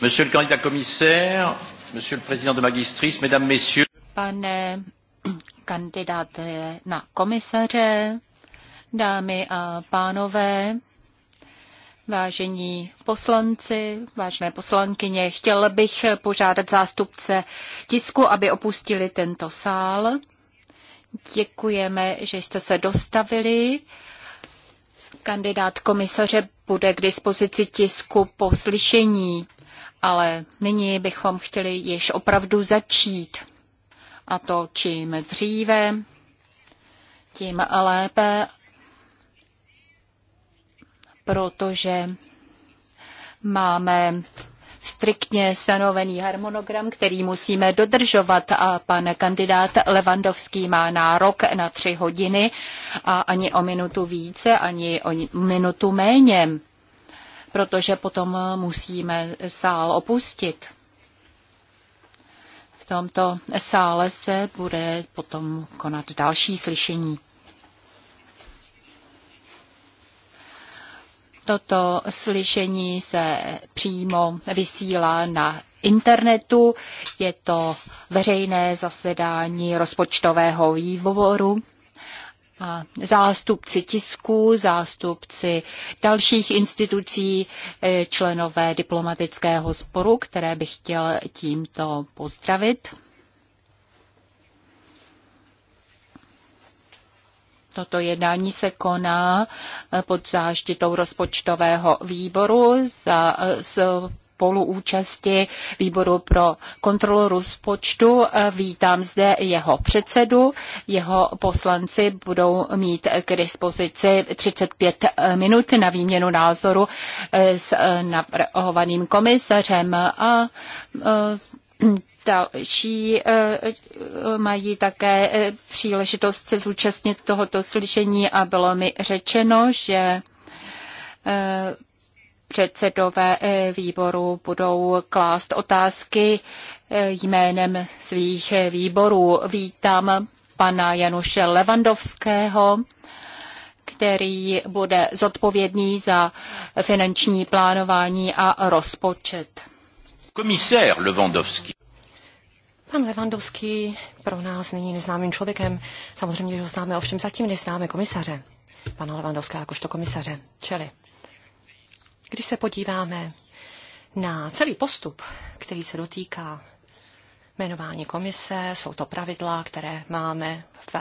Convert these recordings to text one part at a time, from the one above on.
Monsieur le candidat commissaire, monsieur le président de Magistris, mesdames, messieurs. Pane kandidáte na komisaře, dámy a pánové, Vážení poslanci, vážné poslankyně, chtěl bych požádat zástupce tisku, aby opustili tento sál. Děkujeme, že jste se dostavili. Kandidát komisaře bude k dispozici tisku po slyšení ale nyní bychom chtěli již opravdu začít. A to čím dříve, tím lépe, protože máme striktně stanovený harmonogram, který musíme dodržovat a pan kandidát Levandovský má nárok na tři hodiny a ani o minutu více, ani o minutu méně protože potom musíme sál opustit. V tomto sále se bude potom konat další slyšení. Toto slyšení se přímo vysílá na internetu. Je to veřejné zasedání rozpočtového výboru zástupci tisků, zástupci dalších institucí, eh, členové diplomatického sporu, které bych chtěl tímto pozdravit. Toto jednání se koná eh, pod záštitou rozpočtového výboru za eh, spoluúčasti výboru pro kontrolu rozpočtu. Vítám zde jeho předsedu. Jeho poslanci budou mít k dispozici 35 minut na výměnu názoru s navrhovaným komisařem a eh, další eh, mají také eh, příležitost se zúčastnit tohoto slyšení a bylo mi řečeno, že předsedové eh, výboru budou klást otázky eh, jménem svých eh, výborů. Vítám pana Januše Levandovského, který bude zodpovědný za finanční plánování a rozpočet. Komisér Levandovský. Pan Levandovský pro nás není neznámým člověkem. Samozřejmě ho známe, ovšem zatím neznáme komisaře. Pana Levandovského jakožto komisaře. Čili když se podíváme na celý postup, který se dotýká jmenování komise, jsou to pravidla, které máme v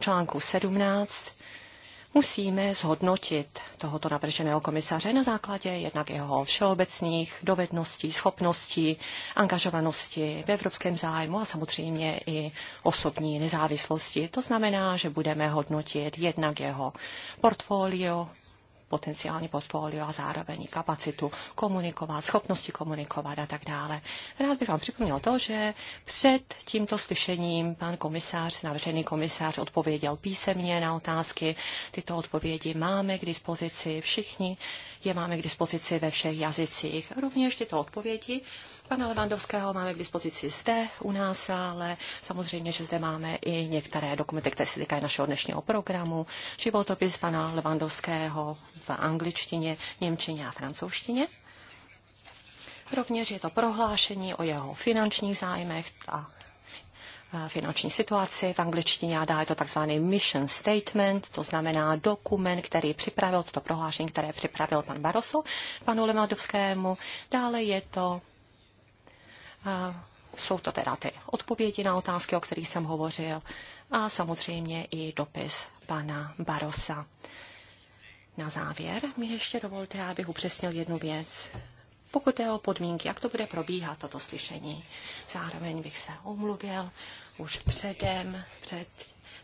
článku 17, musíme zhodnotit tohoto navrženého komisaře na základě jednak jeho všeobecných dovedností, schopností, angažovanosti v evropském zájmu a samozřejmě i osobní nezávislosti. To znamená, že budeme hodnotit jednak jeho portfolio, potenciální portfolio a zároveň kapacitu komunikovat, schopnosti komunikovat a tak dále. Rád bych vám připomněl to, že před tímto slyšením pan komisář, navřený komisář, odpověděl písemně na otázky. Tyto odpovědi máme k dispozici všichni je máme k dispozici ve všech jazycích. Rovněž tyto odpovědi pana Levandovského máme k dispozici zde u nás, ale samozřejmě, že zde máme i některé dokumenty, které se týkají našeho dnešního programu, životopis pana Levandovského v angličtině, němčině a francouzštině. Rovněž je to prohlášení o jeho finančních zájmech a Eh, finanční situaci v angličtině a dá je to takzvaný mission statement, to znamená dokument, který připravil, toto prohlášení, které připravil pan Barroso panu Lemadovskému. Dále je to eh, jsou to teda ty odpovědi na otázky, o kterých jsem hovořil a samozřejmě i dopis pana Barosa. Na závěr mi ještě dovolte, abych upřesnil jednu věc. Pokud je o podmínky, jak to bude probíhat toto slyšení. Zároveň bych se omluvil už předem, před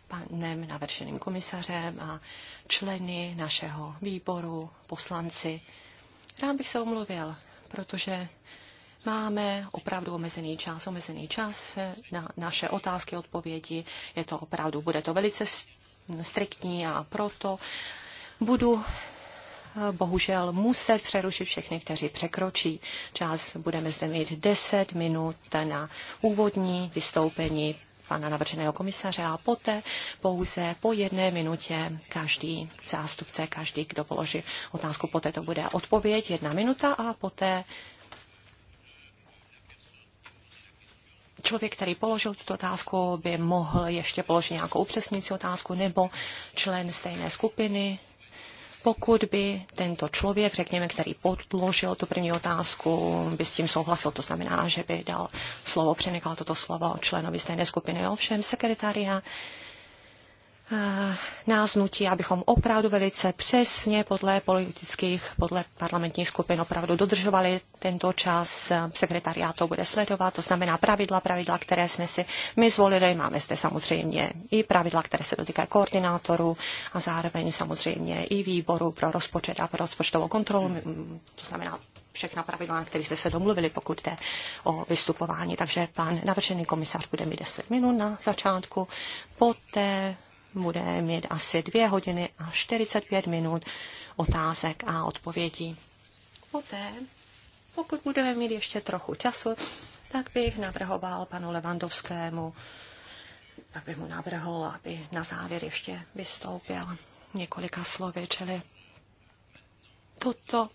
panem navršeným komisařem a členy našeho výboru, poslanci. Rád bych se omluvil, protože máme opravdu omezený čas, omezený čas na naše otázky, odpovědi. Je to opravdu, bude to velice striktní a proto budu eh, bohužel muset přerušit všechny, kteří překročí čas. Budeme zde mít 10 minut na úvodní vystoupení pana navrženého komisaře a poté pouze po jedné minutě každý zástupce, každý, kdo položí otázku, poté to bude odpověď, jedna minuta a poté člověk, který položil tuto otázku, by mohl ještě položit nějakou upřesňující otázku nebo člen stejné skupiny pokud by tento člověk, řekněme, který podložil tu první otázku, by s tím souhlasil, to znamená, že by dal slovo, přenechal toto slovo členovi stejné skupiny. Ovšem, sekretariát Eh, nás nutí, abychom opravdu velice přesně podle politických, podle parlamentních skupin opravdu dodržovali tento čas. Sekretariát to bude sledovat, to znamená pravidla, pravidla, které jsme si my zvolili. Máme zde samozřejmě i pravidla, které se dotýkají koordinátorů a zároveň samozřejmě i výboru pro rozpočet a pro rozpočtovou kontrolu. Mm, to znamená všechna pravidla, na kterých jsme se domluvili, pokud jde o vystupování. Takže pan navržený komisař bude mít 10 minut na začátku, poté bude mít asi 2 hodiny a 45 minut otázek a odpovědí. Poté, pokud budeme mít ještě trochu času, tak bych navrhoval panu Levandovskému, tak bych mu navrhl, aby na závěr ještě vystoupil několika slovy, čili toto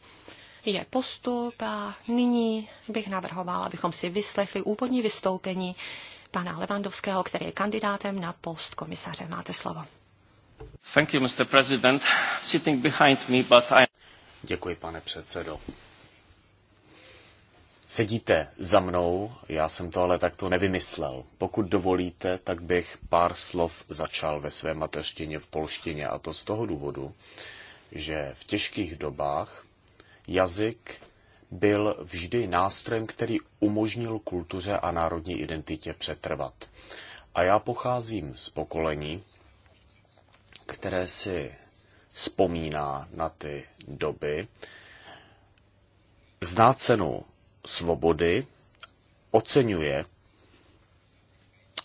je postup a nyní bych navrhoval, abychom si vyslechli úvodní vystoupení pana Levandovského, který je kandidátem na post komisaře. Máte slovo. Thank you, Mr. President. Sitting behind me, but I... Děkuji, pane předsedo. Sedíte za mnou, já jsem to ale takto nevymyslel. Pokud dovolíte, tak bych pár slov začal ve své mateřštině v polštině a to z toho důvodu, že v těžkých dobách jazyk byl vždy nástrojem, který umožnil kultuře a národní identitě přetrvat. A já pocházím z pokolení, které si vzpomíná na ty doby, zná cenu svobody, oceňuje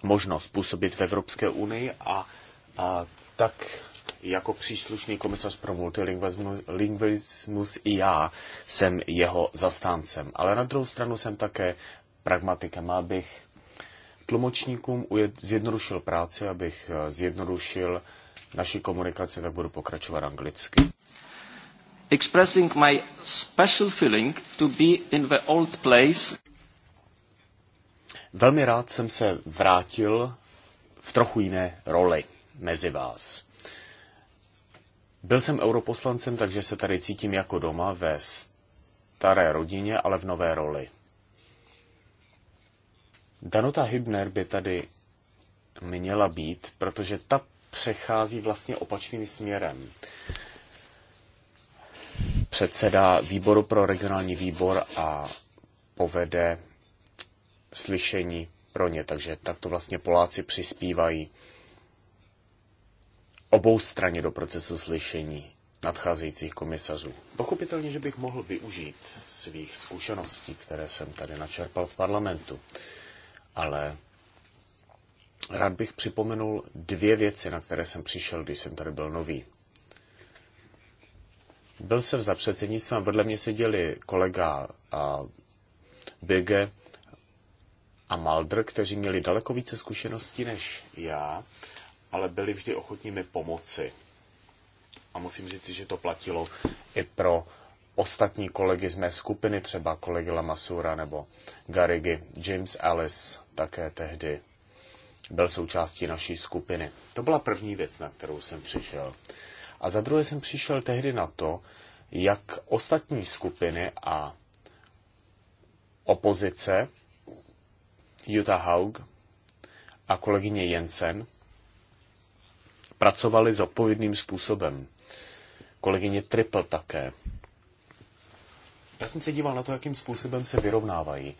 možnost působit v Evropské unii a, a tak jako příslušný komisař pro multilingvismus i já jsem jeho zastáncem. Ale na druhou stranu jsem také pragmatikem, abych tlumočníkům zjednodušil práci, abych eh, zjednodušil naši komunikaci, tak budu pokračovat anglicky. Expressing my special feeling to be in the old place. Velmi rád jsem se vrátil v trochu jiné roli mezi vás. Byl jsem europoslancem, takže se tady cítím jako doma ve staré rodině, ale v nové roli. Danuta Hübner by tady měla být, protože ta přechází vlastně opačným směrem. Předseda výboru pro regionální výbor a povede slyšení pro ně, takže tak to vlastně Poláci přispívají obou straně do procesu slyšení nadcházejících komisařů. Pochopitelně, že bych mohl využít svých zkušeností, které jsem tady načerpal v parlamentu, ale rád bych připomenul dvě věci, na které jsem přišel, když jsem tady byl nový. Byl jsem za předsednictvem, vedle mě seděli kolega a Bege a Maldr, kteří měli daleko více zkušeností než já ale byli vždy ochotní mi pomoci. A musím říct, že to platilo i pro ostatní kolegy z mé skupiny, třeba kolegy Lamasura nebo Garigi. James Ellis také tehdy byl součástí naší skupiny. To byla první věc, na kterou jsem přišel. A za druhé jsem přišel tehdy na to, jak ostatní skupiny a opozice Jutta Haug a kolegyně Jensen pracovali zodpovědným způsobem. Kolegyně Triple také. Já jsem se díval na to, jakým způsobem se vyrovnávají.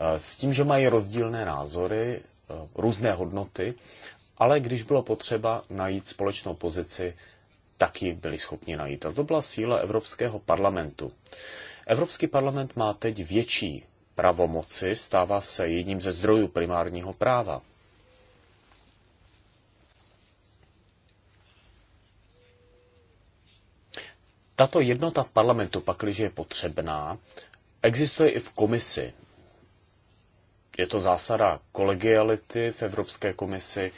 Eh, s tím, že mají rozdílné názory, eh, různé hodnoty, ale když bylo potřeba najít společnou pozici, taky byli schopni najít. A to byla síla Evropského parlamentu. Evropský parlament má teď větší pravomoci, stává se jedním ze zdrojů primárního práva. Tato jednota v parlamentu, pakliže je potřebná, existuje i v komisi. Je to zásada kolegiality v Evropské komisi,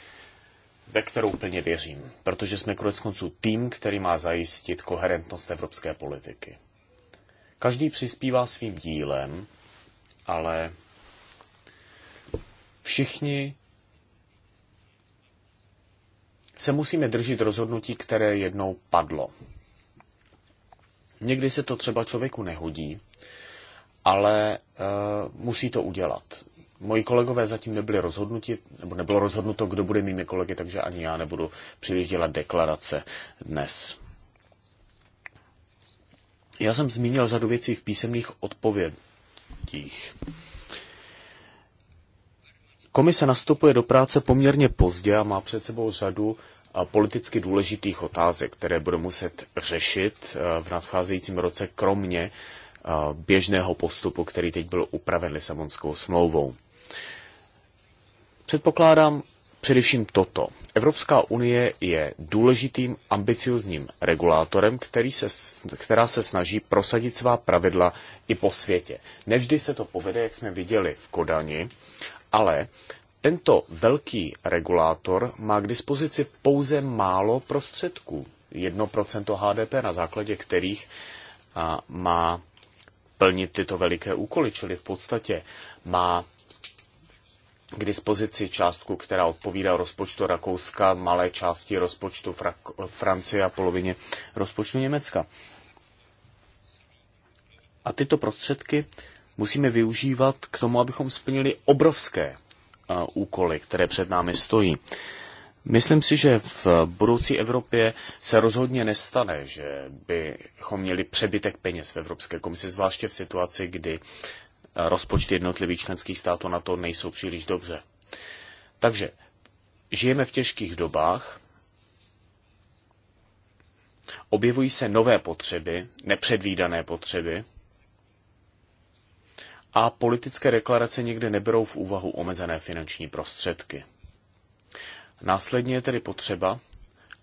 ve kterou plně věřím, protože jsme konec konců tým, který má zajistit koherentnost evropské politiky. Každý přispívá svým dílem, ale všichni se musíme držet rozhodnutí, které jednou padlo. Někdy se to třeba člověku nehodí, ale uh, musí to udělat. Moji kolegové zatím nebyli rozhodnuti, nebo nebylo rozhodnuto, kdo bude mými kolegy, takže ani já nebudu příliš dělat deklarace dnes. Já jsem zmínil řadu věcí v písemných odpovědích. Komise nastupuje do práce poměrně pozdě a má před sebou řadu politicky důležitých otázek, které bude muset řešit eh, v nadcházejícím roce, kromě eh, běžného postupu, který teď byl upraven Lisabonskou smlouvou. Předpokládám především toto. Evropská unie je důležitým ambiciozním regulátorem, který se, která se snaží prosadit svá pravidla i po světě. Nevždy se to povede, jak jsme viděli v Kodani, ale tento velký regulátor má k dispozici pouze málo prostředků, 1% HDP, na základě kterých má plnit tyto veliké úkoly, čili v podstatě má k dispozici částku, která odpovídá rozpočtu Rakouska, malé části rozpočtu Frak- Francie a polovině rozpočtu Německa. A tyto prostředky musíme využívat k tomu, abychom splnili obrovské úkoly, které před námi stojí. Myslím si, že v budoucí Evropě se rozhodně nestane, že bychom měli přebytek peněz v Evropské komisi, zvláště v situaci, kdy rozpočty jednotlivých členských států na to nejsou příliš dobře. Takže žijeme v těžkých dobách, objevují se nové potřeby, nepředvídané potřeby, a politické deklarace někdy neberou v úvahu omezené finanční prostředky. Následně je tedy potřeba,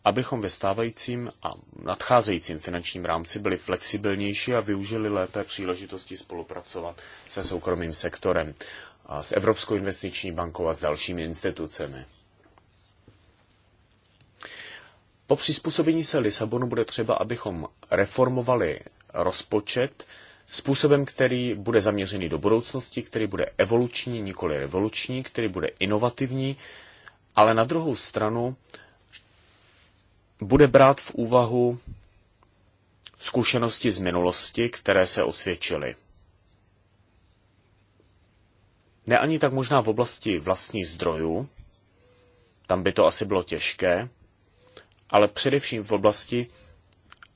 abychom ve stávajícím a nadcházejícím finančním rámci byli flexibilnější a využili lépe příležitosti spolupracovat se soukromým sektorem, a s Evropskou investiční bankou a s dalšími institucemi. Po přizpůsobení se Lisabonu bude třeba, abychom reformovali rozpočet způsobem, který bude zaměřený do budoucnosti, který bude evoluční, nikoli revoluční, který bude inovativní, ale na druhou stranu bude brát v úvahu zkušenosti z minulosti, které se osvědčily. Ne ani tak možná v oblasti vlastních zdrojů, tam by to asi bylo těžké, ale především v oblasti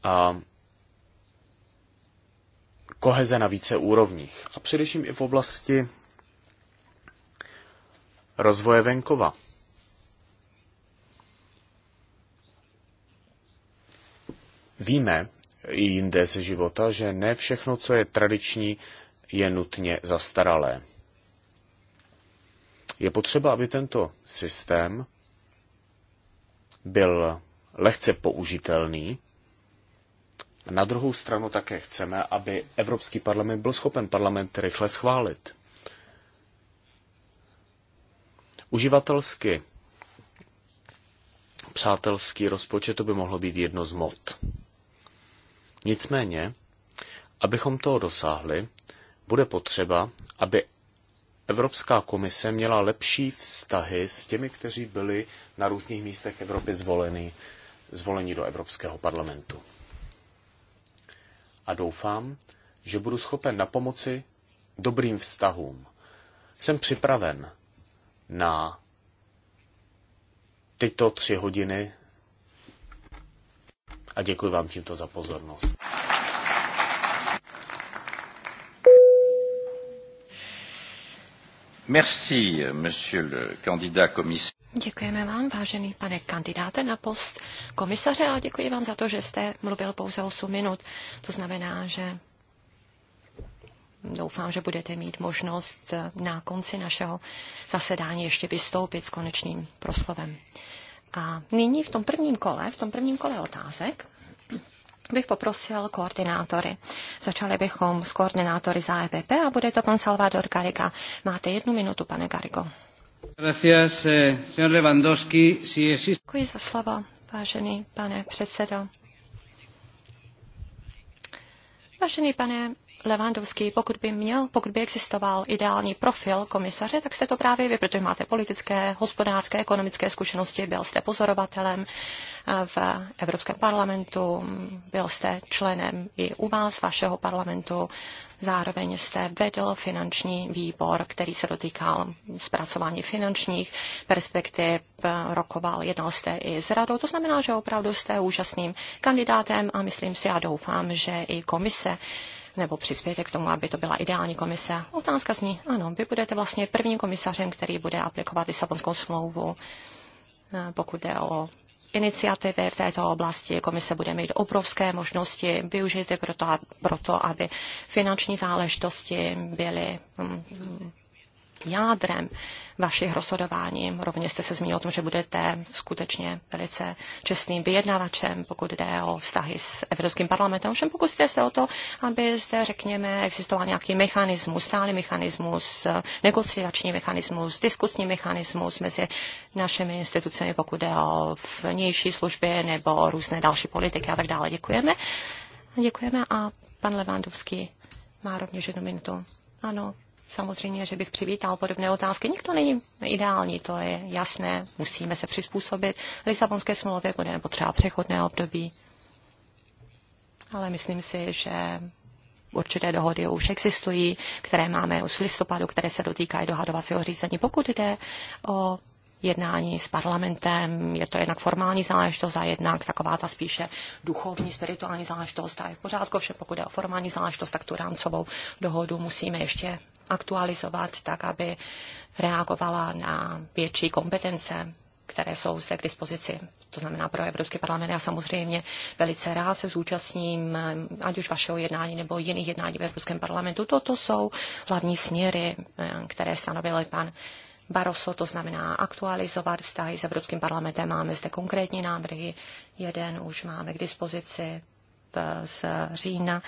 a, koheze na více úrovních. A především i v oblasti rozvoje venkova. Víme i jinde ze života, že ne všechno, co je tradiční, je nutně zastaralé. Je potřeba, aby tento systém byl lehce použitelný na druhou stranu také chceme, aby Evropský parlament byl schopen parlament rychle schválit. Uživatelsky přátelský rozpočet to by mohlo být jedno z mod. Nicméně, abychom toho dosáhli, bude potřeba, aby Evropská komise měla lepší vztahy s těmi, kteří byli na různých místech Evropy zvoleni, zvoleni do Evropského parlamentu a doufám, že budu schopen na pomoci dobrým vztahům. Jsem připraven na tyto tři hodiny a děkuji vám tímto za pozornost. Merci, monsieur le candidat commissaire. Děkujeme vám, vážený pane kandidáte na post komisaře a děkuji vám za to, že jste mluvil pouze 8 minut. To znamená, že doufám, že budete mít možnost eh, na konci našeho zasedání ještě vystoupit s konečným proslovem. A nyní v tom prvním kole, v tom prvním kole otázek, bych poprosil koordinátory. Začali bychom s koordinátory za EPP a bude to pan Salvador Garriga. Máte jednu minutu, pane Garrigo. Eh, Děkuji za slovo, vážený pane předsedo. Vážený pane Levandovský, pokud by měl, pokud by existoval ideální profil komisaře, tak jste to právě vy, protože máte politické, hospodářské, ekonomické zkušenosti, byl jste pozorovatelem eh, v Evropském parlamentu, byl jste členem i u vás, vašeho parlamentu, zároveň jste vedl finanční výbor, který se dotýkal zpracování finančních perspektiv, eh, rokoval, jednal jste i s radou. To znamená, že opravdu jste úžasným kandidátem a myslím si a doufám, že i komise nebo přispějete k tomu, aby to byla ideální komise. Otázka zní, ano, vy budete vlastně prvním komisařem, který bude aplikovat Lisabonskou smlouvu, eh, pokud jde o iniciativy v této oblasti. Komise bude mít obrovské možnosti využít pro to aby finanční záležitosti byly hm, jádrem vašich rozhodování. Rovněž jste se zmínil o tom, že budete skutečně velice čestným vyjednavačem, pokud jde o vztahy s Evropským parlamentem. Ovšem pokusíte se o to, aby zde, řekněme, existoval nějaký mechanismus, stálý mechanismus, negociační mechanismus, diskusní mechanismus mezi našimi institucemi, pokud jde o vnější služby nebo různé další politiky a tak dále. Děkujeme. Děkujeme a pan Levandovský má rovněž jednu minutu. Ano, Samozřejmě, že bych přivítal podobné otázky. Nikdo není ideální, to je jasné. Musíme se přizpůsobit. Lisabonské smlouvě bude potřeba přechodné období. Ale myslím si, že určité dohody už existují, které máme už z listopadu, které se dotýkají dohadovacího řízení. Pokud jde o jednání s parlamentem, je to jednak formální záležitost a jednak taková ta spíše duchovní, spirituální záležitost a je v pořádku, vše pokud je o formální záležitost, tak tu rámcovou dohodu musíme ještě aktualizovat tak, aby reagovala na větší kompetence, které jsou zde k dispozici to znamená pro Evropský parlament. Já samozřejmě velice rád se zúčastním, eh, ať už vašeho jednání nebo jiných jednání v Evropském parlamentu. Toto jsou hlavní směry, eh, které stanovil pan Barroso, to znamená aktualizovat vztahy s Evropským parlamentem. Máme zde konkrétní návrhy, jeden už máme k dispozici eh, z října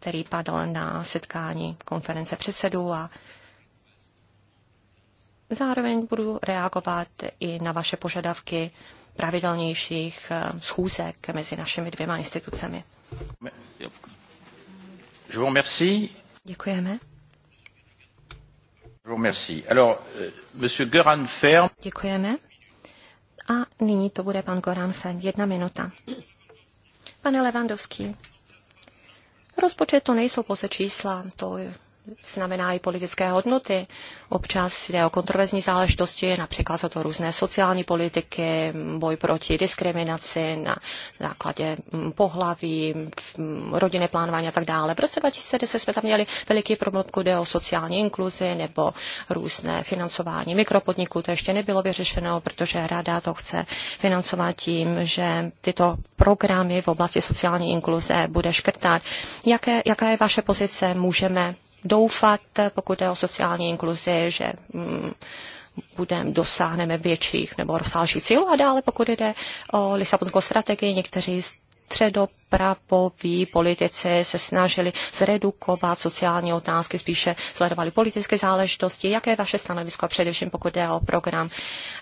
který padl na setkání konference předsedů a zároveň budu reagovat i na vaše požadavky pravidelnějších eh, schůzek mezi našimi dvěma institucemi. Je vous remercie. Děkujeme. Je vous remercie. Alors, euh, monsieur Göran Ferm. Děkujeme. A nyní to bude pan Goran Ferm. Jedna minuta. Pane Levandovský, Rozpočet to nejsou pouze čísla, to znamená i politické hodnoty. Občas jde o kontroverzní záležitosti, například jsou to různé sociální politiky, boj proti diskriminaci na základě pohlaví, rodinné plánování a tak dále. V roce 2010 jsme tam měli veliký problém, kde o sociální inkluzi nebo různé financování mikropodniků. To ještě nebylo vyřešeno, protože rada to chce financovat tím, že tyto programy v oblasti sociální inkluze bude škrtat. Jaké, jaká je vaše pozice? Můžeme doufat, pokud je o sociální inkluzi, že mm, budeme, dosáhneme větších nebo rozsáhlejších cílů. A dále, pokud jde o Lisabonskou strategii, někteří středo pravoví politici se snažili zredukovat sociální otázky, spíše sledovali politické záležitosti. Jaké je vaše stanovisko, především pokud jde o program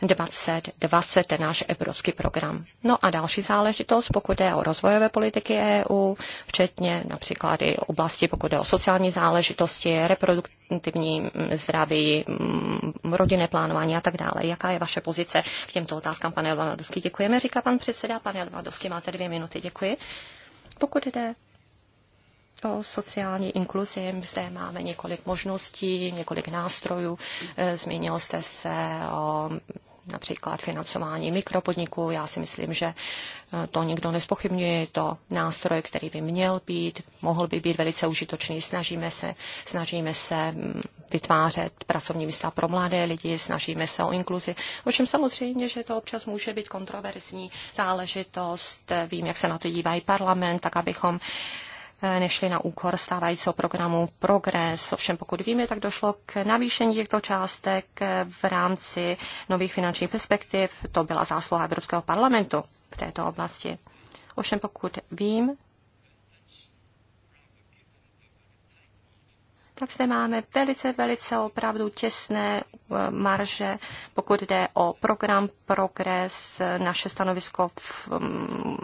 2020, ten náš evropský program? No a další záležitost, pokud jde o rozvojové politiky EU, včetně například i oblasti, pokud jde o sociální záležitosti, reproduktivní zdraví, mm, rodinné plánování a tak dále. Jaká je vaše pozice k těmto otázkám, pane Lvanovský? Děkujeme, říká pan předseda. Pane Lvanovský, máte dvě minuty. Děkuji. Pokud jde o sociální inkluzi, zde máme několik možností, několik nástrojů. E, Zmínil jste se o například financování mikropodniků. Já si myslím, že e, to nikdo nespochybňuje. Je to nástroj, který by měl být, mohl by být velice užitočný. Snažíme se, snažíme se mm, vytvářet pracovní místa pro mladé lidi, snažíme se o inkluzi. Ovšem samozřejmě, že to občas může být kontroverzní záležitost. Vím, jak se na to dívá parlament, tak abychom eh, nešli na úkor stávajícího programu Progres. Ovšem, pokud víme, tak došlo k navýšení těchto částek eh, v rámci nových finančních perspektiv. To byla zásluha Evropského parlamentu v této oblasti. Ovšem, pokud vím, tak zde máme velice, velice opravdu těsné eh, marže, pokud jde o program Progres, naše stanovisko v, mm,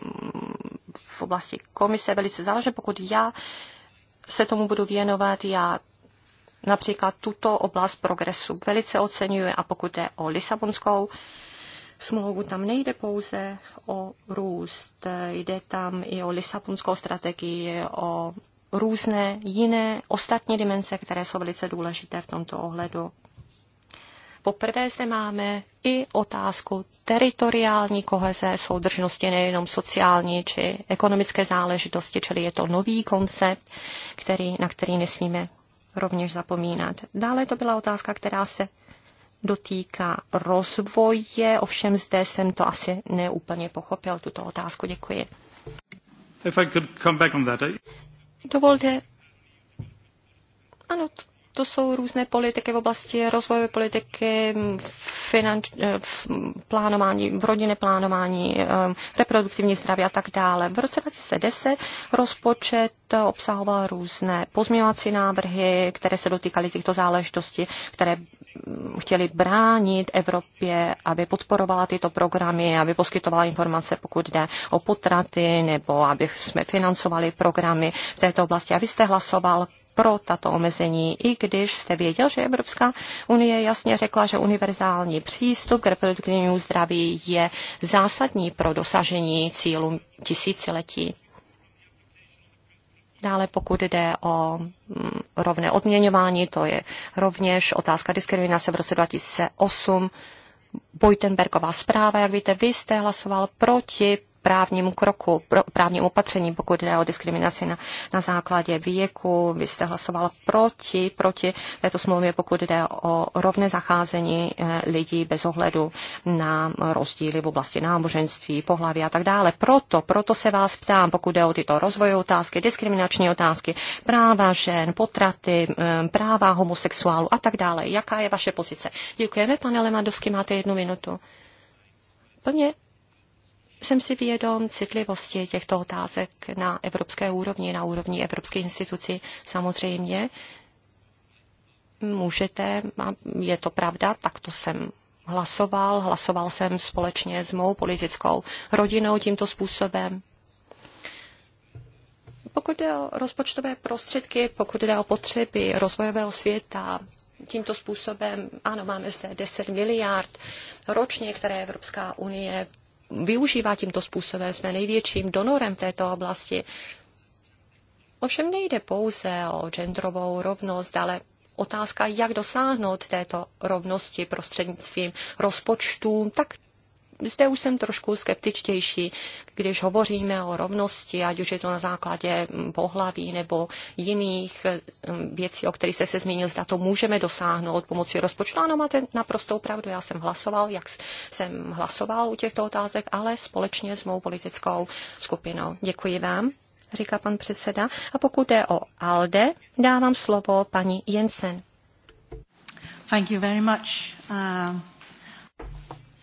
v oblasti komise velice záleží. Pokud já se tomu budu věnovat, já například tuto oblast progresu velice oceňuji a pokud jde o Lisabonskou smlouvu, tam nejde pouze o růst, jde tam i o Lisabonskou strategii, o různé jiné ostatní dimenze, které jsou velice důležité v tomto ohledu. Poprvé zde máme i otázku teritoriální koheze, soudržnosti nejenom sociální či ekonomické záležitosti, čili je to nový koncept, který, na který nesmíme rovněž zapomínat. Dále to byla otázka, která se dotýká rozvoje, ovšem zde jsem to asi neúplně pochopil, tuto otázku. Děkuji. If I could come back on that. Dovolte. Ano, to jsou různé politiky v oblasti rozvojové politiky, finanč, v eh, plánování, v rodinné plánování, eh, reproduktivní zdraví a tak dále. V roce 2010 rozpočet eh, obsahoval různé pozměňovací návrhy, které se dotýkaly těchto záležitostí, které chtěli bránit Evropě, aby podporovala tyto programy, aby poskytovala informace, pokud jde o potraty, nebo aby jsme financovali programy v této oblasti. A vy jste hlasoval pro tato omezení, i když jste věděl, že Evropská unie jasně řekla, že univerzální přístup k reproduktivnímu zdraví je zásadní pro dosažení cílů tisíciletí. Dále pokud jde o mm, rovné odměňování, to je rovněž otázka diskriminace v roce 2008. Bojtenbergová zpráva, jak víte, vy jste hlasoval proti Právnímu kroku, právním opatření, pokud jde o diskriminaci na, na základě věku. Vy jste hlasovala proti, proti této smlouvě, pokud jde o rovné zacházení eh, lidí bez ohledu na rozdíly v oblasti náboženství, pohlaví a tak dále. Proto, proto se vás ptám, pokud jde o tyto rozvojové otázky, diskriminační otázky, práva žen, potraty, eh, práva homosexuálu a tak dále. Jaká je vaše pozice? Děkujeme, pane Levandovský, máte jednu minutu. Plně jsem si vědom citlivosti těchto otázek na evropské úrovni, na úrovni evropské instituci samozřejmě. Můžete, je to pravda, tak to jsem hlasoval. Hlasoval jsem společně s mou politickou rodinou tímto způsobem. Pokud jde o rozpočtové prostředky, pokud jde o potřeby rozvojového světa, tímto způsobem, ano, máme zde 10 miliard ročně, které Evropská unie využívá tímto způsobem. Jsme největším donorem v této oblasti. Ovšem nejde pouze o genderovou rovnost, ale otázka, jak dosáhnout této rovnosti prostřednictvím rozpočtů, tak zde už jsem trošku skeptičtější, když hovoříme o rovnosti, ať už je to na základě mm, pohlaví nebo jiných mm, věcí, o kterých jste se zmínil, zda to můžeme dosáhnout pomocí rozpočtu. Ano, máte naprostou pravdu, já jsem hlasoval, jak jsem hlasoval u těchto otázek, ale společně s mou politickou skupinou. Děkuji vám říká pan předseda. A pokud je o ALDE, dávám slovo paní Jensen. Thank you very much. Uh...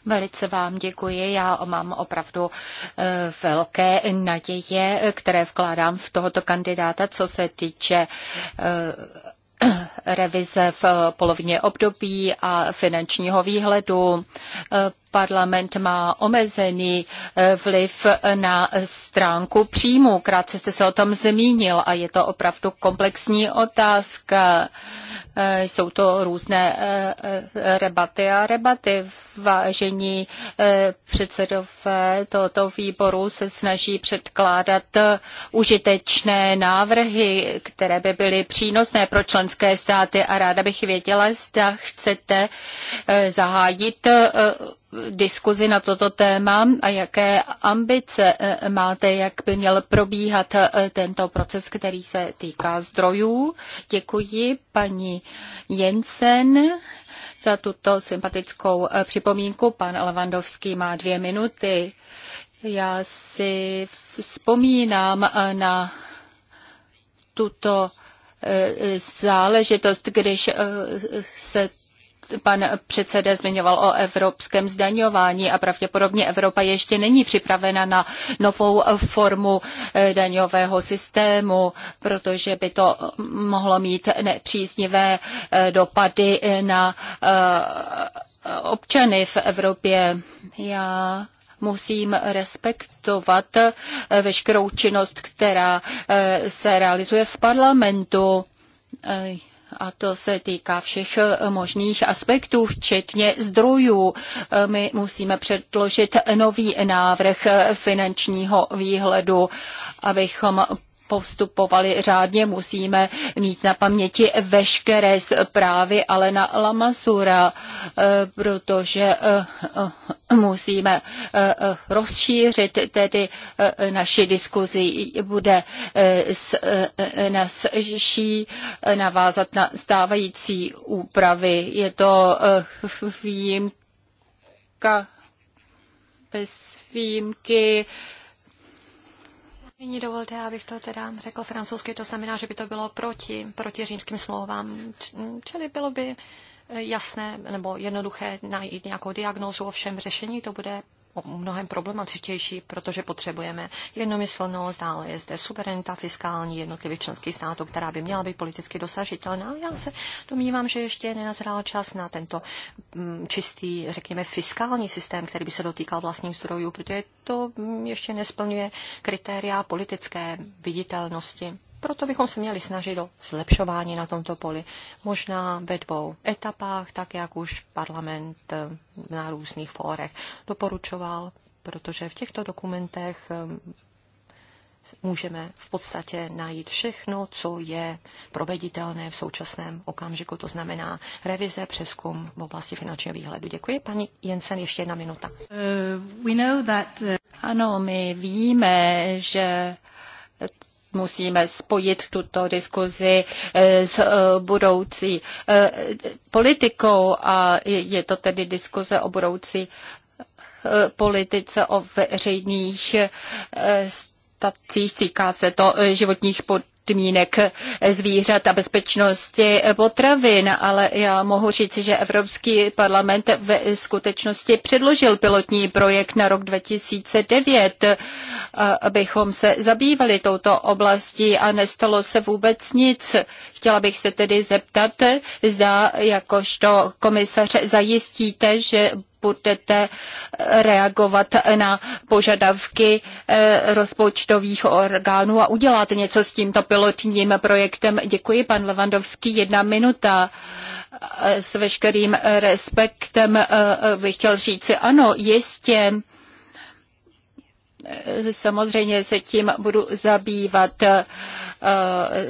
Velice vám děkuji. Já mám opravdu eh, velké naděje, které vkládám v tohoto kandidáta, co se týče eh, revize v polovině období a finančního výhledu. Eh, parlament má omezený vliv na stránku příjmu. Krátce jste se o tom zmínil a je to opravdu komplexní otázka. Eh, jsou to různé eh, rebaty a rebaty. Vážení eh, předsedové tohoto výboru se snaží předkládat užitečné návrhy, které by byly přínosné pro členské státy a ráda bych věděla, zda chcete zahájit diskuzi na toto téma a jaké ambice eh, máte, jak by měl probíhat eh, tento proces, který se týká zdrojů. Děkuji paní Jensen za tuto sympatickou eh, připomínku. Pan Levandovský má dvě minuty. Já si vzpomínám na tuto záležitost, když se Pan předseda zmiňoval o evropském zdaňování a pravděpodobně Evropa ještě není připravena na novou formu eh, daňového systému, protože by to mohlo mít nepříznivé eh, dopady na eh, občany v Evropě. Já musím respektovat veškerou činnost, která se realizuje v parlamentu. A to se týká všech eh, možných aspektů, včetně zdrojů. Eh, my musíme předložit nový návrh eh, finančního výhledu, abychom postupovali řádně. Musíme mít na paměti veškeré zprávy Alena Lamasura, eh, protože eh, eh, musíme rozšířit tedy naši diskuzi. Bude nasší navázat na stávající úpravy. Je to výjimka bez výjimky Nyní dovolte, abych to teda řekl francouzsky, to znamená, že by to bylo proti, proti římským smlouvám, čili bylo by eh, jasné nebo jednoduché najít nějakou diagnózu, ovšem řešení to bude mnohem problematičtější, protože potřebujeme jednomyslnost, dále je zde suverenita fiskální jednotlivých členských států, která by měla být politicky dosažitelná. Já se domnívám, že ještě nenazrál čas na tento mm, čistý, řekněme, fiskální systém, který by se dotýkal vlastních zdrojů, protože to mm, ještě nesplňuje kritéria politické viditelnosti. Proto bychom se měli snažit o zlepšování na tomto poli. Možná ve dvou etapách, tak jak už parlament eh, na různých fórech doporučoval, protože v těchto dokumentech eh, můžeme v podstatě najít všechno, co je proveditelné v současném okamžiku, to znamená revize, přeskum v oblasti finančního výhledu. Děkuji, paní Jensen, ještě jedna minuta. Uh, we know that, uh... Ano, my víme, že musíme spojit tuto diskuzi eh, s eh, budoucí eh, politikou a je to tedy diskuze o budoucí politice, o veřejných statcích, týká se to životních pod podmínek zvířat a bezpečnosti potravin, ale já mohu říct, že Evropský parlament ve skutečnosti předložil pilotní projekt na rok 2009, abychom se zabývali touto oblastí a nestalo se vůbec nic. Chtěla bych se tedy zeptat, zda jakožto komisaře zajistíte, že budete eh, reagovat na požadavky eh, rozpočtových orgánů a udělat něco s tímto pilotním projektem. Děkuji, pan Levandovský, jedna minuta eh, s veškerým respektem bych chtěl říci, ano, jistě samozřejmě se tím budu zabývat. Eh,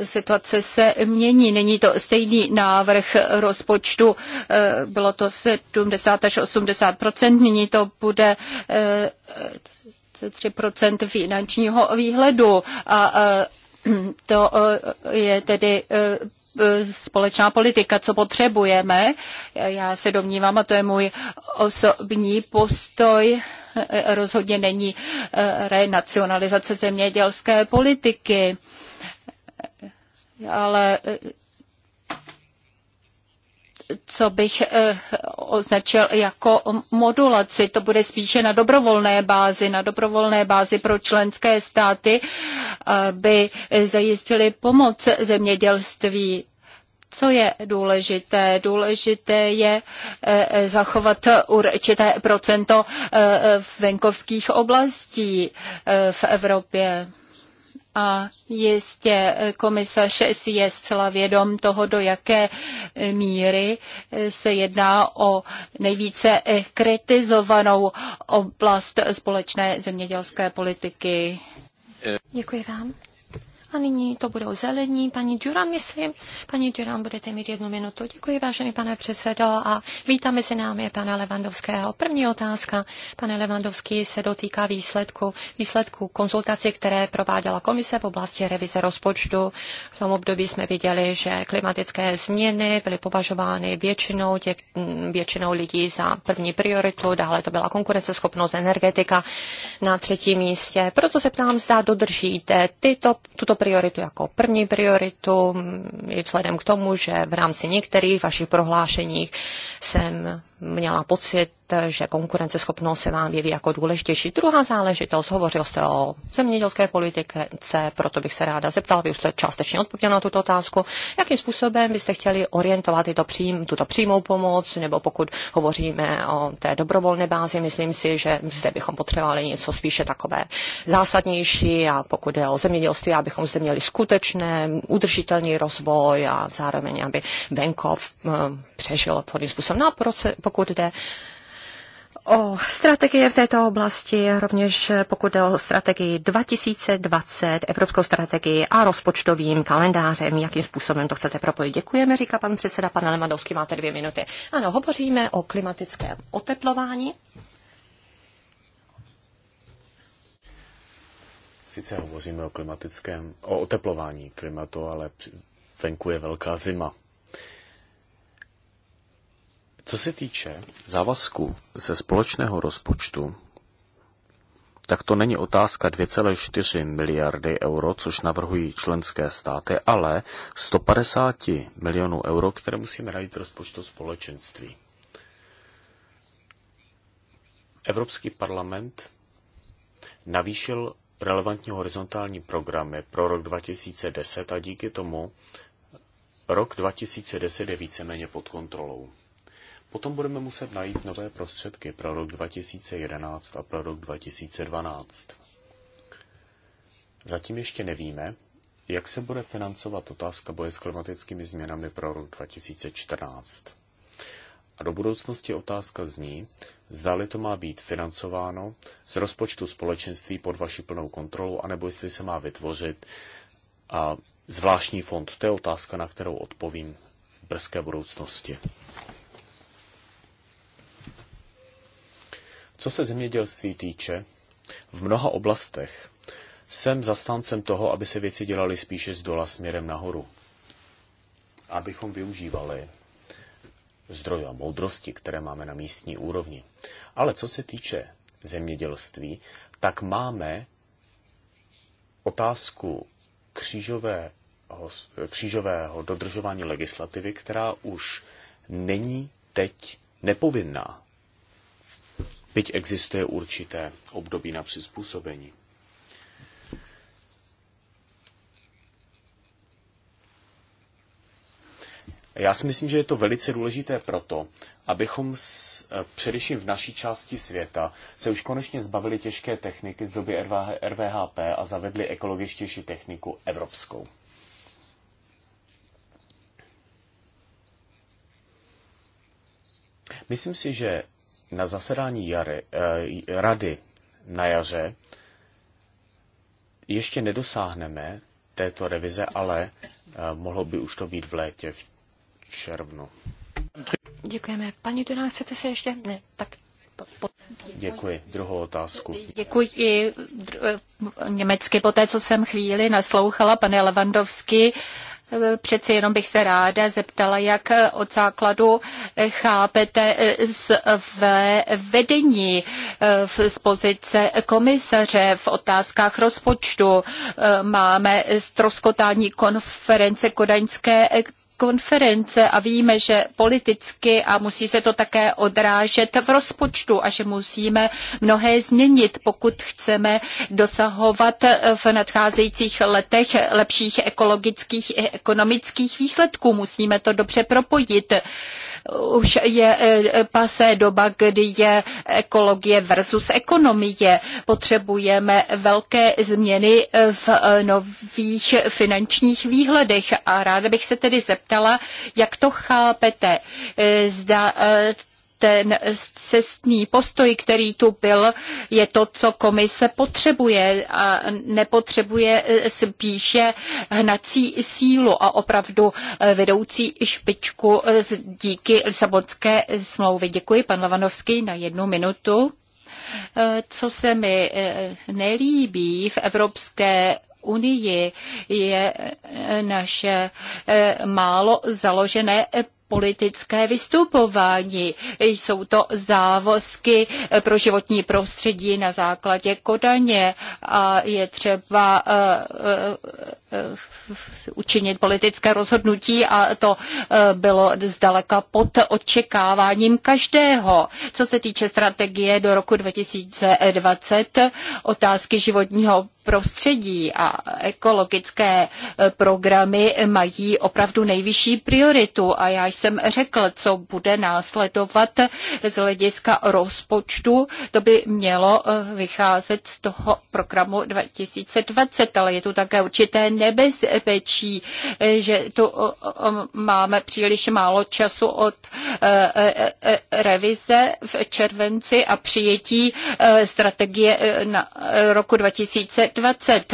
situace se mění, není to stejný návrh rozpočtu, eh, bylo to 70 až 80 nyní to bude 3 eh, finančního výhledu a to je tedy společná politika, co potřebujeme. Já se domnívám, a to je můj osobní postoj, rozhodně není eh, renacionalizace zemědělské politiky, ale eh, co bych eh, označil jako modulaci. To bude spíše na dobrovolné bázi, na dobrovolné bázi pro členské státy, aby zajistili pomoc zemědělství co je důležité? Důležité je eh, eh, zachovat určité procento eh, venkovských oblastí v Evropě. A jistě komisař si je zcela vědom toho, do jaké míry se jedná o nejvíce kritizovanou oblast společné zemědělské politiky. Děkuji vám. A nyní to o zelení. Paní Duran, myslím. Paní Duran, budete mít jednu minutu. Děkuji, vážený pane předsedo, a vítám mezi námi pana Levandovského. První otázka, pane Levandovský, se dotýká výsledku, výsledku konzultací, které prováděla komise v oblasti revize rozpočtu. V tom období jsme viděli, že klimatické změny byly považovány většinou, těch, většinou lidí za první prioritu, dále to byla konkurenceschopnost energetika na třetím místě. Proto se ptám, zda dodržíte tyto, tuto prioritu jako první prioritu, i vzhledem k tomu, že v rámci některých vašich prohlášeních jsem měla pocit, že konkurenceschopnost se vám jeví jako důležitější. Druhá záležitost, hovořil jste o zemědělské politice, proto bych se ráda zeptal, vy už jste částečně odpověděla na tuto otázku, jakým způsobem byste chtěli orientovat tyto přím, tuto přímou pomoc, nebo pokud hovoříme o té dobrovolné bázi, myslím si, že zde bychom potřebovali něco spíše takové zásadnější a pokud je o zemědělství, abychom zde měli skutečné, udržitelný rozvoj a zároveň, aby venkov eh, přežil podobným způsobem. No a proce, pokud jde o strategie v této oblasti, rovněž pokud jde o strategii 2020, evropskou strategii a rozpočtovým kalendářem, jakým způsobem to chcete propojit. Děkujeme, říká pan předseda, pan Lewandowski, máte dvě minuty. Ano, hovoříme o klimatickém oteplování. Sice hovoříme o klimatickém, o oteplování klimatu, ale venku je velká zima. Co se týče závazku ze společného rozpočtu, tak to není otázka 2,4 miliardy euro, což navrhují členské státy, ale 150 milionů euro, které musíme najít v rozpočtu společenství. Evropský parlament navýšil relevantní horizontální programy pro rok 2010 a díky tomu rok 2010 je víceméně pod kontrolou. Potom budeme muset najít nové prostředky pro rok 2011 a pro rok 2012. Zatím ještě nevíme, jak se bude financovat otázka boje s klimatickými změnami pro rok 2014. A do budoucnosti otázka zní, zdali to má být financováno z rozpočtu společenství pod vaši plnou kontrolu, anebo jestli se má vytvořit a zvláštní fond. To je otázka, na kterou odpovím v brzké budoucnosti. Co se zemědělství týče, v mnoha oblastech jsem zastáncem toho, aby se věci dělaly spíše z dola směrem nahoru. Abychom využívali zdroje a moudrosti, které máme na místní úrovni. Ale co se týče zemědělství, tak máme otázku křížové, křížového dodržování legislativy, která už není teď nepovinná byť existuje určité období na přizpůsobení. Já si myslím, že je to velice důležité proto, abychom s, eh, především v naší části světa se už konečně zbavili těžké techniky z doby RVHP a zavedli ekologičtější techniku evropskou. Myslím si, že na zasedání jary, eh, rady na jaře ještě nedosáhneme této revize, ale eh, mohlo by už to být v létě, v červnu. Děkujeme. Paní Duná, chcete se ještě? Ne, tak Děkuji. Druhou otázku. Děkuji eh, německy po té, co jsem chvíli naslouchala, pane Levandovský. Přeci jenom bych se ráda zeptala, jak eh, od základu eh, chápete své eh, vedení z pozice komisaře v otázkách rozpočtu. Máme ztroskotání konference kodaňské konference a víme, že politicky a musí se to také odrážet v rozpočtu a že musíme mnohé změnit, pokud chceme dosahovat v nadcházejících letech lepších ekologických i ekonomických výsledků. Musíme to dobře propojit. Už je e, pasé doba, kdy je ekologie versus ekonomie. Potřebujeme velké změny v nových finančních výhledech a ráda bych se tedy zeptala, ptala, jak to chápete. E, zda e, ten cestní postoj, který tu byl, je to, co komise potřebuje a nepotřebuje e, spíše hnací sílu a opravdu vedoucí špičku díky Lisabonské smlouvy. Děkuji, pan Lavanovský, na jednu minutu. Co se mi nelíbí v Evropské unii je naše e, málo založené politické vystupování. Jsou to závozky e, pro životní prostředí na základě Kodaně a je třeba e, Eh, učinit politické rozhodnutí a to eh, bylo zdaleka pod očekáváním každého. Co se týče strategie do roku 2020, otázky životního prostředí a ekologické eh, programy mají opravdu nejvyšší prioritu a já jsem řekl, co bude následovat z hlediska rozpočtu, to by mělo vycházet z toho programu 2020, ale je tu také určité nebezpečí, eh, že tu máme příliš málo času od eh, eh, revize v červenci a přijetí strategie na roku 2020.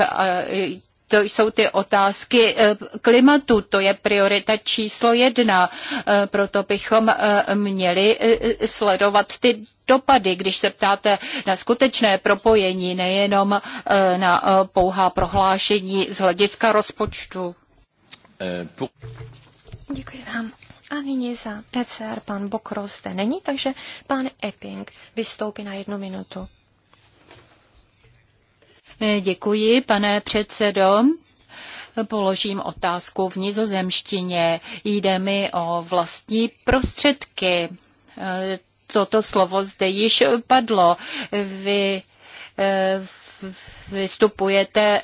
To jsou ty otázky klimatu, to je priorita číslo jedna, proto bychom měli sledovat ty dopady, když se ptáte na skutečné propojení, nejenom eh, na eh, pouhá prohlášení z hlediska rozpočtu. Eh, děkuji vám. A nyní za ECR pan Bokro zde není, takže pan Epping vystoupí na jednu minutu. Děkuji, pane předsedo. Položím otázku v nizozemštině. Jde mi o vlastní prostředky toto slovo zde již padlo. Vy eh, vystupujete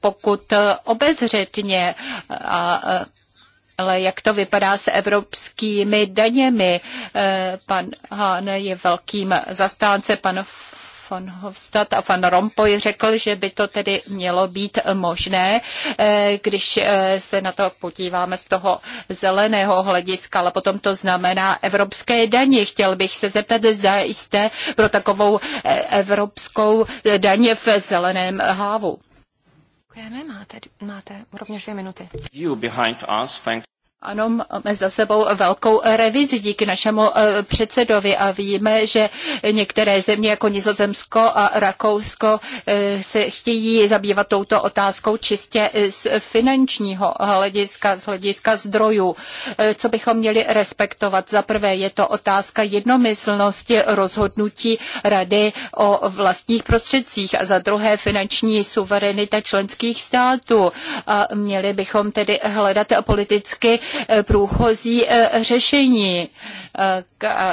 pokud obezřetně a eh, ale jak to vypadá s evropskými daněmi? Eh, pan Hahn je velkým zastánce, pan von Hofstadt a van Rompuy řekl, že by to tedy mělo být možné, eh, když eh, se na to podíváme z toho zeleného hlediska, ale potom to znamená evropské daně. Chtěl bych se zeptat, zda jste pro takovou eh, evropskou daně v zeleném hávu. Děkujeme, máte, máte rovněž dvě minuty. You behind us, thank ano, máme za sebou velkou revizi díky našemu eh, předsedovi a víme, že některé země jako Nizozemsko a Rakousko eh, se chtějí zabývat touto otázkou čistě eh, z finančního hlediska, z hlediska zdrojů. Co bychom měli respektovat? Za prvé je to otázka jednomyslnosti rozhodnutí Rady o vlastních prostředcích a za druhé finanční suverenita členských států. A měli bychom tedy hledat politicky průchozí eh, řešení, eh,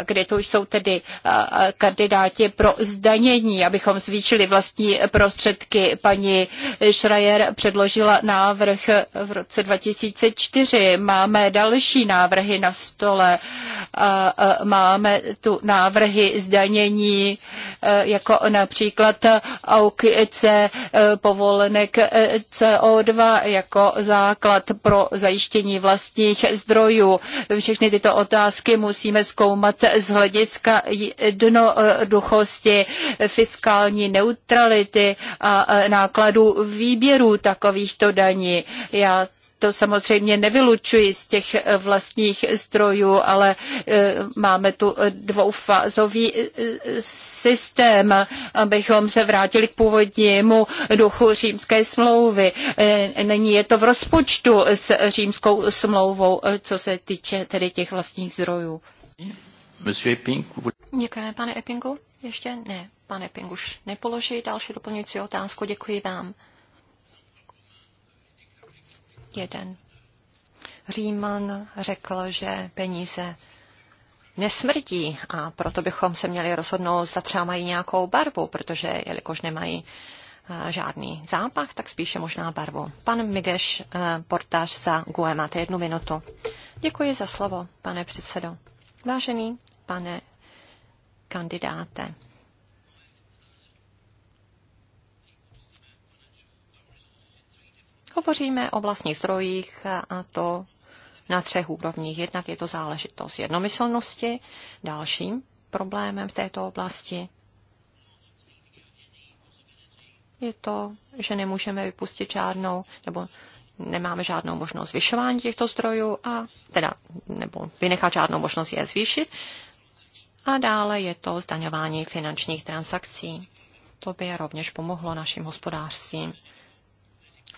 kde to jsou tedy eh, kandidáti pro zdanění, abychom zvýšili vlastní prostředky. Paní Schreier předložila návrh v roce 2004. Máme další návrhy na stole. Máme tu návrhy zdanění, jako například aukce povolenek CO2 jako základ pro zajištění vlastní přírodních zdrojů. Všechny tyto otázky musíme zkoumat z hlediska jednoduchosti, fiskální neutrality a nákladů výběru takovýchto daní. Já to samozřejmě nevylučuji z těch eh, vlastních zdrojů, ale eh, máme tu eh, dvoufázový systém, abychom se vrátili k původnímu duchu římské smlouvy. Není je to v rozpočtu s římskou smlouvou, co se týče tedy těch vlastních zdrojů. Děkujeme, pane Epingu? Ještě ne, pane Epingu, už nepoloží další doplňující otázku. Děkuji vám jeden Říman řekl, že peníze nesmrdí a proto bychom se měli rozhodnout, zda třeba mají nějakou barvu, protože jelikož nemají eh, žádný zápach, tak spíše možná barvu. Pan Migeš, eh, portář za GUE, máte jednu minutu. Děkuji za slovo, pane předsedo. Vážený pane kandidáte, Hovoříme o vlastních zdrojích a to na třech úrovních. Jednak je to záležitost jednomyslnosti, dalším problémem v této oblasti je to, že nemůžeme vypustit žádnou, nebo nemáme žádnou možnost zvyšování těchto zdrojů a teda, nebo vynechat žádnou možnost je zvýšit. A dále je to zdaňování finančních transakcí. To by rovněž pomohlo našim hospodářstvím.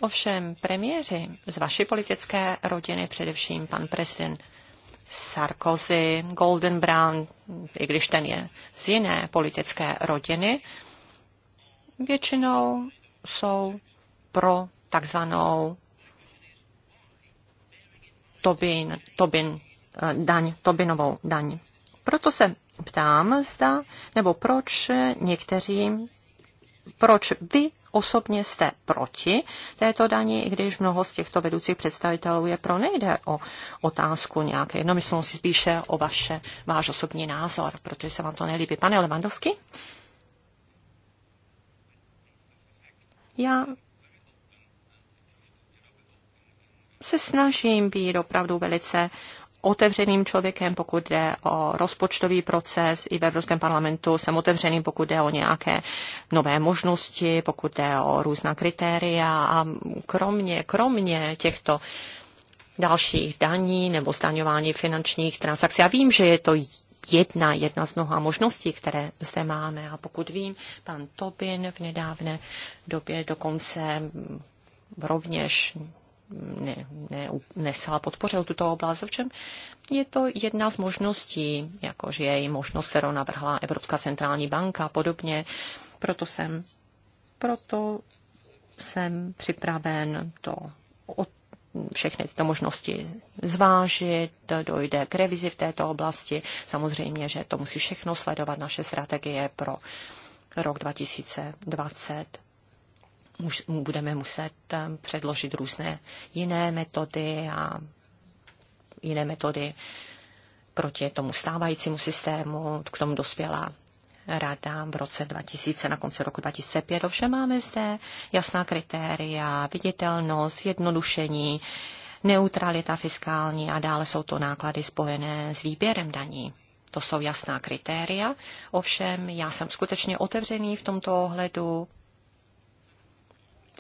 Ovšem premiéři z vaší politické rodiny, především pan prezident Sarkozy, Golden Brown, i když ten je z jiné politické rodiny, většinou jsou pro takzvanou Tobin, Tobin, eh, daň, Tobinovou daň. Proto se ptám, zda, nebo proč někteří, proč vy osobně jste proti této daní, i když mnoho z těchto vedoucích představitelů je pro. Nejde o otázku nějaké jednomyslnosti, spíše o vaše, váš osobní názor, protože se vám to nelíbí. Pane Levandovský? Já se snažím být opravdu velice otevřeným člověkem, pokud jde o rozpočtový proces. I ve Evropském parlamentu jsem otevřeným, pokud jde o nějaké nové možnosti, pokud jde o různá kritéria. A kromě, kromě těchto dalších daní nebo zdaňování finančních transakcí. Já vím, že je to jedna, jedna z mnoha možností, které zde máme. A pokud vím, pan Tobin v nedávné době dokonce rovněž ne, ne, nesela podpořil tuto oblast, ovšem je to jedna z možností, jakože je i možnost, kterou navrhla Evropská centrální banka a podobně. Proto jsem, proto jsem připraven to od všechny tyto možnosti zvážit, dojde k revizi v této oblasti. Samozřejmě, že to musí všechno sledovat naše strategie pro rok 2020 budeme muset eh, předložit různé jiné metody a jiné metody proti tomu stávajícímu systému. K tomu dospěla rada v roce 2000, na konci roku 2005. Ovšem máme zde jasná kritéria, viditelnost, jednodušení, neutralita fiskální a dále jsou to náklady spojené s výběrem daní. To jsou jasná kritéria. Ovšem, já jsem skutečně otevřený v tomto ohledu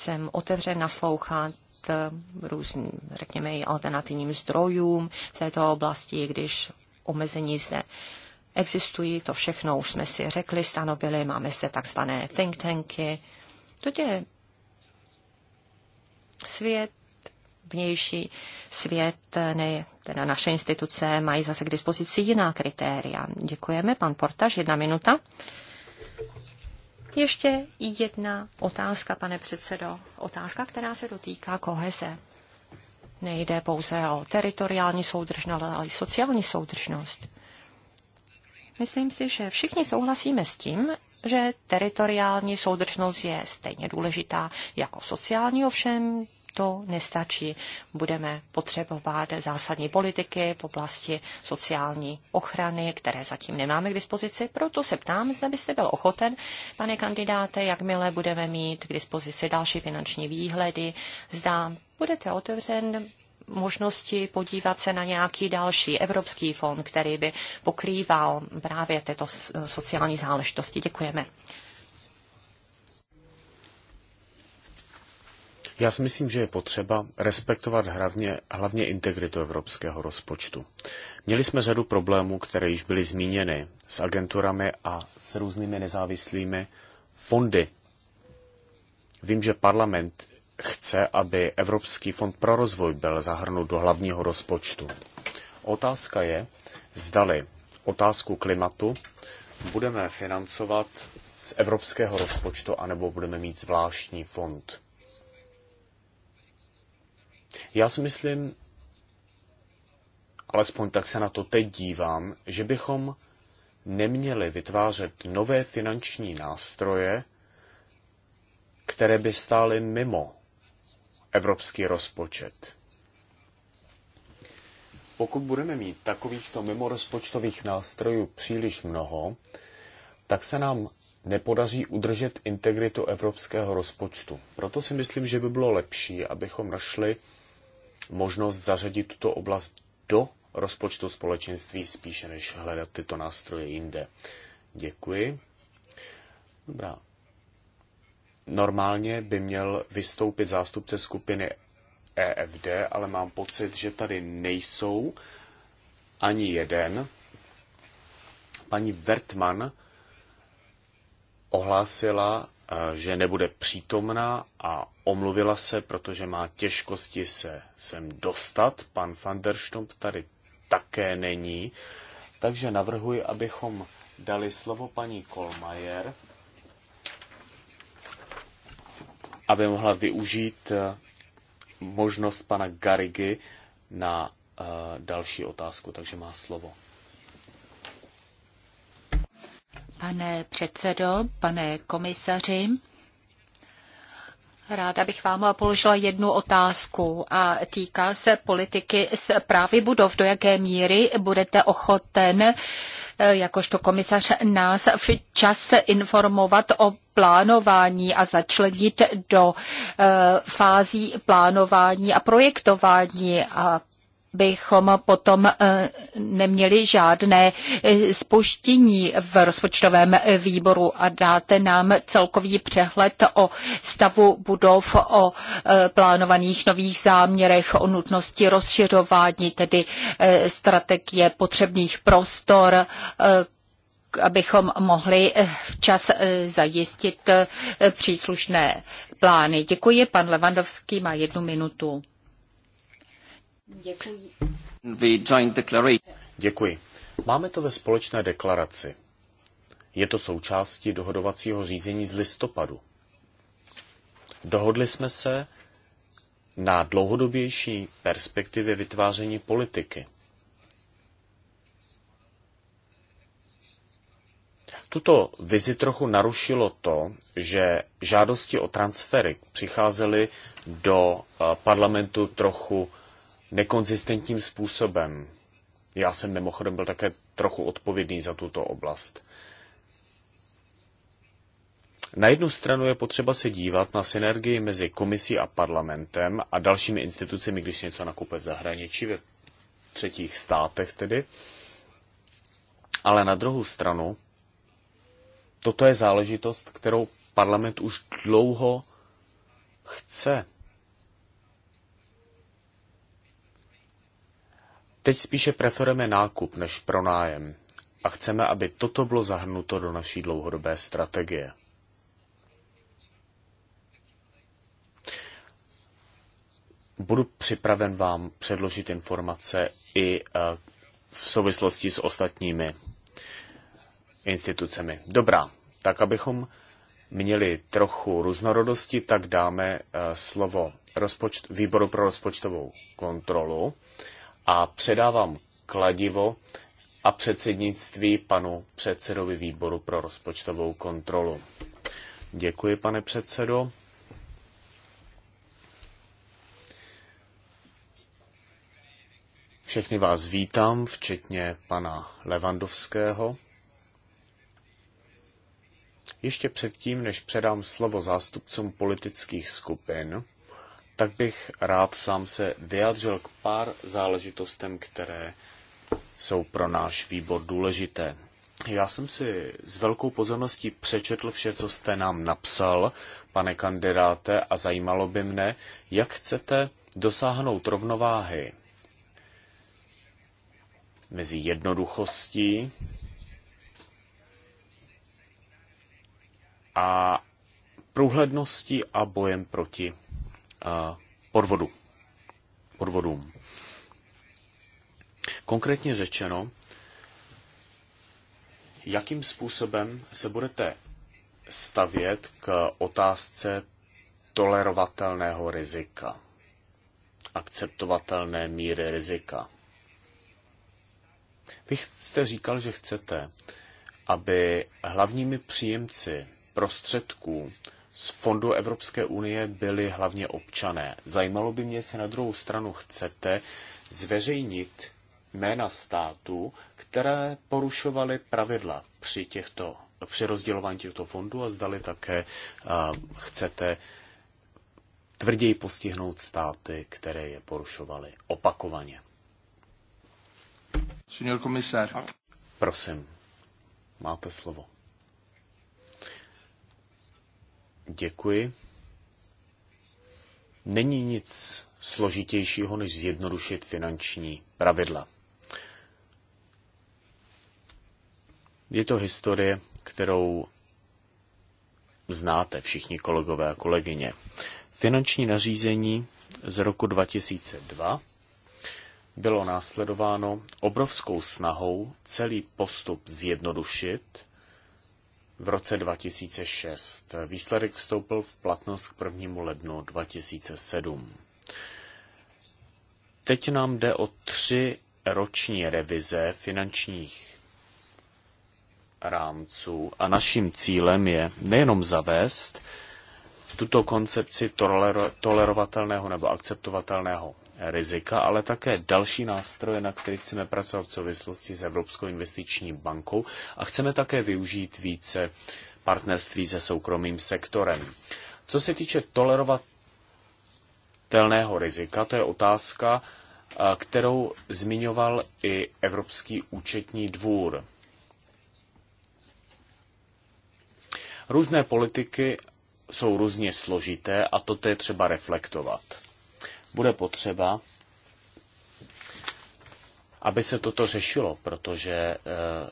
jsem otevřen naslouchat eh, různým, řekněme, alternativním zdrojům v této oblasti, když omezení zde existují, to všechno už jsme si řekli, stanovili, máme zde takzvané think tanky. To je svět, vnější svět, ne, teda naše instituce mají zase k dispozici jiná kritéria. Děkujeme, pan Portaž, jedna minuta. Ještě jedna otázka, pane předsedo. Otázka, která se dotýká koheze. Nejde pouze o teritoriální soudržnost, ale i sociální soudržnost. Myslím si, že všichni souhlasíme s tím, že teritoriální soudržnost je stejně důležitá jako sociální, ovšem to nestačí. Budeme potřebovat zásadní politiky v oblasti sociální ochrany, které zatím nemáme k dispozici. Proto se ptám, zda byste byl ochoten, pane kandidáte, jakmile budeme mít k dispozici další finanční výhledy, zda budete otevřen možnosti podívat se na nějaký další evropský fond, který by pokrýval právě tyto sociální záležitosti. Děkujeme. Já si myslím, že je potřeba respektovat hlavně, hlavně integritu evropského rozpočtu. Měli jsme řadu problémů, které již byly zmíněny s agenturami a s různými nezávislými fondy. Vím, že parlament chce, aby Evropský fond pro rozvoj byl zahrnut do hlavního rozpočtu. Otázka je, zdali otázku klimatu budeme financovat z evropského rozpočtu, anebo budeme mít zvláštní fond. Já si myslím, alespoň tak se na to teď dívám, že bychom neměli vytvářet nové finanční nástroje, které by stály mimo evropský rozpočet. Pokud budeme mít takovýchto mimorozpočtových nástrojů příliš mnoho, tak se nám nepodaří udržet integritu evropského rozpočtu. Proto si myslím, že by bylo lepší, abychom našli možnost zařadit tuto oblast do rozpočtu společenství spíše než hledat tyto nástroje jinde. Děkuji. Dobrá. Normálně by měl vystoupit zástupce skupiny EFD, ale mám pocit, že tady nejsou ani jeden. Paní Vertman ohlásila, že nebude přítomna a omluvila se, protože má těžkosti se sem dostat. Pan van der Stump tady také není. Takže navrhuji, abychom dali slovo paní Kolmajer, aby mohla využít eh, možnost pana Garigy na eh, další otázku, takže má slovo. Pane předsedo, pane komisaři, Ráda bych vám položila jednu otázku a týká se politiky zprávy budov. Do jaké míry budete ochoten eh, jakožto komisař nás včas informovat o plánování a začlenit do eh, fází plánování a projektování a bychom potom eh, neměli žádné spuštění eh, v rozpočtovém eh, výboru a dáte nám celkový přehled o stavu budov, o plánovaných nových záměrech, o nutnosti rozšiřování, tedy strategie potřebných prostor, abychom mohli včas zajistit příslušné plány. Děkuji, pan Levandovský má jednu minutu. Děkuji. Máme to ve společné deklaraci. Je to součástí dohodovacího řízení z listopadu. Dohodli jsme se na dlouhodobější perspektivě vytváření politiky. Tuto vizi trochu narušilo to, že žádosti o transfery přicházely do eh, parlamentu trochu nekonzistentním způsobem. Já jsem mimochodem byl také trochu odpovědný za tuto oblast. Na jednu stranu je potřeba se dívat na synergii mezi komisí a parlamentem a dalšími institucemi, když něco nakupuje v zahraničí, ve třetích státech tedy. Ale na druhou stranu, toto je záležitost, kterou parlament už dlouho chce. Teď spíše preferujeme nákup než pronájem a chceme, aby toto bylo zahrnuto do naší dlouhodobé strategie. Budu připraven vám předložit informace i eh, v souvislosti s ostatními institucemi. Dobrá, tak abychom měli trochu různorodosti, tak dáme eh, slovo rozpočt, výboru pro rozpočtovou kontrolu a předávám kladivo a předsednictví panu předsedovi výboru pro rozpočtovou kontrolu. Děkuji, pane předsedo. Všechny vás vítám, včetně pana Levandovského. Ještě předtím, než předám slovo zástupcům politických skupin, tak bych rád sám se vyjádřil k pár záležitostem, které jsou pro náš výbor důležité. Já jsem si s velkou pozorností přečetl vše, co jste nám napsal, pane kandidáte, a zajímalo by mne, jak chcete dosáhnout rovnováhy mezi jednoduchostí a průhledností a bojem proti podvodu, podvodům. Konkrétně řečeno, jakým způsobem se budete stavět k otázce tolerovatelného rizika, akceptovatelné míry rizika. Vy jste říkal, že chcete, aby hlavními příjemci prostředků z fondu Evropské unie byli hlavně občané. Zajímalo by mě, jestli na druhou stranu chcete zveřejnit jména států, které porušovaly pravidla při, těchto, při rozdělování těchto fondů a zdali také uh, chcete tvrději postihnout státy, které je porušovaly opakovaně. Signor komisár. Prosím, máte slovo. Děkuji. Není nic složitějšího, než zjednodušit finanční pravidla. Je to historie, kterou znáte všichni kolegové a kolegyně. Finanční nařízení z roku 2002 bylo následováno obrovskou snahou celý postup zjednodušit v roce 2006. Výsledek vstoupil v platnost k 1. lednu 2007. Teď nám jde o tři roční revize finančních rámců a naším cílem je nejenom zavést tuto koncepci tolerovatelného nebo akceptovatelného rizika, ale také další nástroje, na kterých chceme pracovat v souvislosti s Evropskou investiční bankou a chceme také využít více partnerství se soukromým sektorem. Co se týče tolerovatelného rizika, to je otázka, kterou zmiňoval i Evropský účetní dvůr. Různé politiky jsou různě složité a toto je třeba reflektovat bude potřeba, aby se toto řešilo, protože eh,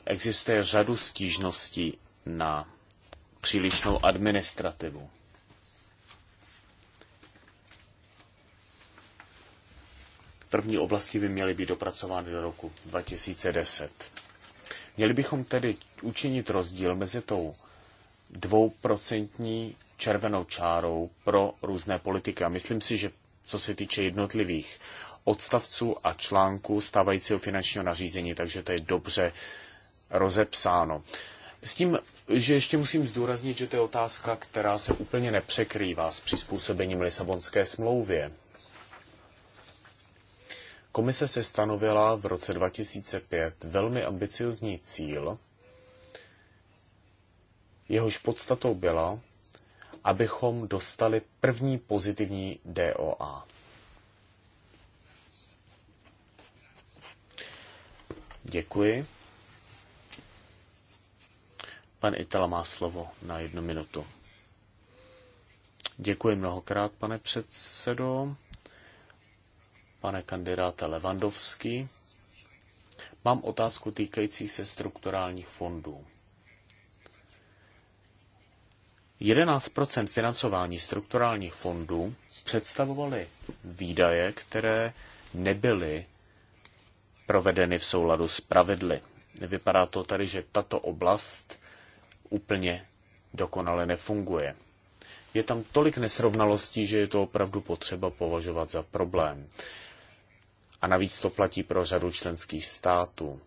existuje řadu stížností na přílišnou administrativu. První oblasti by měly být dopracovány do roku 2010. Měli bychom tedy učinit rozdíl mezi tou dvouprocentní červenou čárou pro různé politiky. A myslím si, že co se týče jednotlivých odstavců a článků stávajícího finančního nařízení, takže to je dobře rozepsáno. S tím, že ještě musím zdůraznit, že to je otázka, která se úplně nepřekrývá s přizpůsobením Lisabonské smlouvě. Komise se stanovila v roce 2005 velmi ambiciozní cíl, jehož podstatou byla abychom dostali první pozitivní DOA. Děkuji. Pan Itala má slovo na jednu minutu. Děkuji mnohokrát, pane předsedo. Pane kandidáte Levandovský, mám otázku týkající se strukturálních fondů. 11 financování strukturálních fondů představovaly výdaje, které nebyly provedeny v souladu s pravidly. Vypadá to tady, že tato oblast úplně dokonale nefunguje. Je tam tolik nesrovnalostí, že je to opravdu potřeba považovat za problém. A navíc to platí pro řadu členských států.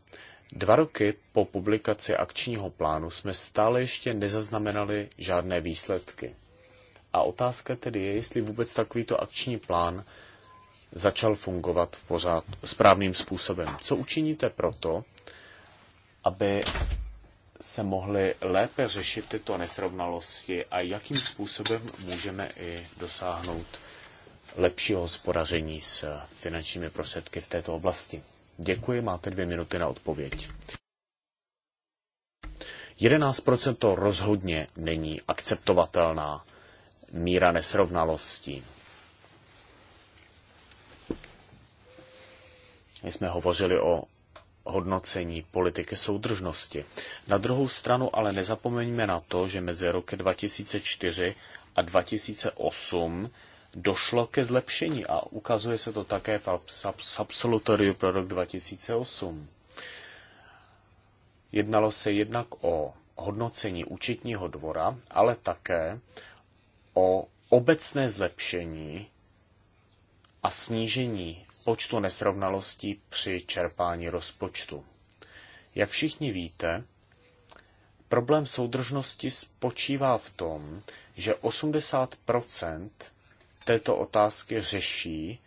Dva roky po publikaci akčního plánu jsme stále ještě nezaznamenali žádné výsledky. A otázka tedy je, jestli vůbec takovýto akční plán začal fungovat v pořád správným způsobem. Co učiníte proto, aby se mohly lépe řešit tyto nesrovnalosti a jakým způsobem můžeme i dosáhnout lepšího hospodaření s finančními prostředky v této oblasti. Děkuji, máte dvě minuty na odpověď. 11% to rozhodně není akceptovatelná míra nesrovnalostí. My jsme hovořili o hodnocení politiky soudržnosti. Na druhou stranu ale nezapomeňme na to, že mezi roky 2004 a 2008 došlo ke zlepšení a ukazuje se to také v absolutoriu pro rok 2008. Jednalo se jednak o hodnocení účetního dvora, ale také o obecné zlepšení a snížení počtu nesrovnalostí při čerpání rozpočtu. Jak všichni víte, problém soudržnosti spočívá v tom, že 80 této otázky řeší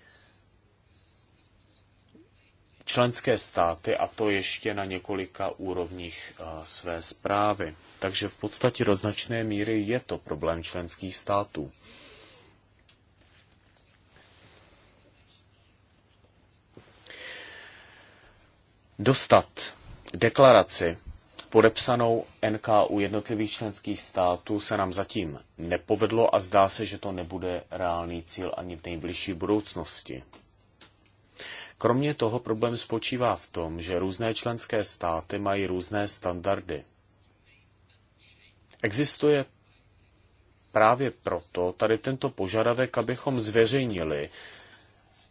členské státy a to ještě na několika úrovních eh, své zprávy. Takže v podstatě do značné míry je to problém členských států. Dostat deklaraci podepsanou NKU jednotlivých členských států se nám zatím nepovedlo a zdá se, že to nebude reálný cíl ani v nejbližší budoucnosti. Kromě toho problém spočívá v tom, že různé členské státy mají různé standardy. Existuje právě proto tady tento požadavek, abychom zveřejnili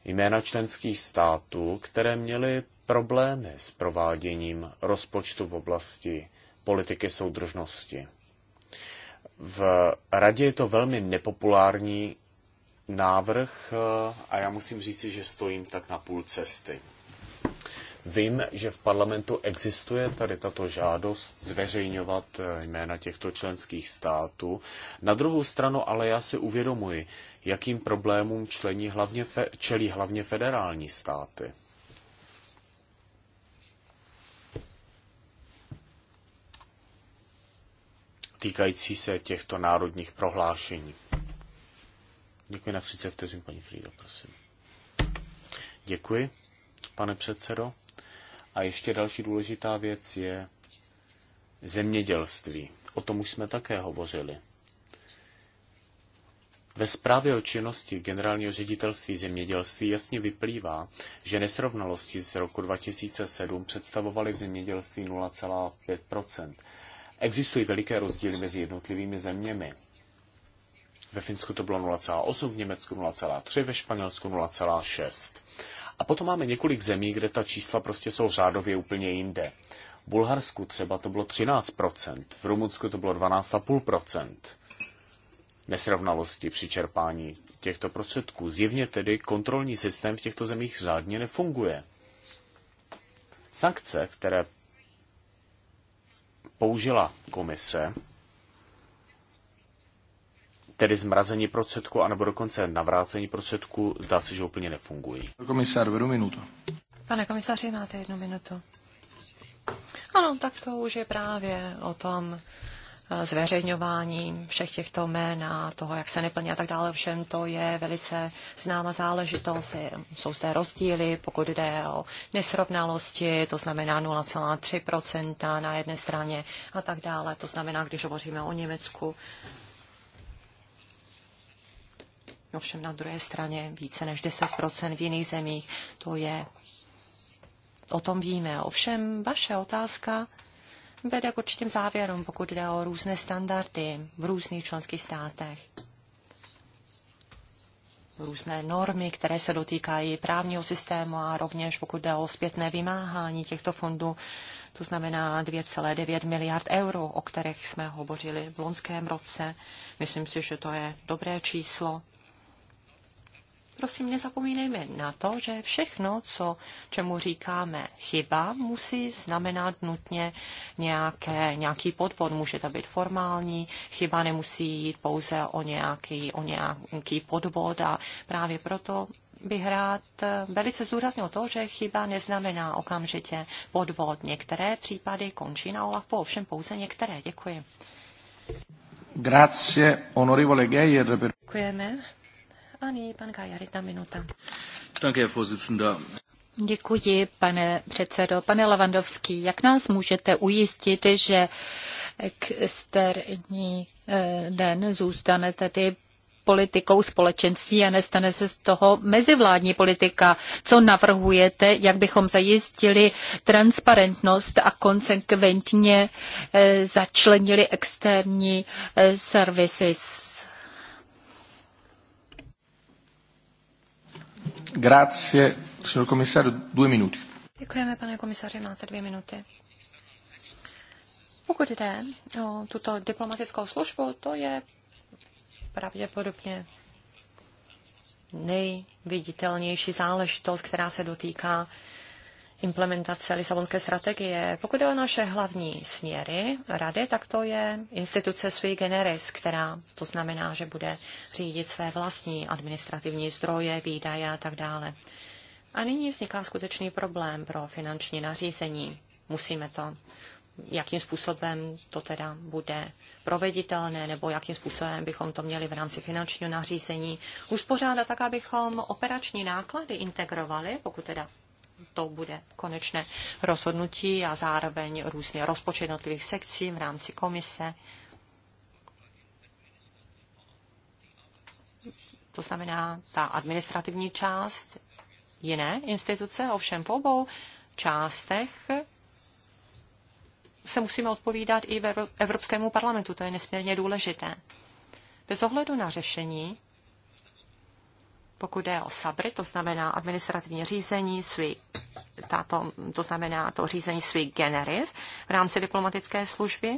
jména členských států, které měly problémy s prováděním rozpočtu v oblasti politiky soudržnosti. V radě je to velmi nepopulární návrh eh, a já musím říci, že stojím tak na půl cesty. Vím, že v parlamentu existuje tady tato žádost zveřejňovat eh, jména těchto členských států. Na druhou stranu ale já si uvědomuji, jakým problémům člení hlavně fe, čelí hlavně federální státy. týkající se těchto národních prohlášení. Děkuji na 30 vteřin, paní Frýdo, prosím. Děkuji, pane předsedo. A ještě další důležitá věc je zemědělství. O tom už jsme také hovořili. Ve zprávě o činnosti Generálního ředitelství zemědělství jasně vyplývá, že nesrovnalosti z roku 2007 představovaly v zemědělství 0,5 Existují veliké rozdíly mezi jednotlivými zeměmi. Ve Finsku to bylo 0,8, v Německu 0,3, ve Španělsku 0,6. A potom máme několik zemí, kde ta čísla prostě jsou řádově úplně jinde. V Bulharsku třeba to bylo 13%, v Rumunsku to bylo 12,5% nesrovnalosti při čerpání těchto prostředků. Zjevně tedy kontrolní systém v těchto zemích řádně nefunguje. Sankce, které použila komise, tedy zmrazení prostředku, anebo dokonce navrácení prostředku, zdá se, že úplně nefungují. Komisár, vedu minutu. Pane komisaři, máte jednu minutu. Ano, tak to už je právě o tom, Eh, zveřejňování všech těchto jmén a toho, jak se neplní a tak dále. Všem to je velice známa záležitost. Jsou zde rozdíly, pokud jde o nesrovnalosti, to znamená 0,3% na jedné straně a tak dále. To znamená, když hovoříme o Německu, ovšem na druhé straně více než 10% v jiných zemích. To je, o tom víme. Ovšem vaše otázka vede k určitým závěrům, pokud jde o různé standardy v různých členských státech. Různé normy, které se dotýkají právního systému a rovněž pokud jde o zpětné vymáhání těchto fondů, to znamená 2,9 miliard euro, o kterých jsme hovořili v loňském roce. Myslím si, že to je dobré číslo prosím nezapomínejme na to, že všechno, co, čemu říkáme chyba, musí znamenat nutně nějaké, nějaký podpor. Může to být formální, chyba nemusí jít pouze o nějaký, o nějaký podvod a právě proto bych rád velice zdůraznil to, že chyba neznamená okamžitě podvod. Některé případy končí na OLAFu, ovšem pouze některé. Děkuji. Grazie, onorevole Geyer. Per... Děkujeme a nyní pan minuta. Děkuji, pane předsedo. Pane Lavandovský, jak nás můžete ujistit, že externí eh, den zůstane tedy politikou společenství a nestane se z toho mezivládní politika. Co navrhujete, jak bychom zajistili transparentnost a konsekventně eh, začlenili externí eh, servisy Grazie, signor komisario, due minuty. Děkujeme, pane komisaři, máte dvě minuty. Pokud jde o tuto diplomatickou službu, to je pravděpodobně nejviditelnější záležitost, která se dotýká implementace Lisabonské strategie. Pokud jde o naše hlavní směry rady, tak to je instituce sui generis, která to znamená, že bude řídit své vlastní administrativní zdroje, výdaje a tak dále. A nyní vzniká skutečný problém pro finanční nařízení. Musíme to, jakým způsobem to teda bude proveditelné, nebo jakým způsobem bychom to měli v rámci finančního nařízení uspořádat tak, abychom operační náklady integrovali, pokud teda to bude konečné rozhodnutí a zároveň různý rozpočet jednotlivých sekcí v rámci komise. To znamená ta administrativní část jiné instituce, ovšem v obou částech se musíme odpovídat i Evropskému parlamentu. To je nesmírně důležité. Bez ohledu na řešení pokud jde o sabry, to znamená administrativní řízení svý, tato, to znamená to řízení svý generis v rámci diplomatické služby.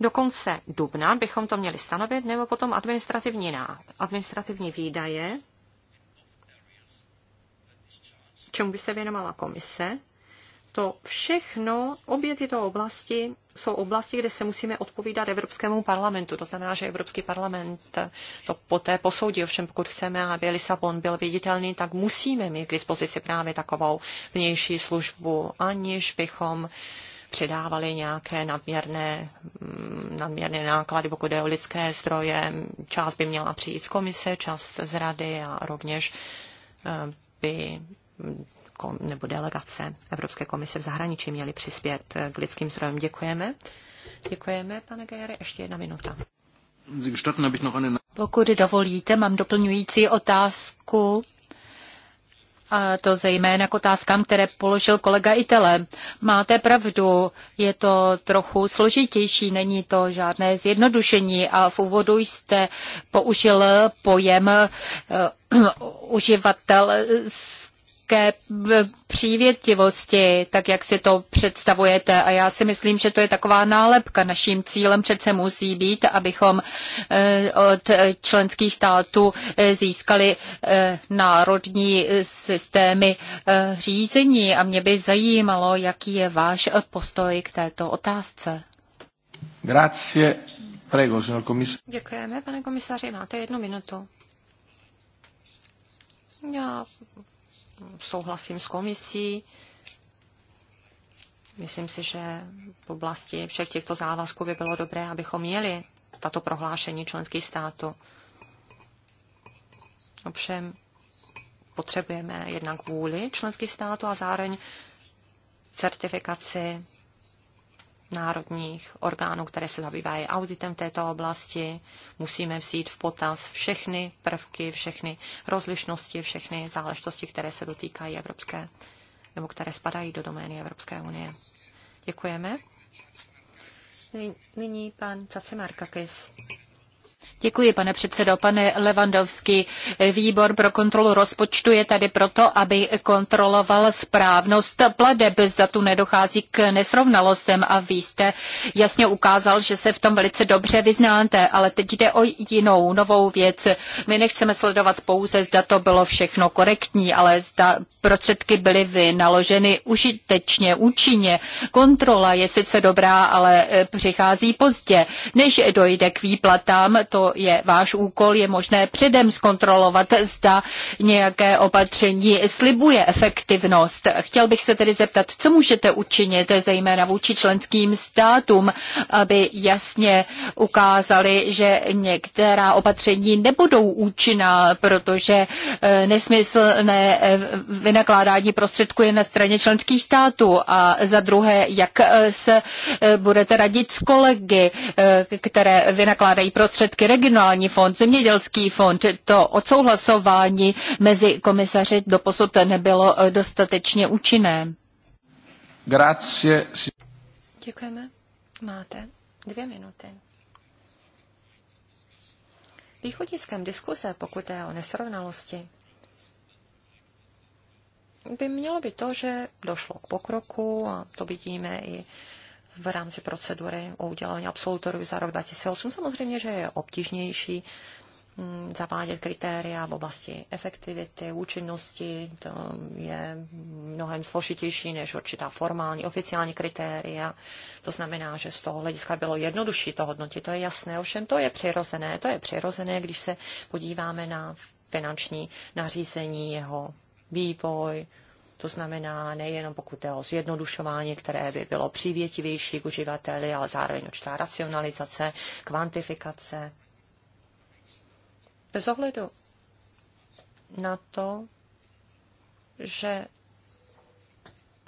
Do konce dubna bychom to měli stanovit, nebo potom administrativní, ná, administrativní výdaje, čemu by se věnovala komise, to všechno, obě tyto oblasti jsou oblasti, kde se musíme odpovídat Evropskému parlamentu. To znamená, že Evropský parlament to poté posoudí. Ovšem, pokud chceme, aby Lisabon byl viditelný, tak musíme mít k dispozici právě takovou vnější službu, aniž bychom přidávali nějaké nadměrné, mm, nadměrné náklady, pokud je o lidské zdroje. Část by měla přijít z komise, část z rady a rovněž eh, by kom, nebo delegace Evropské komise v zahraničí měly přispět eh, k lidským zdrojům. Děkujeme. Děkujeme, pane Gejere. Ještě jedna minuta. Pokud dovolíte, mám doplňující otázku. A to zejména k otázkám, které položil kolega Itele. Máte pravdu, je to trochu složitější, není to žádné zjednodušení a v úvodu jste použil pojem uh, uživatel s nějaké přívětivosti, tak jak si to představujete. A já si myslím, že to je taková nálepka. Naším cílem přece musí být, abychom eh, od členských států eh, získali eh, národní systémy řízení. A mě by zajímalo, jaký je váš postoj k této otázce. Grazie. Prego, signor commissario. Děkujeme, pane komisaři, máte jednu minutu. Já souhlasím s komisí. Myslím si, že v oblasti všech těchto závazků by bylo dobré, abychom měli tato prohlášení členských států. Ovšem potřebujeme jednak vůli členských států a zároveň certifikaci národních orgánů, které se zabývají auditem této oblasti. Musíme vzít v potaz všechny prvky, všechny rozlišnosti, všechny záležitosti, které se dotýkají Evropské nebo které spadají do domény Evropské unie. Děkujeme. Nyní pan Cacimar Kakis. Děkuji, pane předsedo. Pane Levandovský, výbor pro kontrolu rozpočtu je tady proto, aby kontroloval správnost pladeb, zda tu nedochází k nesrovnalostem a vy jste jasně ukázal, že se v tom velice dobře vyznáte, ale teď jde o jinou, novou věc. My nechceme sledovat pouze, zda to bylo všechno korektní, ale zda prostředky byly vynaloženy užitečně, účinně. Kontrola je sice dobrá, ale e, přichází pozdě. Než dojde k výplatám, to je váš úkol, je možné předem zkontrolovat, zda nějaké opatření slibuje efektivnost. Chtěl bych se tedy zeptat, co můžete učinit, zejména vůči členským státům, aby jasně ukázali, že některá opatření nebudou účinná, protože e, nesmyslné e, vynakládání prostředků je na straně členských států a za druhé, jak e, se e, budete radit s kolegy, e, které vynakládají prostředky regionální fond, zemědělský fond. To odsouhlasování mezi komisaři doposud nebylo dostatečně účinné. Grazie. Děkujeme. Máte dvě minuty. Východiskem diskuse, pokud je o nesrovnalosti, by mělo být to, že došlo k pokroku a to vidíme i v rámci procedury o udělení absolutorů za rok 2008. Samozřejmě, že je obtížnější mm, zavádět kritéria v oblasti efektivity, účinnosti, to je mnohem složitější než určitá formální, oficiální kritéria. To znamená, že z toho hlediska bylo jednodušší to hodnotit, to je jasné, ovšem to je přirozené, to je přirozené, když se podíváme na finanční nařízení, jeho vývoj, to znamená nejenom pokud je o zjednodušování, které by bylo přívětivější k uživateli, ale zároveň určitá racionalizace, kvantifikace. Bez ohledu na to, že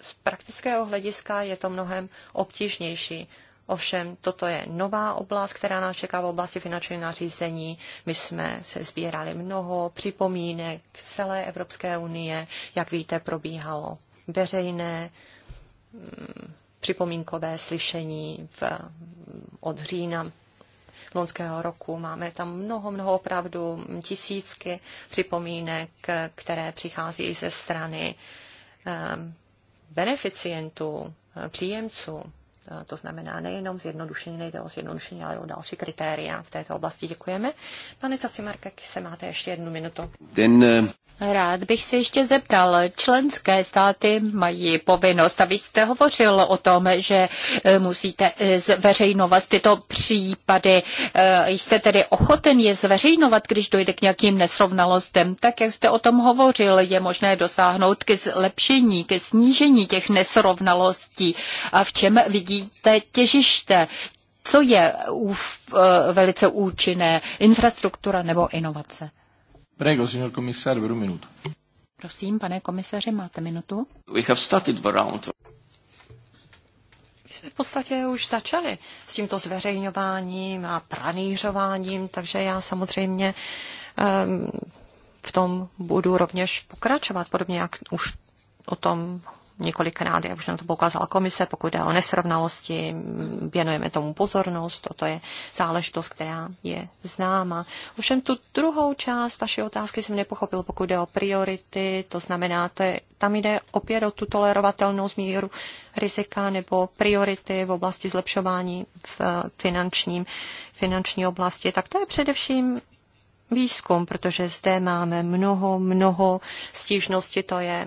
z praktického hlediska je to mnohem obtížnější Ovšem, toto je nová oblast, která nás čeká v oblasti finančního nařízení. My jsme se sbírali mnoho připomínek celé Evropské unie. Jak víte, probíhalo veřejné mm, připomínkové slyšení v, od října loňského roku. Máme tam mnoho, mnoho opravdu tisícky připomínek, které přichází ze strany ehm, beneficientů, příjemců Eh, to znamená nejenom zjednodušení, nejde o zjednodušení, ale o další kritéria v této oblasti. Děkujeme. Pane Cacimarka, se máte ještě jednu minutu. Den, eh, Rád bych se ještě zeptal, členské státy mají povinnost, a vy jste hovořil o tom, že e, musíte e, zveřejnovat tyto případy. E, jste tedy ochoten je zveřejnovat, když dojde k nějakým nesrovnalostem? Tak, jak jste o tom hovořil, je možné dosáhnout ke zlepšení, ke snížení těch nesrovnalostí. A v čem vidíte těžiště? Co je velice účinné? Infrastruktura nebo inovace? Prego, signor commissario, per un minuto. Prosím, pane komisaře, máte minutu. We have started the round. My jsme v podstatě už začali s tímto zveřejňováním a pranířováním, takže já samozřejmě um, v tom budu rovněž pokračovat, podobně jak už o tom několikrát, jak už na to poukázala komise, pokud jde o nesrovnalosti, věnujeme tomu pozornost, toto je záležitost, která je známa. Ovšem tu druhou část vaší otázky jsem nepochopil, pokud jde o priority, to znamená, to je, tam jde opět o tu tolerovatelnou míru rizika nebo priority v oblasti zlepšování v eh, finančním, finanční oblasti, tak to je především výzkum, protože zde máme mnoho, mnoho stížností, to je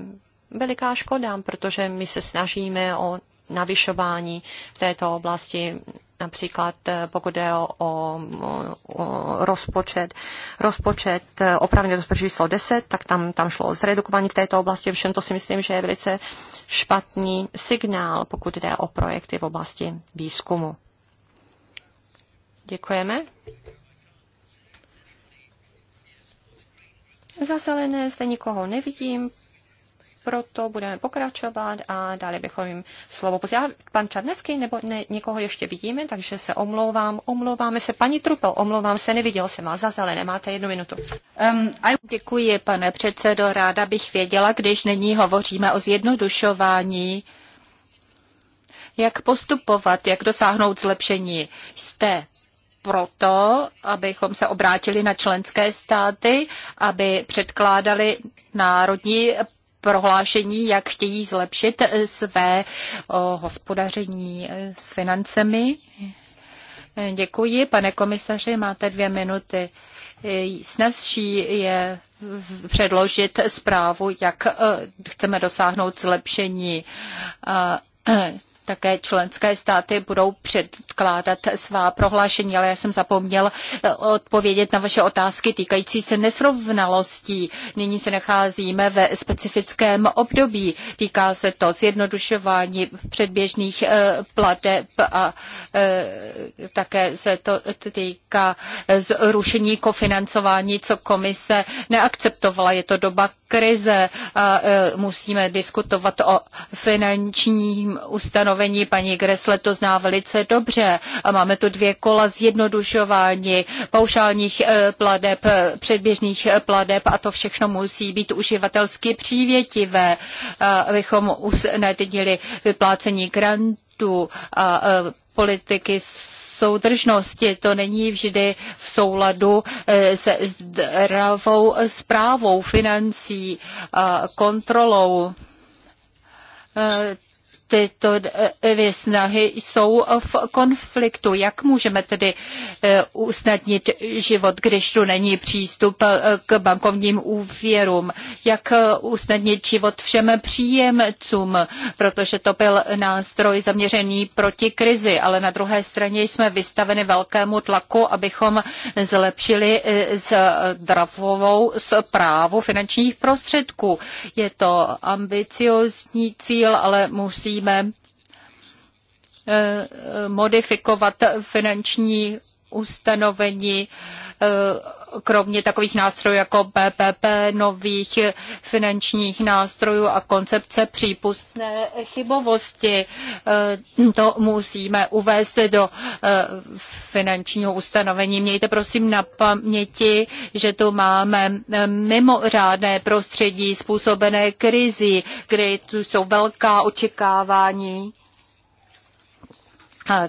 veliká škoda, protože my se snažíme o navyšování v této oblasti, například eh, pokud jde o, o, o rozpočet, rozpočet eh, opravdu rozpočet číslo 10, tak tam, tam šlo o zredukování v této oblasti, všem to si myslím, že je velice špatný signál, pokud jde o projekty v oblasti výzkumu. Děkujeme. Za zelené zde nikoho nevidím, proto budeme pokračovat a dali bychom jim slovo. Já, pan Čarnecký, nebo ne, někoho ještě vidíme, takže se omlouvám. Omlouváme se. Paní Trupel, omlouvám se, neviděl jsem vás za zelené. Máte jednu minutu. Um, I... Děkuji, pane předsedo. Ráda bych věděla, když nyní hovoříme o zjednodušování, jak postupovat, jak dosáhnout zlepšení. Jste proto, abychom se obrátili na členské státy, aby předkládali národní prohlášení, jak chtějí zlepšit eh, své hospodaření eh, s financemi. Eh, děkuji, pane komisaři, máte dvě minuty. Snazší je předložit zprávu, jak chceme dosáhnout zlepšení také členské státy budou předkládat svá prohlášení, ale já jsem zapomněl eh, odpovědět na vaše otázky týkající se nesrovnalostí. Nyní se nacházíme ve specifickém období. Týká se to zjednodušování předběžných eh, plateb a eh, také se to týká zrušení kofinancování, co komise neakceptovala. Je to doba krize a musíme diskutovat o finančním ustanovení. Paní Gresle to zná velice dobře. A máme tu dvě kola zjednodušování paušálních e, pladeb, e, předběžných e, pladeb a to všechno musí být uživatelsky přívětivé, abychom usnadnili vyplácení grantů a politiky soudržnosti. To není vždy v souladu eh, se zdravou zprávou financí a kontrolou eh, tyto dvě e, e, snahy jsou v konfliktu. Jak můžeme tedy e, usnadnit život, když tu není přístup k bankovním úvěrům? Jak usnadnit život všem příjemcům? Protože to byl nástroj zaměřený proti krizi, ale na druhé straně jsme vystaveni velkému tlaku, abychom zlepšili zdravovou zprávu finančních prostředků. Je to ambiciozní cíl, ale musí musíme eh, modifikovat finanční ustanovení eh, kromě takových nástrojů jako PPP, nových finančních nástrojů a koncepce přípustné chybovosti. Eh, to musíme uvést do eh, finančního ustanovení. Mějte prosím na paměti, že tu máme eh, mimořádné prostředí způsobené krizi, kdy tu jsou velká očekávání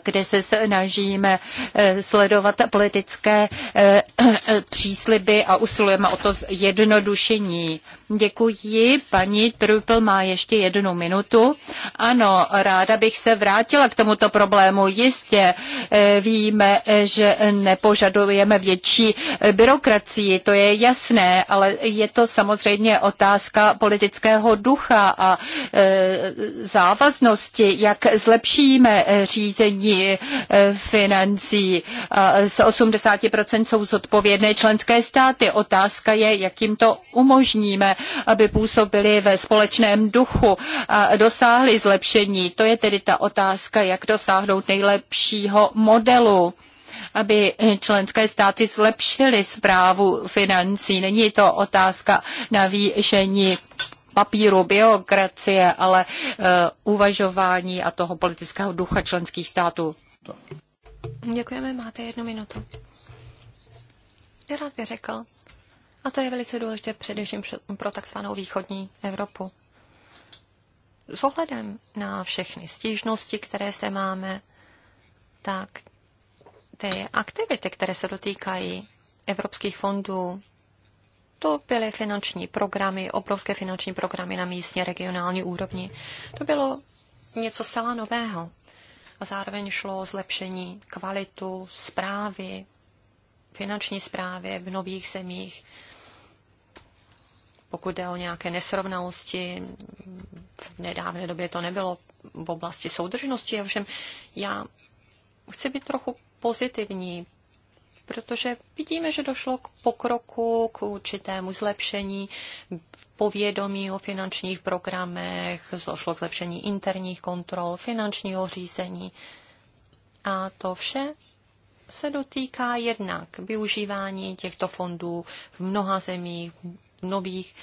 kde se snažíme eh, sledovat politické eh, přísliby a usilujeme o to zjednodušení. Děkuji. Paní Trupl má ještě jednu minutu. Ano, ráda bych se vrátila k tomuto problému. Jistě eh, víme, že nepožadujeme větší byrokracii, to je jasné, ale je to samozřejmě otázka politického ducha a závaznosti, jak zlepšíme řízení řízení eh, financí. Z 80% jsou zodpovědné členské státy. Otázka je, jak jim to umožníme, aby působili ve společném duchu a dosáhli zlepšení. To je tedy ta otázka, jak dosáhnout nejlepšího modelu aby členské státy zlepšily zprávu financí. Není to otázka navýšení papíru, byrokracie, ale uh, uvažování a toho politického ducha členských států. Děkujeme, máte jednu minutu. Já rád bych řekl, a to je velice důležité především pro takzvanou východní Evropu. S ohledem na všechny stížnosti, které zde máme, tak ty aktivity, které se dotýkají evropských fondů, to byly finanční programy, obrovské finanční programy na místní regionální úrovni. To bylo něco zcela nového. A zároveň šlo o zlepšení kvalitu zprávy, finanční zprávy v nových zemích. Pokud jde o nějaké nesrovnalosti, v nedávné době to nebylo v oblasti soudržnosti, ovšem já chci být trochu pozitivní, protože vidíme, že došlo k pokroku, k určitému zlepšení povědomí o finančních programech, došlo k zlepšení interních kontrol, finančního řízení. A to vše se dotýká jednak využívání těchto fondů v mnoha zemích, v nových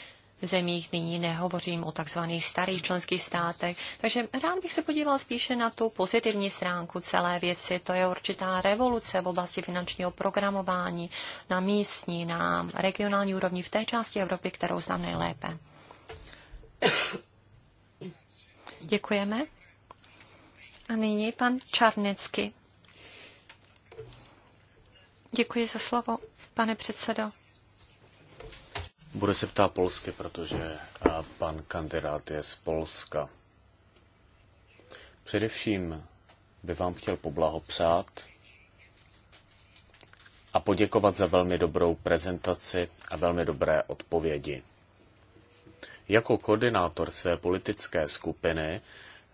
zemích, nyní nehovořím o takzvaných starých členských státech. Takže rád bych se podíval spíše na tu pozitivní stránku celé věci. To je určitá revoluce v oblasti finančního programování na místní, na regionální úrovni v té části Evropy, kterou znám nejlépe. Děkujeme. A nyní pan Čarnecky. Děkuji za slovo, pane předsedo. Bude se ptát polsky, protože pan kandidát je z Polska. Především by vám chtěl poblahopřát a poděkovat za velmi dobrou prezentaci a velmi dobré odpovědi. Jako koordinátor své politické skupiny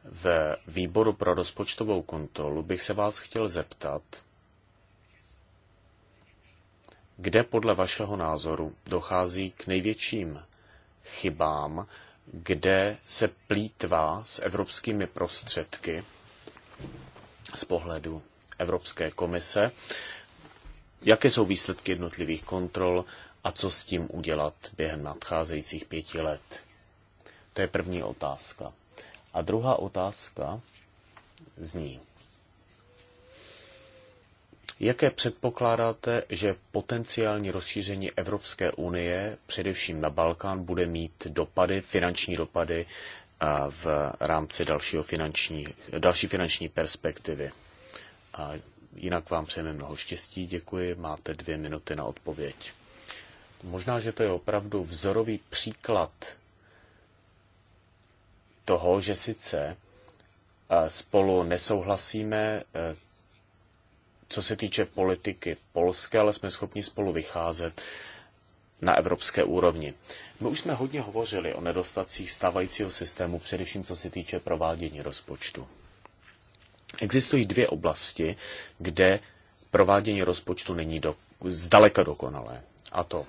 v výboru pro rozpočtovou kontrolu bych se vás chtěl zeptat, kde podle vašeho názoru dochází k největším chybám, kde se plítvá s evropskými prostředky z pohledu Evropské komise, jaké jsou výsledky jednotlivých kontrol a co s tím udělat během nadcházejících pěti let. To je první otázka. A druhá otázka zní, Jaké předpokládáte, že potenciální rozšíření Evropské unie, především na Balkán, bude mít dopady, finanční dopady v rámci dalšího finanční, další finanční perspektivy? A jinak vám přejeme mnoho štěstí, děkuji, máte dvě minuty na odpověď. Možná, že to je opravdu vzorový příklad toho, že sice spolu nesouhlasíme, co se týče politiky Polské, ale jsme schopni spolu vycházet na evropské úrovni. My už jsme hodně hovořili o nedostacích stávajícího systému, především co se týče provádění rozpočtu. Existují dvě oblasti, kde provádění rozpočtu není do, zdaleka dokonalé. A to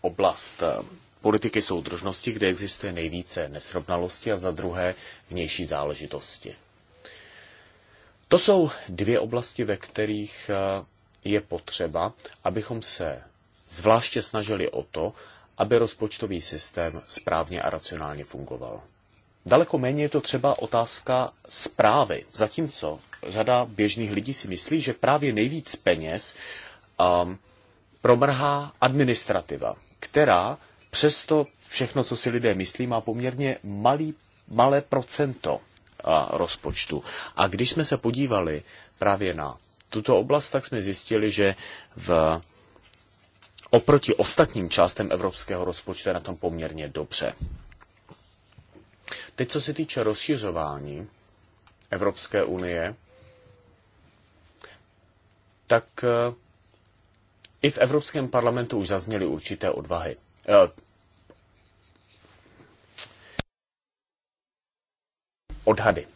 oblast eh, politiky soudržnosti, kde existuje nejvíce nesrovnalosti a za druhé vnější záležitosti. To jsou dvě oblasti, ve kterých eh, je potřeba, abychom se zvláště snažili o to, aby rozpočtový systém správně a racionálně fungoval. Daleko méně je to třeba otázka zprávy, zatímco řada běžných lidí si myslí, že právě nejvíc peněz um, promrhá administrativa, která přesto všechno, co si lidé myslí, má poměrně malý, malé procento rozpočtu. A když jsme se podívali právě na tuto oblast, tak jsme zjistili, že v oproti ostatním částem evropského rozpočtu je na tom poměrně dobře. Teď, co se týče rozšiřování Evropské unie, tak eh, i v Evropském parlamentu už zazněly určité odvahy, eh, odhady.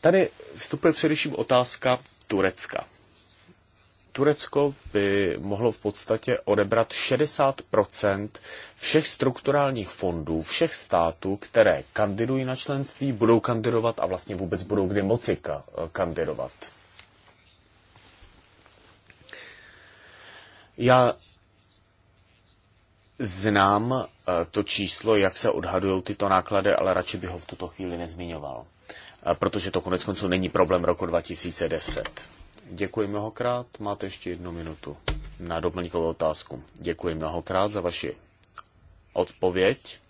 Tady vstupuje především otázka Turecka. Turecko by mohlo v podstatě odebrat 60 všech strukturálních fondů, všech států, které kandidují na členství, budou kandidovat a vlastně vůbec budou kdy moci kandidovat. Já Znám eh, to číslo, jak se odhadují tyto náklady, ale radši bych ho v tuto chvíli nezmiňoval, eh, protože to konec konců není problém roku 2010. Děkuji mnohokrát, máte ještě jednu minutu na doplňkovou otázku. Děkuji mnohokrát za vaši odpověď,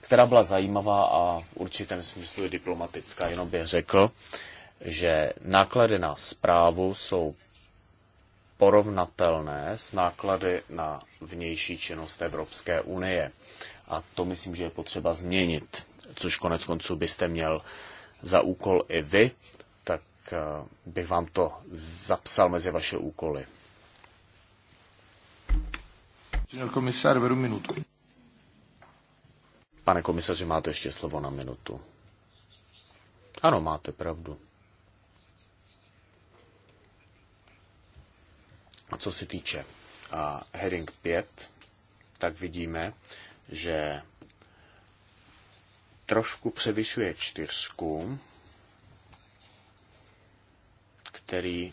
která byla zajímavá a v určitém smyslu je diplomatická. Jenom bych řekl, že náklady na zprávu jsou porovnatelné s náklady na vnější činnost Evropské unie. A to myslím, že je potřeba změnit, což konec konců byste měl za úkol i vy, tak eh, bych vám to zapsal mezi vaše úkoly. Komisár, beru minutu. Pane komisaři, máte ještě slovo na minutu. Ano, máte pravdu. A co se týče a heading 5, tak vidíme, že trošku převyšuje čtyřku, který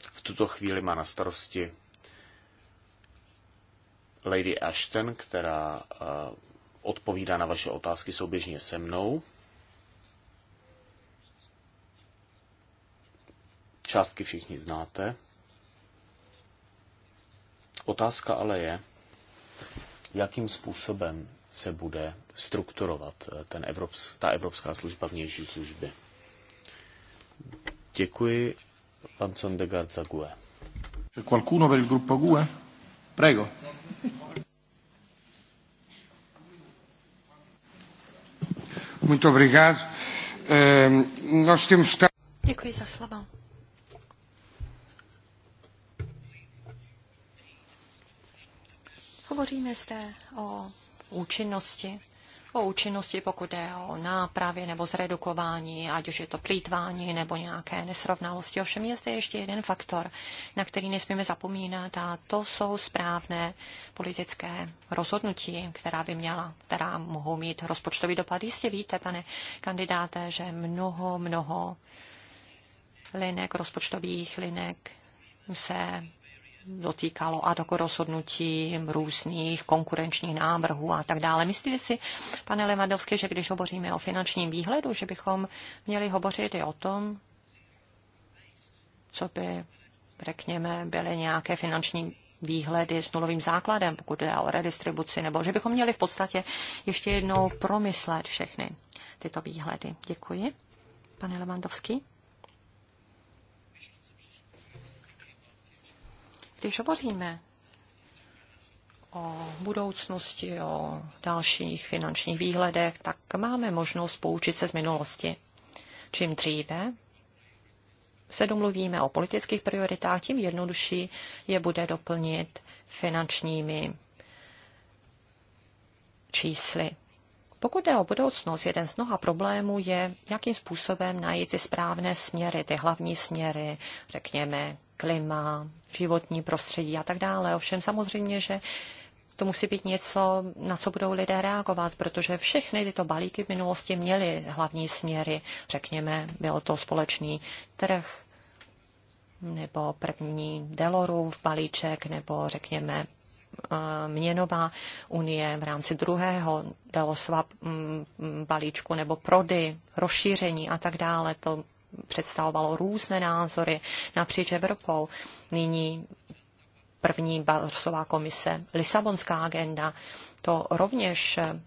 v tuto chvíli má na starosti Lady Ashton, která odpovídá na vaše otázky souběžně se mnou. Částky všichni znáte. Otázka ale je, jakým způsobem se bude strukturovat eh, ten Evrops, ta Evropská služba vnější služby. Děkuji, pan Sondegard za GUE. C'è qualcuno per il gruppo GUE? Prego. Muito obrigado. Eh, nós temos... Děkuji za slovo. Hovoříme zde o účinnosti, o účinnosti, pokud je o nápravě nebo zredukování, ať už je to plítvání nebo nějaké nesrovnalosti. Ovšem je zde ještě jeden faktor, na který nesmíme zapomínat a to jsou správné politické rozhodnutí, která by měla, která mohou mít rozpočtový dopad. Jistě víte, pane kandidáte, že mnoho, mnoho linek, rozpočtových linek se dotýkalo ad hoc rozhodnutí různých konkurenčních návrhů a tak dále. Myslíte si, pane Levadovský, že když hovoříme o finančním výhledu, že bychom měli hovořit i o tom, co by, řekněme, byly nějaké finanční výhledy s nulovým základem, pokud jde o redistribuci, nebo že bychom měli v podstatě ještě jednou promyslet všechny tyto výhledy. Děkuji. Pane Levandovský? když hovoříme o budoucnosti, o dalších finančních výhledech, tak máme možnost poučit se z minulosti. Čím dříve se domluvíme o politických prioritách, tím jednodušší je bude doplnit finančními čísly. Pokud jde o budoucnost, jeden z mnoha problémů je, jakým způsobem najít ty správné směry, ty hlavní směry, řekněme, klima, životní prostředí a tak dále. Ovšem samozřejmě, že to musí být něco, na co budou lidé reagovat, protože všechny tyto balíky v minulosti měly hlavní směry. Řekněme, byl to společný trh nebo první deloru v balíček, nebo řekněme eh, měnová unie v rámci druhého Delosova mm, mm, balíčku, nebo prody, rozšíření a tak dále. To představovalo různé názory napříč Evropou. Nyní první Barsová komise, Lisabonská agenda, to rovněž eh,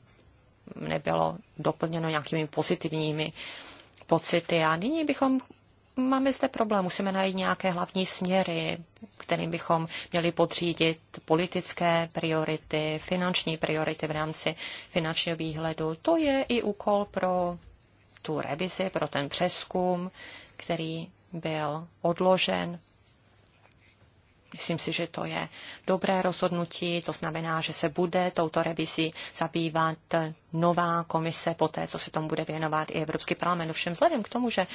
nebylo doplněno nějakými pozitivními pocity. A nyní bychom máme zde problém, musíme najít nějaké hlavní směry, kterým bychom měli podřídit politické priority, finanční priority v rámci finančního výhledu. To je i úkol pro tu revizi, pro ten přeskum, který byl odložen. Myslím si, že to je dobré rozhodnutí, to znamená, že se bude touto revizi zabývat nová komise, po té, co se tomu bude věnovat i Evropský parlament. Všem vzhledem k tomu, že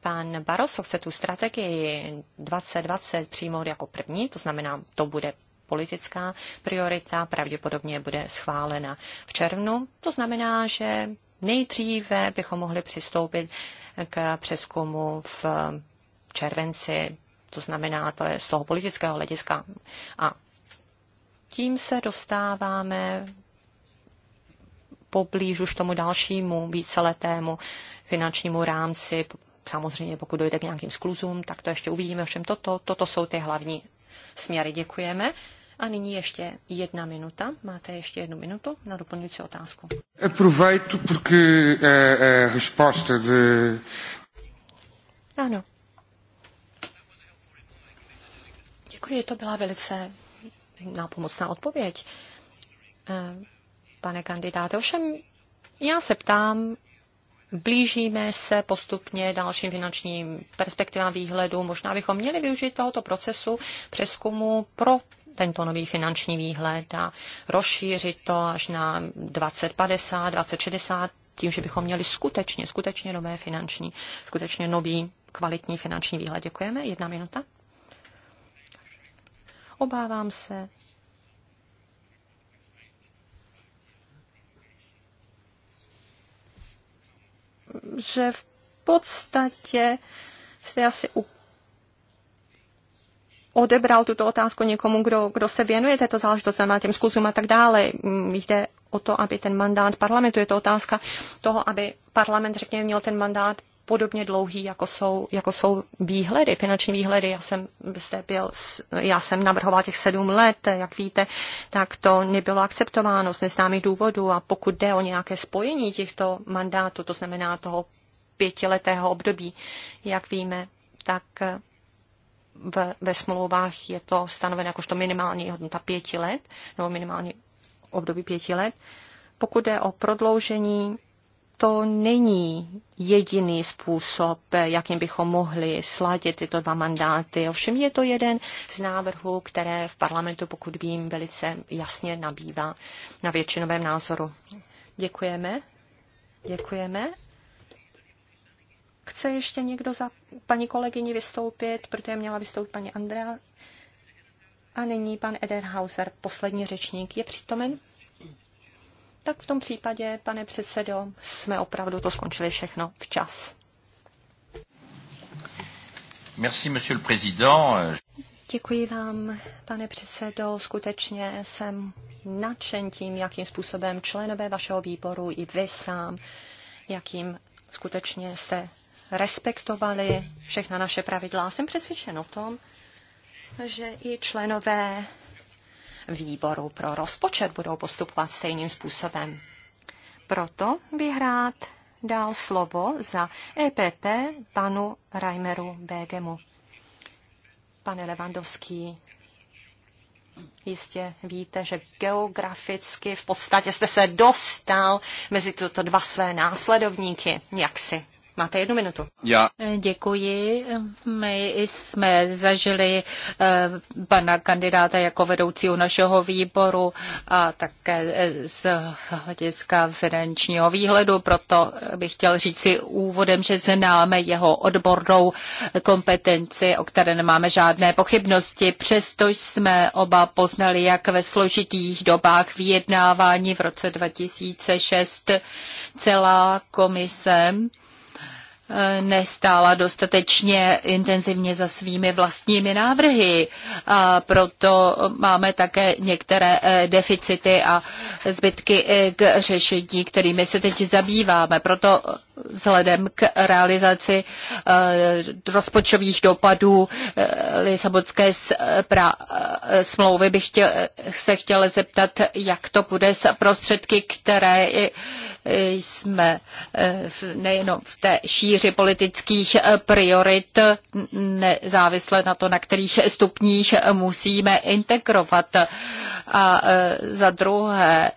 pan Barroso chce tu strategii 2020 přijmout jako první, to znamená, to bude politická priorita, pravděpodobně bude schválena v červnu. To znamená, že nejdříve bychom mohli přistoupit k přeskumu v červenci, to znamená, to je z toho politického hlediska. A tím se dostáváme poblíž už tomu dalšímu víceletému finančnímu rámci. Samozřejmě, pokud dojde k nějakým skluzům, tak to ještě uvidíme. Všem toto, toto jsou ty hlavní směry. Děkujeme. A nyní ještě jedna minuta. Máte ještě jednu minutu na doplňující otázku. Aproveitu, porque a, a resposta de... Ano. Děkuji, to byla velice nápomocná odpověď. Eh, pane kandidáte, ovšem já se ptám, blížíme se postupně dalším finančním perspektivám výhledu. Možná bychom měli využít tohoto procesu přeskumu pro tento nový finanční výhled a rozšířit to až na 2050, 2060, tím, že bychom měli skutečně, skutečně nové finanční, skutečně nový kvalitní finanční výhled. Děkujeme. Jedna minuta. Obávám se, že v podstatě jste asi u odebral tuto otázku někomu, kdo, kdo se věnuje této záležitosti, na těm zkusům a tak dále. Mm, jde o to, aby ten mandát parlamentu, je to otázka toho, aby parlament, řekněme, měl ten mandát podobně dlouhý, jako jsou, jako jsou výhledy, finanční výhledy. Já jsem zde byl, já jsem navrhoval těch sedm let, jak víte, tak to nebylo akceptováno z neznámých důvodů a pokud jde o nějaké spojení těchto mandátů, to znamená toho pětiletého období, jak víme, tak ve, ve smlouvách je to stanoveno jakožto minimální hodnota pěti let, nebo minimální období pěti let. Pokud je o prodloužení, to není jediný způsob, jakým bychom mohli sladit tyto dva mandáty. Ovšem je to jeden z návrhů, které v parlamentu, pokud vím, velice jasně nabývá na většinovém názoru. Děkujeme. Děkujeme. Chce ještě někdo za paní kolegyni vystoupit, protože měla vystoupit paní Andrea. A nyní pan Edenhauser, poslední řečník, je přítomen? Tak v tom případě, pane předsedo, jsme opravdu to skončili všechno včas. Merci, monsieur le président. Děkuji vám, pane předsedo. Skutečně jsem nadšen tím, jakým způsobem členové vašeho výboru i vy sám, jakým skutečně jste respektovali všechna naše pravidla. Jsem přesvědčen o tom, že i členové výboru pro rozpočet budou postupovat stejným způsobem. Proto bych rád dal slovo za EPP panu Reimeru Begemu. Pane Levandovský, jistě víte, že geograficky v podstatě jste se dostal mezi tyto dva své následovníky, jaksi Máte jednu minutu. Já. Děkuji. My jsme zažili eh, pana kandidáta jako vedoucího našeho výboru a také eh, z hlediska finančního výhledu, proto bych chtěl říct si úvodem, že známe jeho odbornou kompetenci, o které nemáme žádné pochybnosti. Přesto jsme oba poznali, jak ve složitých dobách vyjednávání v roce 2006 celá komise nestála dostatečně intenzivně za svými vlastními návrhy. A proto máme také některé eh, deficity a zbytky eh, k řešení, kterými se teď zabýváme. Proto vzhledem k realizaci eh, rozpočtových dopadů eh, Lisabonské eh, smlouvy bych chtěl, se chtěla zeptat, jak to bude s prostředky, které jsme nejenom v té šíři politických priorit, nezávisle na to, na kterých stupních musíme integrovat. A za druhé,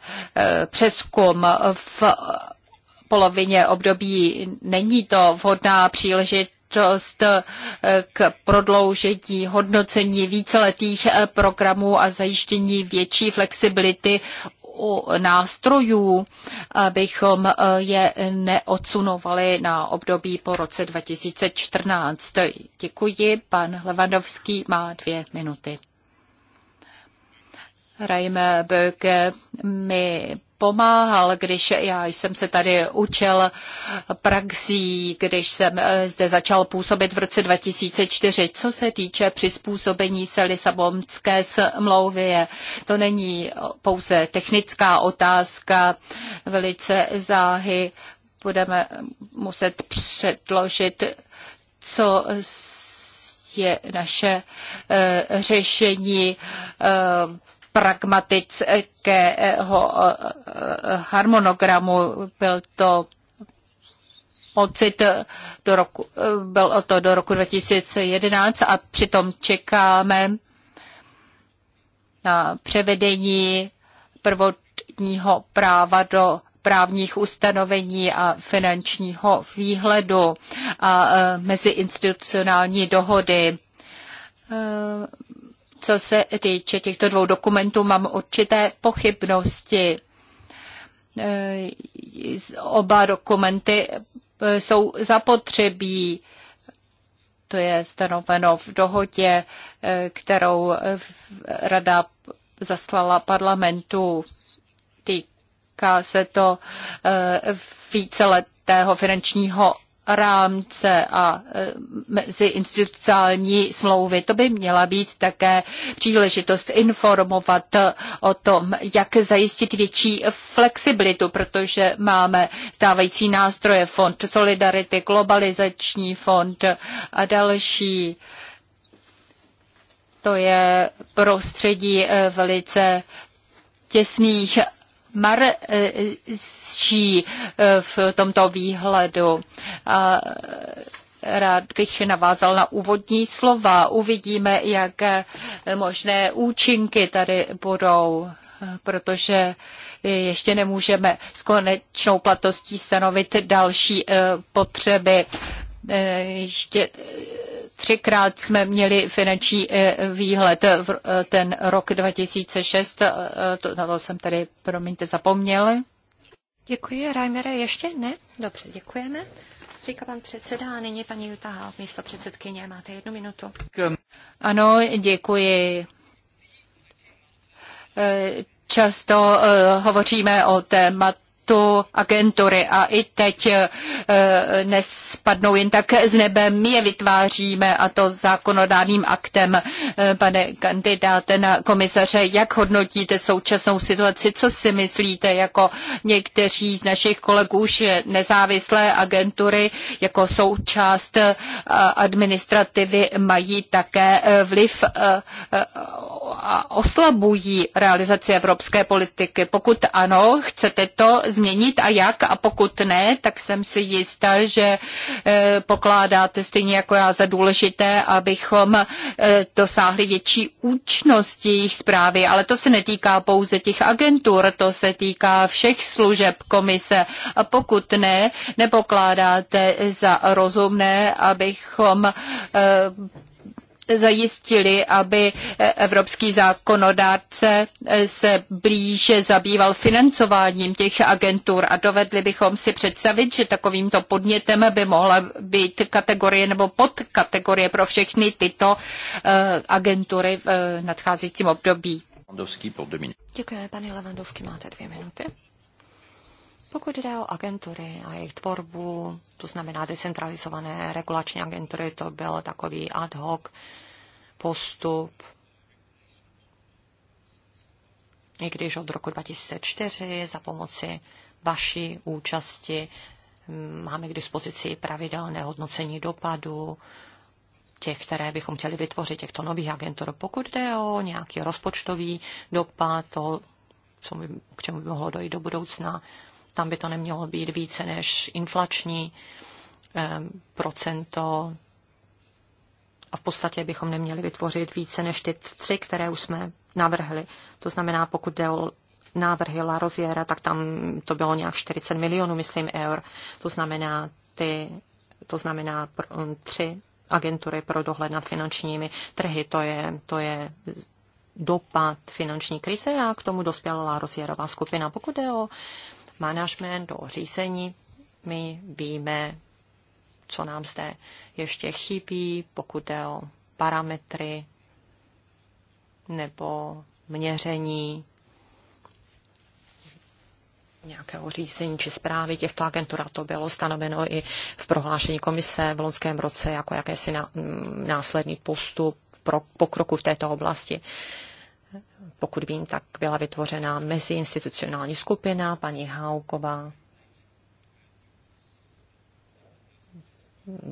přeskum v polovině období. Není to vhodná příležitost eh, k prodloužení hodnocení víceletých eh, programů a zajištění větší flexibility u nástrojů, abychom eh, je neodsunovali na období po roce 2014. Děkuji. Pan Levandovský má dvě minuty. Reimer Böge mi pomáhal, když já jsem se tady učil praxí, když jsem eh, zde začal působit v roce 2004. Co se týče přizpůsobení se Lisabonské smlouvě, to není pouze technická otázka, velice záhy budeme muset předložit, co je naše eh, řešení eh, pragmatického eh, harmonogramu. Byl to pocit do roku, eh, byl o to do roku 2011 a přitom čekáme na převedení prvotního práva do právních ustanovení a finančního výhledu a eh, meziinstitucionální dohody co se týče těchto dvou dokumentů, mám určité pochybnosti. E, oba dokumenty e, jsou zapotřebí. To je stanoveno v dohodě, e, kterou Rada zaslala parlamentu. Týká se to víceletého finančního rámce a e, mezi institucionální smlouvy. To by měla být také příležitost informovat o tom, jak zajistit větší flexibilitu, protože máme stávající nástroje Fond Solidarity, Globalizační fond a další. To je prostředí e, velice těsných Marší eh, v tomto výhledu. A eh, rád bych navázal na úvodní slova. Uvidíme, jak možné účinky tady budou, protože ještě nemůžeme s konečnou platností stanovit další eh, potřeby Eh, ještě eh, třikrát jsme měli finanční eh, výhled v ten rok 2006. To, to jsem tady, promiňte, zapomněl. Děkuji, Reimere, ještě ne? Dobře, děkujeme. Říká pan předseda a nyní paní Jutta, místo předsedkyně, máte jednu minutu. Ano, děkuji. Často hovoříme o témat tu agentury a i teď eh, nespadnou jen tak z nebe. My je vytváříme a to zákonodárným aktem. Eh, pane kandidáte na komisaře, jak hodnotíte současnou situaci? Co si myslíte jako někteří z našich kolegů, že nezávislé agentury jako součást eh, administrativy mají také vliv a oslabují realizaci evropské politiky? Pokud ano, chcete to změnit a jak? A pokud ne, tak jsem si jistá, že eh, pokládáte stejně jako já za důležité, abychom eh, dosáhli větší účinnosti jejich zprávy. Ale to se netýká pouze těch agentur, to se týká všech služeb komise. A pokud ne, nepokládáte za rozumné, abychom eh, zajistili, aby evropský zákonodárce se blíže zabýval financováním těch agentur a dovedli bychom si představit, že takovýmto podnětem by mohla být kategorie nebo podkategorie pro všechny tyto eh, agentury v eh, nadcházejícím období. Děkuji, paní Levandovský, máte dvě minuty. Pokud jde o agentury a jejich tvorbu, to znamená decentralizované regulační agentury, to byl takový ad hoc postup, i když od roku 2004 za pomoci vaší účasti hm, máme k dispozici pravidelné hodnocení dopadu, těch, které bychom chtěli vytvořit, těchto nových agentur. Pokud jde o nějaký rozpočtový dopad, to, co by, k čemu by mohlo dojít do budoucna, tam by to nemělo být více než inflační ehm, procento a v podstatě bychom neměli vytvořit více než ty tři, které už jsme navrhli. To znamená, pokud jde o návrhy La Rosiera, tak tam to bylo nějak 40 milionů, myslím, eur. To znamená, ty, to znamená um, tři agentury pro dohled nad finančními trhy. To je, to je dopad finanční krize a k tomu dospěla La Rosierová skupina. Pokud jde o management, o řízení. My víme, co nám zde ještě chybí, pokud jde o parametry nebo měření nějakého řízení či zprávy těchto agentur, a to bylo stanoveno i v prohlášení komise v loňském roce jako jakési mm, následný postup pro pokroku v této oblasti pokud vím, tak byla vytvořena meziinstitucionální skupina, paní Hauková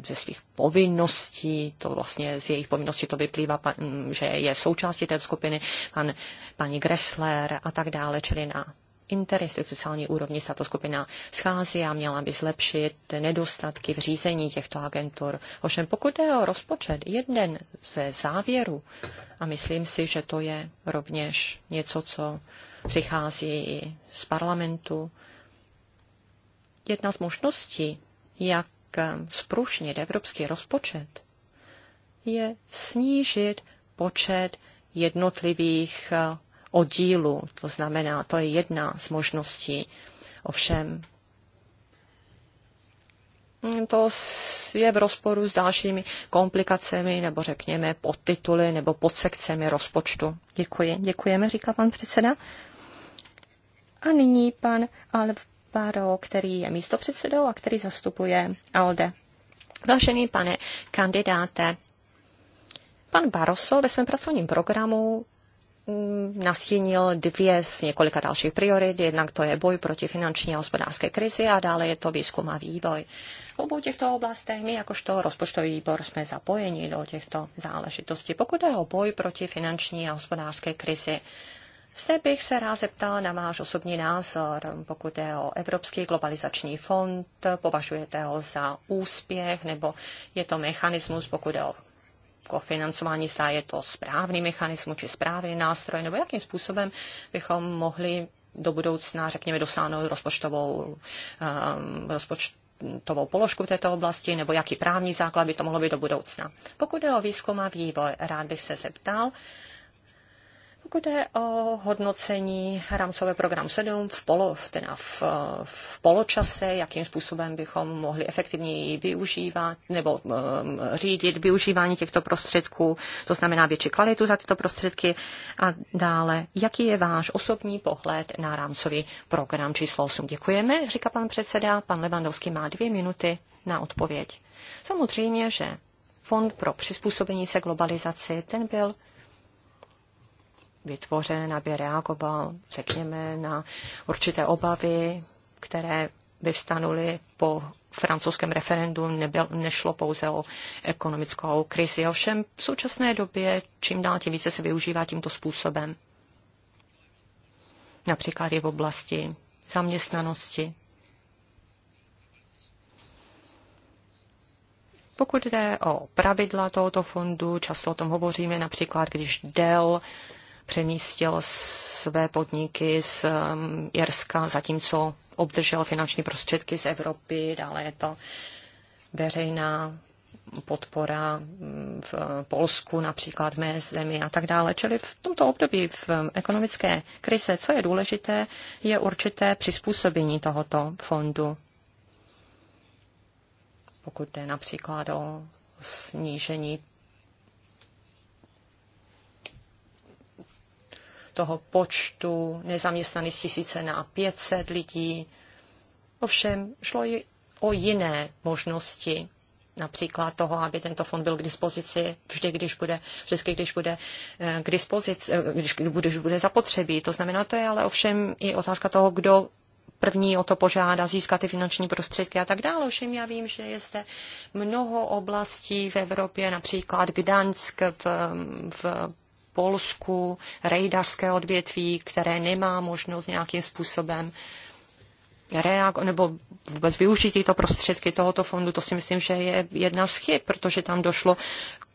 ze svých povinností, to vlastně z jejich povinností to vyplývá, že je součástí té skupiny, pan, paní Gressler a tak dále, čili na interinstitucionální úrovni se tato skupina schází a měla by zlepšit nedostatky v řízení těchto agentur. Ovšem pokud je o rozpočet, jeden ze závěrů, a myslím si, že to je rovněž něco, co přichází i z parlamentu, jedna z možností, jak zprušnit evropský rozpočet, je snížit počet jednotlivých oddílu. To znamená, to je jedna z možností. Ovšem, hm, to je v rozporu s dalšími komplikacemi, nebo řekněme podtituly, nebo podsekcemi rozpočtu. Děkuji. Děkujeme, říká pan předseda. A nyní pan Alvaro, který je místopředsedou a který zastupuje ALDE. Vážený pane kandidáte, pan Baroso ve svém pracovním programu Mm, nastínil dvě z několika dalších priorit. Jednak to je boj proti finanční a hospodářské krizi a dále je to výzkum a vývoj. V obou těchto oblastech my jakožto rozpočtový výbor jsme zapojeni do těchto záležitostí. Pokud je o boj proti finanční a hospodářské krizi, zde bych se rád zeptal na váš osobní názor, pokud je o Evropský globalizační fond, považujete ho za úspěch, nebo je to mechanismus, pokud je o jako financování, zda je to správný mechanismus či správný nástroj, nebo jakým způsobem bychom mohli do budoucna, řekněme, dosáhnout rozpočtovou, um, rozpočtovou položku této oblasti, nebo jaký právní základ by to mohlo být do budoucna. Pokud je o výzkum a vývoj, rád bych se zeptal, uh, pokud je o hodnocení rámcové program 7 v, polo, teda v, v poločase, jakým způsobem bychom mohli efektivněji využívat nebo um, řídit využívání těchto prostředků, to znamená větší kvalitu za tyto prostředky a dále, jaký je váš osobní pohled na rámcový program číslo 8. Děkujeme, říká pan předseda, pan Levandovský má dvě minuty na odpověď. Samozřejmě, že Fond pro přizpůsobení se globalizaci, ten byl vytvořen, aby reagoval, řekněme, na určité obavy, které vyvstanuly po francouzském referendu nebyl, nešlo pouze o ekonomickou krizi. Ovšem v současné době čím dál tím více se využívá tímto způsobem. Například i v oblasti zaměstnanosti. Pokud jde o pravidla tohoto fondu, často o tom hovoříme, například když Dell přemístil své podniky z Jerska, um, zatímco obdržel finanční prostředky z Evropy, dále je to veřejná podpora mm, v eh, Polsku, například v mé zemi a tak dále. Čili v tomto období v eh, ekonomické krize, co je důležité, je určité přizpůsobení tohoto fondu. Pokud jde například o snížení toho počtu nezaměstnaných z tisíce na 500 lidí. Ovšem šlo i o jiné možnosti, například toho, aby tento fond byl k dispozici vždy, když bude, vždycky, když bude eh, k dispozici, eh, když, když bude zapotřebí. To znamená, to je ale ovšem i otázka toho, kdo první o to požádá, získá ty finanční prostředky a tak dále. Všem já vím, že je zde mnoho oblastí v Evropě, například Gdansk v, v Polsku, rejdařské odvětví, které nemá možnost nějakým způsobem reagovat nebo vůbec využít tyto prostředky tohoto fondu, to si myslím, že je jedna z chyb, protože tam došlo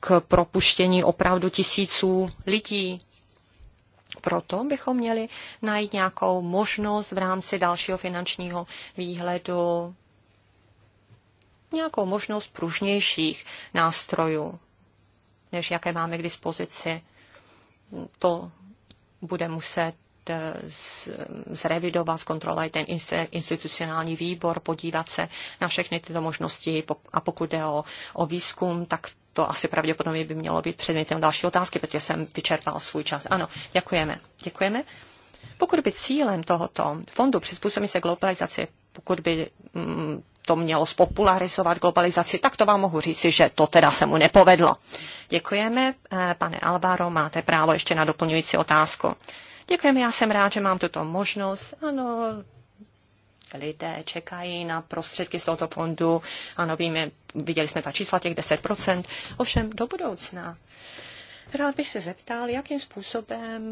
k propuštění opravdu tisíců lidí. Proto bychom měli najít nějakou možnost v rámci dalšího finančního výhledu, nějakou možnost pružnějších nástrojů, než jaké máme k dispozici to bude muset eh, zrevidovat, zkontrolovat ten institucionální výbor, podívat se na všechny tyto možnosti a pokud jde o, o výzkum, tak to asi pravděpodobně by mělo být předmětem další otázky, protože jsem vyčerpal svůj čas. Ano, děkujeme. Děkujeme. Pokud by cílem tohoto fondu přizpůsobit se globalizaci pokud by mm, to mělo spopularizovat globalizaci, tak to vám mohu říci, že to teda se mu nepovedlo. Děkujeme, eh, pane Alvaro, máte právo ještě na doplňující otázku. Děkujeme, já jsem rád, že mám tuto možnost. Ano, lidé čekají na prostředky z tohoto fondu. Ano, víme, viděli jsme ta čísla těch 10%. Ovšem, do budoucna Rád bych se zeptal, jakým způsobem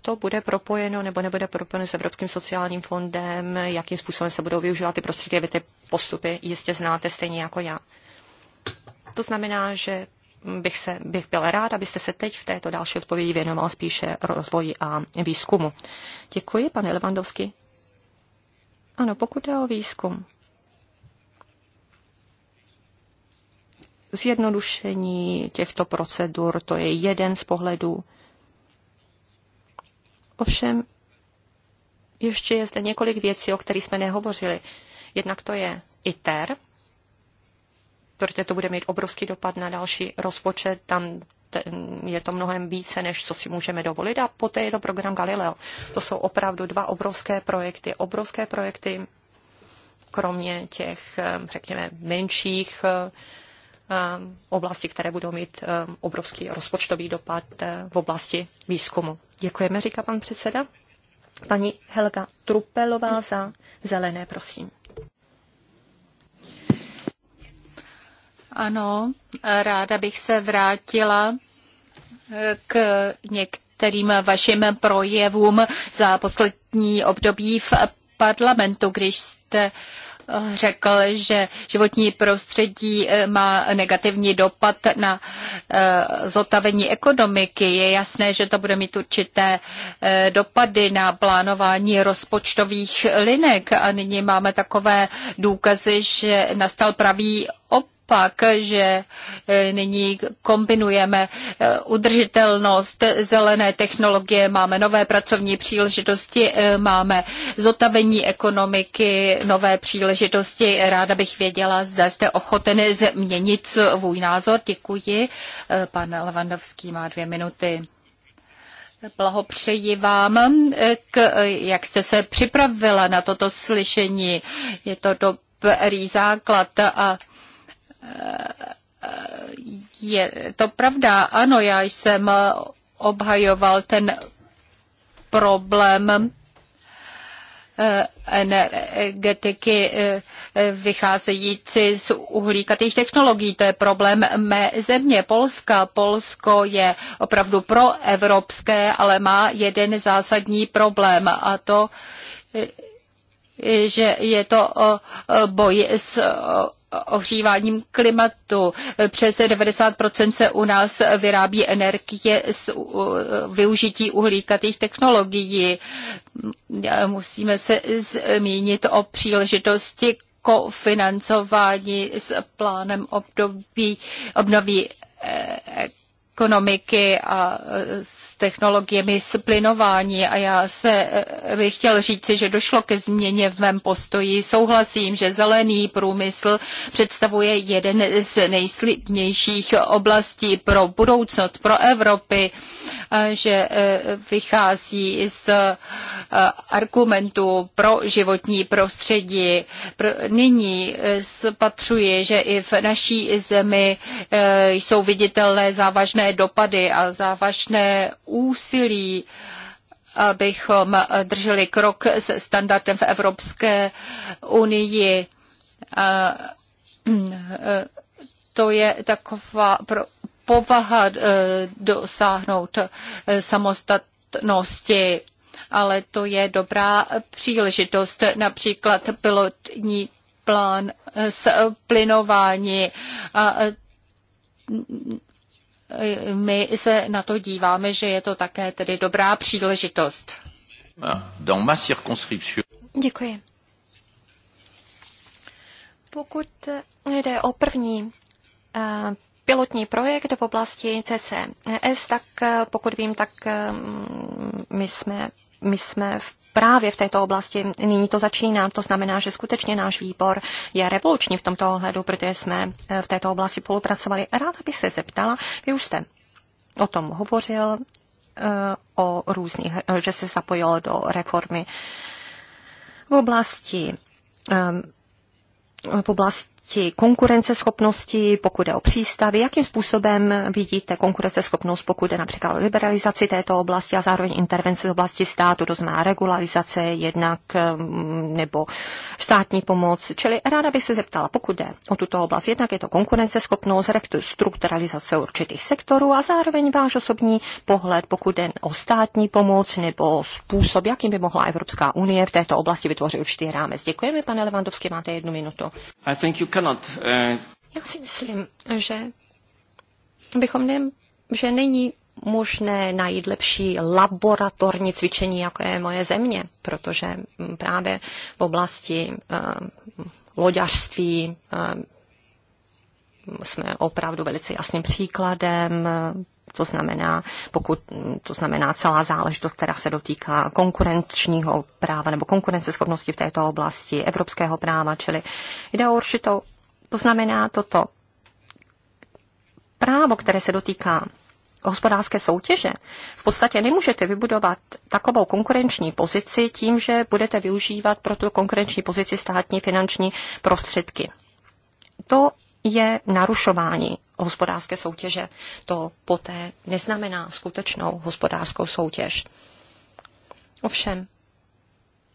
to bude propojeno nebo nebude propojeno s Evropským sociálním fondem, jakým způsobem se budou využívat ty prostředky, vy ty postupy jistě znáte stejně jako já. To znamená, že bych, se, bych byl rád, abyste se teď v této další odpovědi věnoval spíše rozvoji a výzkumu. Děkuji, pane Levandovský. Ano, pokud je o výzkum, zjednodušení těchto procedur, to je jeden z pohledů. Ovšem, ještě je zde několik věcí, o kterých jsme nehovořili. Jednak to je ITER, protože to bude mít obrovský dopad na další rozpočet, tam je to mnohem více, než co si můžeme dovolit. A poté je to program Galileo. To jsou opravdu dva obrovské projekty. Obrovské projekty, kromě těch, eh, řekněme, menších eh, Eh, oblasti, které budou mít eh, obrovský rozpočtový dopad eh, v oblasti výzkumu. Děkujeme, říká pan předseda. Paní Helga Trupelová za zelené, prosím. Ano, ráda bych se vrátila k některým vašim projevům za poslední období v parlamentu, když jste řekl, že životní prostředí eh, má negativní dopad na eh, zotavení ekonomiky. Je jasné, že to bude mít určité eh, dopady na plánování rozpočtových linek a nyní máme takové důkazy, že nastal pravý opak pak, že e, nyní kombinujeme e, udržitelnost zelené technologie, máme nové pracovní příležitosti, e, máme zotavení ekonomiky, nové příležitosti. Ráda bych věděla, zda jste ochoten změnit svůj názor. Děkuji. Pan Levandovský má dvě minuty. Blahopřeji vám, k, jak jste se připravila na toto slyšení. Je to dobrý základ a je to pravda, ano, já jsem obhajoval ten problém eh, energetiky eh, vycházející z uhlíkatých technologií. To je problém mé země, Polska. Polsko je opravdu proevropské, ale má jeden zásadní problém a to eh, že je to boj s ohříváním klimatu. Přes 90% se u nás vyrábí energie z využití uhlíkatých technologií. Musíme se zmínit o příležitosti kofinancování s plánem období, obnovy eh, ekonomiky a e, s technologiemi splinování a já se e, bych chtěl říci, že došlo ke změně v mém postoji. Souhlasím, že zelený průmysl představuje jeden z nejslibnějších oblastí pro budoucnost, pro Evropy, že e, vychází z argumentů pro životní prostředí. Nyní spatřuji, že i v naší zemi jsou viditelné závažné závažné dopady a závažné úsilí abychom drželi krok s standardem v Evropské unii. A to je taková povaha e, dosáhnout e, samostatnosti, ale to je dobrá příležitost, například pilotní plán s plynování. A my se na to díváme, že je to také tedy dobrá příležitost. Děkuji. Pokud jde o první eh, pilotní projekt v oblasti CCS, e tak eh, pokud vím, tak eh, my jsme, my jsme v právě v této oblasti. Nyní to začíná, to znamená, že skutečně náš výbor je revoluční v tomto ohledu, protože jsme eh, v této oblasti spolupracovali. Ráda bych se zeptala, vy už jste o tom hovořil, eh, o různých, eh, že se zapojilo do reformy v oblasti v oblasti oblasti konkurenceschopnosti, pokud je o přístavy, jakým způsobem vidíte konkurenceschopnost, pokud je například o liberalizaci této oblasti a zároveň intervence z oblasti státu, to znamená regularizace jednak mm, nebo státní pomoc. Čili ráda bych se zeptala, pokud jde o tuto oblast, jednak je to konkurenceschopnost, strukturalizace určitých sektorů a zároveň váš osobní pohled, pokud jde o státní pomoc nebo způsob, jakým by mohla Evropská unie v této oblasti vytvořit určitý rámec. Děkujeme, pane Levandovský, máte jednu minutu. I think you Eh, Já si myslím, že bychom ne, že není možné najít lepší laboratorní cvičení, jako je moje země, protože právě v oblasti uh, loďařství uh, jsme opravdu velice jasným příkladem, to znamená, pokud, to znamená celá záležitost, která se dotýká konkurenčního práva nebo konkurenceschopnosti v této oblasti, evropského práva, čili jde o určitou, to znamená toto právo, které se dotýká hospodářské soutěže, v podstatě nemůžete vybudovat takovou konkurenční pozici tím, že budete využívat pro tu konkurenční pozici státní finanční prostředky. To je narušování hospodářské soutěže. To poté neznamená skutečnou hospodářskou soutěž. Ovšem,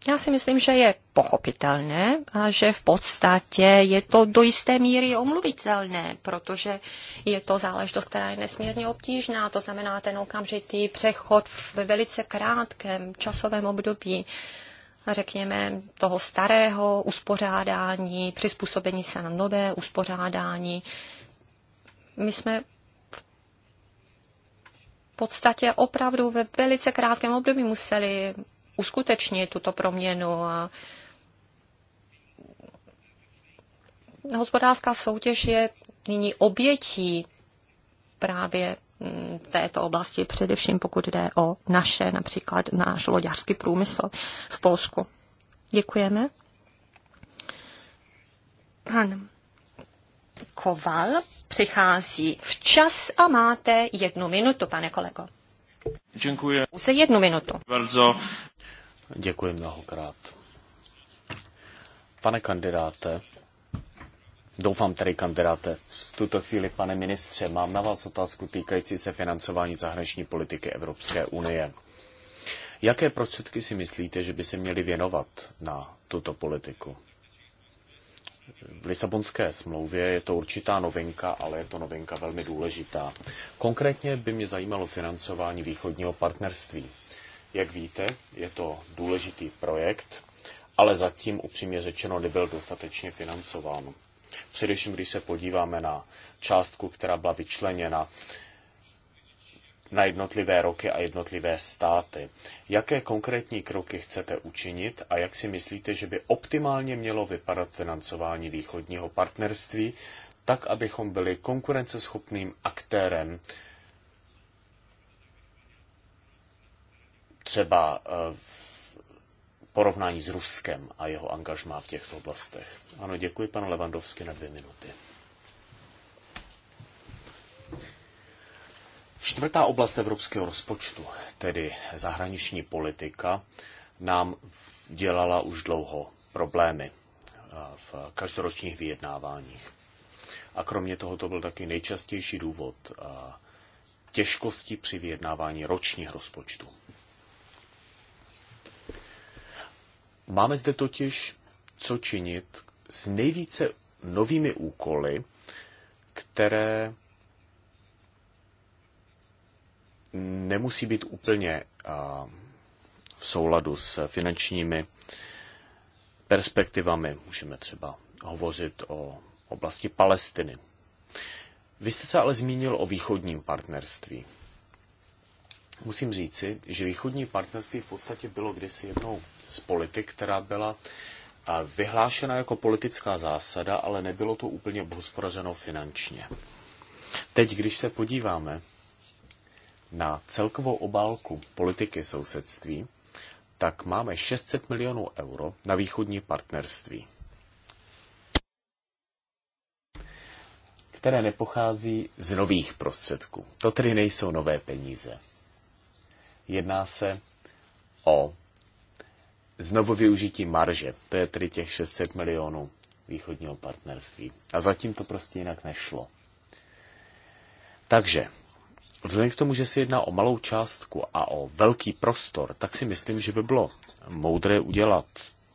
já si myslím, že je pochopitelné a že v podstatě je to do jisté míry omluvitelné, protože je to záležitost, která je nesmírně obtížná. To znamená ten okamžitý přechod ve velice krátkém časovém období řekněme, toho starého uspořádání, přizpůsobení se na nové uspořádání. My jsme v podstatě opravdu ve velice krátkém období museli uskutečnit tuto proměnu a hospodářská soutěž je nyní obětí právě této oblasti, především pokud jde o naše, například náš loďářský průmysl v Polsku. Děkujeme. Pan Koval přichází včas a máte jednu minutu, pane kolego. Děkuji. Pouze jednu minutu. Bardzo. Děkuji mnohokrát. Pane kandidáte, Doufám tedy, kandidáte. V tuto chvíli, pane ministře, mám na vás otázku týkající se financování zahraniční politiky Evropské unie. Jaké prostředky si myslíte, že by se měly věnovat na tuto politiku? V Lisabonské smlouvě je to určitá novinka, ale je to novinka velmi důležitá. Konkrétně by mě zajímalo financování východního partnerství. Jak víte, je to důležitý projekt, ale zatím upřímně řečeno nebyl dostatečně financován. Především, když se podíváme na částku, která byla vyčleněna na jednotlivé roky a jednotlivé státy. Jaké konkrétní kroky chcete učinit a jak si myslíte, že by optimálně mělo vypadat financování východního partnerství, tak abychom byli konkurenceschopným aktérem třeba eh, v porovnání s Ruskem a jeho angažmá v těchto oblastech. Ano, děkuji panu Levandovsky na dvě minuty. Čtvrtá oblast evropského rozpočtu, tedy zahraniční politika, nám dělala už dlouho problémy eh, v každoročních vyjednáváních. A kromě toho to byl taky nejčastější důvod eh, těžkosti při vyjednávání ročních rozpočtů. Máme zde totiž co činit s nejvíce novými úkoly, které nemusí být úplně v souladu s finančními perspektivami. Můžeme třeba hovořit o oblasti Palestiny. Vy jste se ale zmínil o východním partnerství musím říci, že východní partnerství v podstatě bylo kdysi jednou z politik, která byla vyhlášena jako politická zásada, ale nebylo to úplně obhospodařeno finančně. Teď, když se podíváme na celkovou obálku politiky sousedství, tak máme 600 milionů euro na východní partnerství, které nepochází z nových prostředků. To tedy nejsou nové peníze. Jedná se o znovu využití marže. To je tedy těch 600 milionů východního partnerství. A zatím to prostě jinak nešlo. Takže, vzhledem k tomu, že se jedná o malou částku a o velký prostor, tak si myslím, že by bylo moudré udělat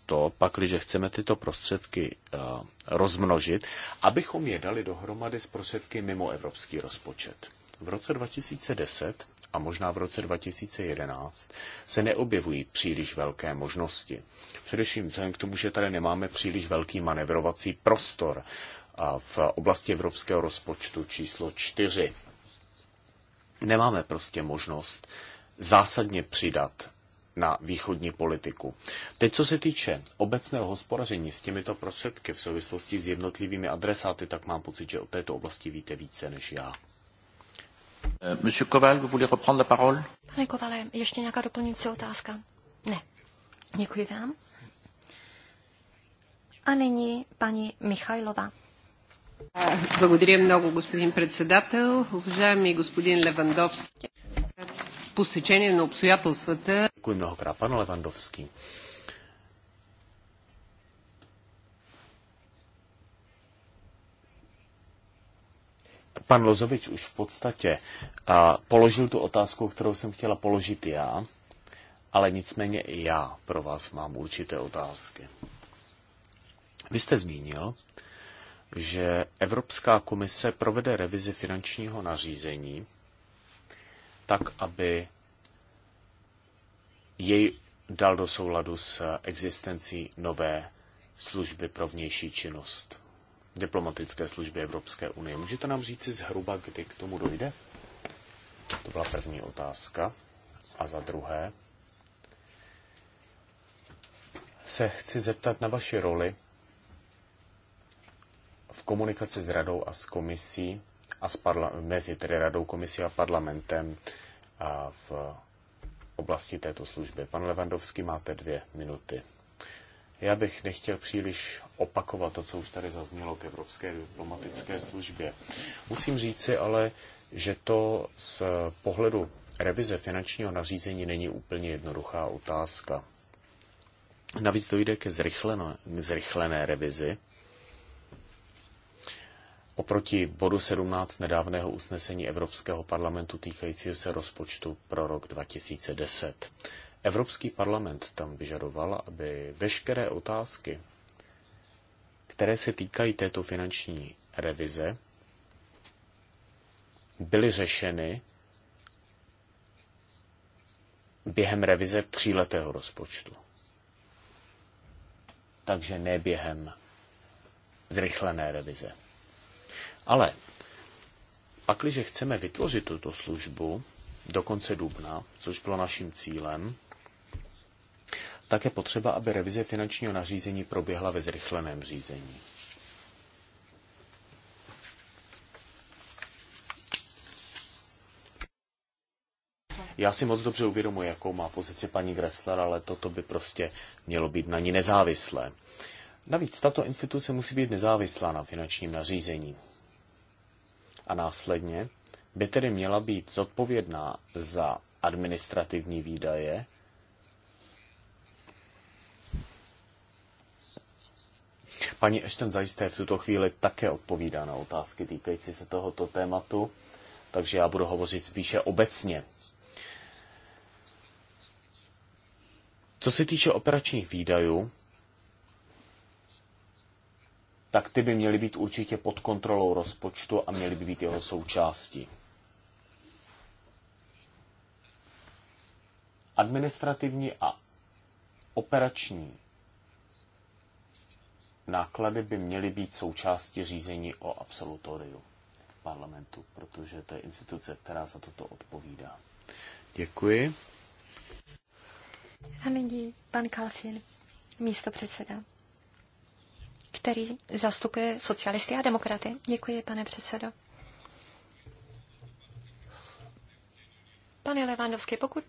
to, pakliže chceme tyto prostředky eh, rozmnožit, abychom je dali dohromady s prostředky mimo evropský rozpočet. V roce 2010 a možná v roce 2011 se neobjevují příliš velké možnosti. Především vzhledem k tomu, že tady nemáme příliš velký manevrovací prostor a v oblasti evropského rozpočtu číslo 4. Nemáme prostě možnost zásadně přidat na východní politiku. Teď, co se týče obecného hospodaření s těmito prostředky v souvislosti s jednotlivými adresáty, tak mám pocit, že o této oblasti víte více než já. Euh, Monsieur Koval, vous voulez reprendre la parole? Pane Kovale, ještě nějaká doplňující otázka? Ne. Děkuji vám. A nyní paní Michajlova. Благодаря много, господин председател. Уважаеми господин Левандовски, по стечение на обстоятелствата... Děkuji mnohokrát, pane Levandovský. Pan Lozovič už v podstatě a, položil tu otázku, kterou jsem chtěla položit já, ale nicméně i já pro vás mám určité otázky. Vy jste zmínil, že Evropská komise provede revizi finančního nařízení tak, aby jej dal do souladu s existencí nové služby pro vnější činnost diplomatické služby Evropské unie. Můžete nám říci zhruba, kdy k tomu dojde? To byla první otázka. A za druhé se chci zeptat na vaši roli v komunikaci s radou a s komisí a s parla- mezi tedy radou, komisí a parlamentem a v oblasti této služby. Pan Levandovský, máte dvě minuty. Já bych nechtěl příliš opakovat to, co už tady zaznělo k Evropské diplomatické službě. Musím říci ale, že to z pohledu revize finančního nařízení není úplně jednoduchá otázka. Navíc dojde ke zrychlené, zrychlené revizi. Oproti bodu 17 nedávného usnesení Evropského parlamentu týkajícího se rozpočtu pro rok 2010. Evropský parlament tam vyžadoval, aby veškeré otázky, které se týkají této finanční revize, byly řešeny během revize tříletého rozpočtu. Takže ne během zrychlené revize. Ale pakliže chceme vytvořit tuto službu do konce dubna, což bylo naším cílem, tak je potřeba, aby revize finančního nařízení proběhla ve zrychleném řízení. Já si moc dobře uvědomuji, jakou má pozici paní Gressler, ale toto by prostě mělo být na ní nezávislé. Navíc tato instituce musí být nezávislá na finančním nařízení. A následně by tedy měla být zodpovědná za administrativní výdaje Paní Ešten zajisté v tuto chvíli také odpovídá na otázky týkající se tohoto tématu, takže já budu hovořit spíše obecně. Co se týče operačních výdajů, tak ty by měly být určitě pod kontrolou rozpočtu a měly by být jeho součástí. Administrativní a operační náklady by měly být součástí řízení o absolutoriu v parlamentu, protože to je instituce, která za toto odpovídá. Děkuji. A nyní pan Kalfin, místo předseda, který zastupuje socialisty a demokraty. Děkuji, pane předsedo. Pane Levandovský, pokud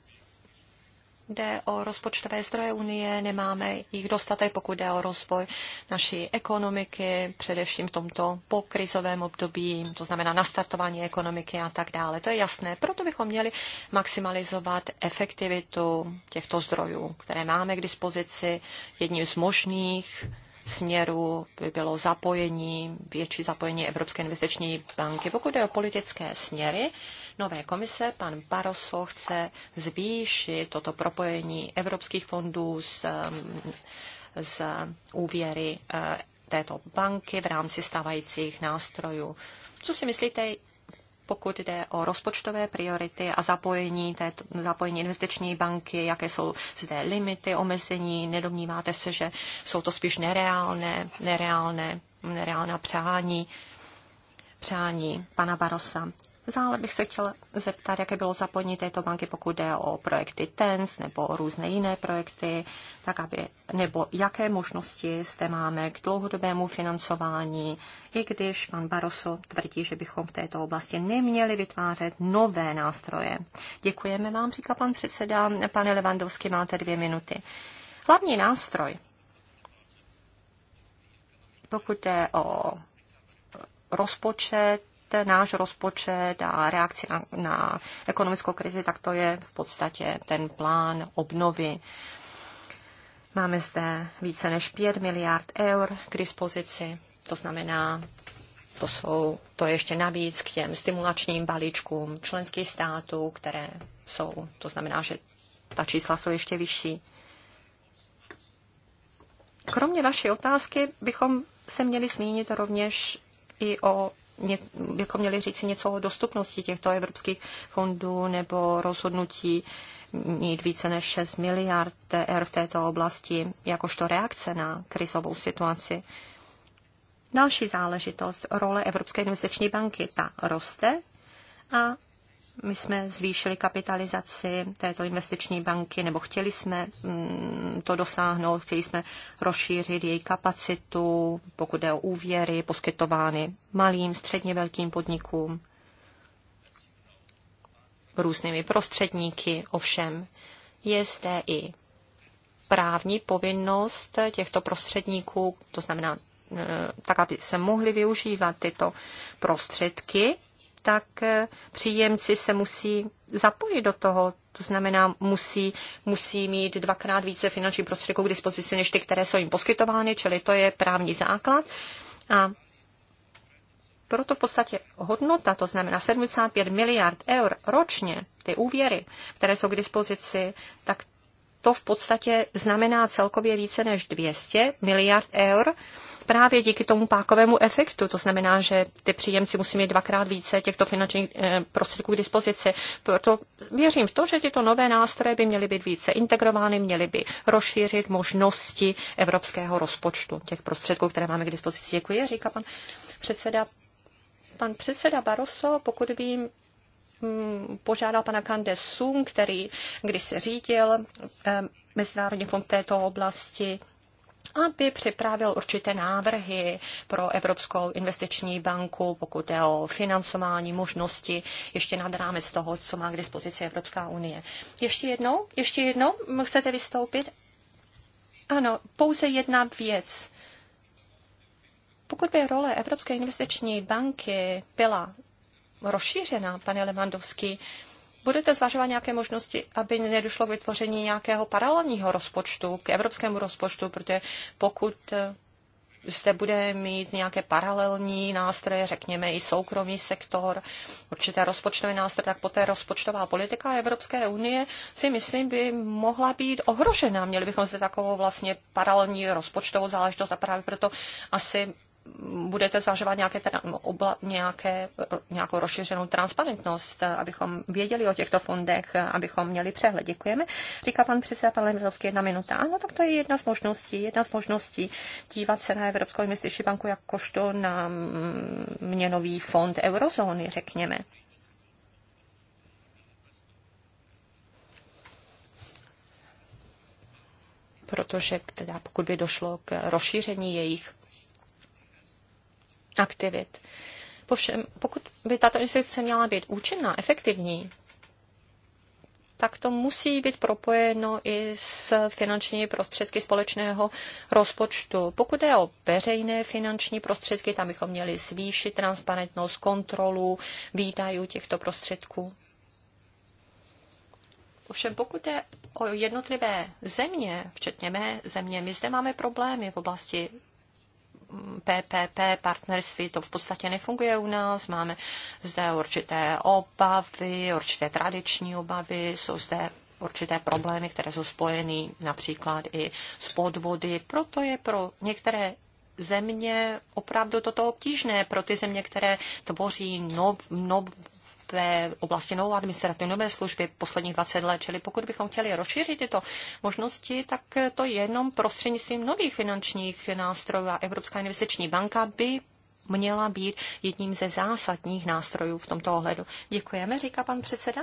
jde o rozpočtové zdroje Unie, nemáme jich dostatek, pokud jde o rozvoj naší ekonomiky, především v tomto pokrizovém období, to znamená nastartování ekonomiky a tak dále. To je jasné. Proto bychom měli maximalizovat efektivitu těchto zdrojů, které máme k dispozici. Jedním z možných směrů by bylo zapojení, větší zapojení Evropské investiční banky. Pokud jde o politické směry, nové komise, pan Barroso chce zvýšit toto propojení evropských fondů s, um, s úvěry eh, této banky v rámci stávajících nástrojů. Co si myslíte, pokud jde o rozpočtové priority a zapojení, této zapojení investiční banky, jaké jsou zde limity, omezení, nedomníváte se, že jsou to spíš nereálné, nereálné, nereálná přání, přání pana Barosa. Zále bych se chtěla zeptat, jaké bylo zapojení této banky, pokud jde o projekty TENS nebo různé jiné projekty, tak aby, nebo jaké možnosti zde máme k dlouhodobému financování, i když pan Baroso tvrdí, že bychom v této oblasti neměli vytvářet nové nástroje. Děkujeme vám, říká pan předseda. Pane Levandovský, máte dvě minuty. Hlavní nástroj, pokud jde o rozpočet náš rozpočet a reakci na, na ekonomickou krizi, tak to je v podstatě ten plán obnovy. Máme zde více než 5 miliard eur k dispozici, to znamená, to, jsou, to je ještě navíc k těm stimulačním balíčkům členských států, které jsou, to znamená, že ta čísla jsou ještě vyšší. Kromě vaší otázky bychom se měli zmínit rovněž i o ně, bychom měli říct něco o dostupnosti těchto evropských fondů nebo rozhodnutí mít více než 6 miliard eur v této oblasti, jakožto reakce na krizovou situaci. Další záležitost, role Evropské investiční banky, ta roste a my jsme zvýšili kapitalizaci této investiční banky, nebo chtěli jsme mm, to dosáhnout, chtěli jsme rozšířit její kapacitu, pokud jde o úvěry poskytovány malým, středně velkým podnikům, různými prostředníky, ovšem je zde i právní povinnost těchto prostředníků, to znamená e, tak, aby se mohly využívat tyto prostředky tak eh, příjemci se musí zapojit do toho. To znamená, musí, musí mít dvakrát více finančních prostředků k dispozici, než ty, které jsou jim poskytovány, čili to je právní základ. A proto v podstatě hodnota, to znamená 75 miliard eur ročně, ty úvěry, které jsou k dispozici, tak to v podstatě znamená celkově více než 200 miliard eur právě díky tomu pákovému efektu. To znamená, že ty příjemci musí mít dvakrát více těchto finančních eh, prostředků k dispozici. Proto věřím v to, že tyto nové nástroje by měly být více integrovány, měly by rozšířit možnosti evropského rozpočtu těch prostředků, které máme k dispozici. Děkuji, říká pan předseda. Pan předseda Barroso, pokud vím, mm, požádal pana Kande Sung, který když se řídil eh, Mezinárodní fond této oblasti, aby připravil určité návrhy pro Evropskou investiční banku, pokud je o financování možnosti, ještě nad rámec toho, co má k dispozici Evropská unie. Ještě jednou, ještě jednou, chcete vystoupit? Ano, pouze jedna věc. Pokud by role Evropské investiční banky byla rozšířena, pane Levandovský, budete zvažovat nějaké možnosti, aby nedošlo k vytvoření nějakého paralelního rozpočtu k evropskému rozpočtu, protože pokud eh, zde bude mít nějaké paralelní nástroje, řekněme i soukromý sektor, určité rozpočtové nástroje, tak poté rozpočtová politika Evropské unie si myslím by mohla být ohrožena. Měli bychom zde takovou vlastně paralelní rozpočtovou záležitost a právě proto asi budete zvažovat nějaké, obla, nějaké, nějakou rozšířenou transparentnost, abychom věděli o těchto fondech, abychom měli přehled. Děkujeme. Říká pan předseda, pan Lemirovský, jedna minuta. Ano, tak to je jedna z možností. Jedna z možností dívat se na Evropskou investiční banku jakožto na mm, měnový fond eurozóny, řekněme. protože teda pokud by došlo k rozšíření jejich aktivit. Povšem, pokud by tato instituce měla být účinná, efektivní, tak to musí být propojeno i s finančními prostředky společného rozpočtu. Pokud je o veřejné finanční prostředky, tam bychom měli zvýšit transparentnost, kontrolu výdajů těchto prostředků. Ovšem pokud je o jednotlivé země, včetně mé země, my zde máme problémy v oblasti PPP partnerství, to v podstatě nefunguje u nás. Máme zde určité obavy, určité tradiční obavy, jsou zde určité problémy, které jsou spojeny například i s podvody. Proto je pro některé země opravdu toto obtížné pro ty země, které tvoří nov, nov, té oblasti nové administrativní nové služby posledních 20 let. Čili pokud bychom chtěli rozšířit tyto možnosti, tak to jenom prostřednictvím nových finančních nástrojů a Evropská investiční banka by měla být jedním ze zásadních nástrojů v tomto ohledu. Děkujeme, říká pan předseda.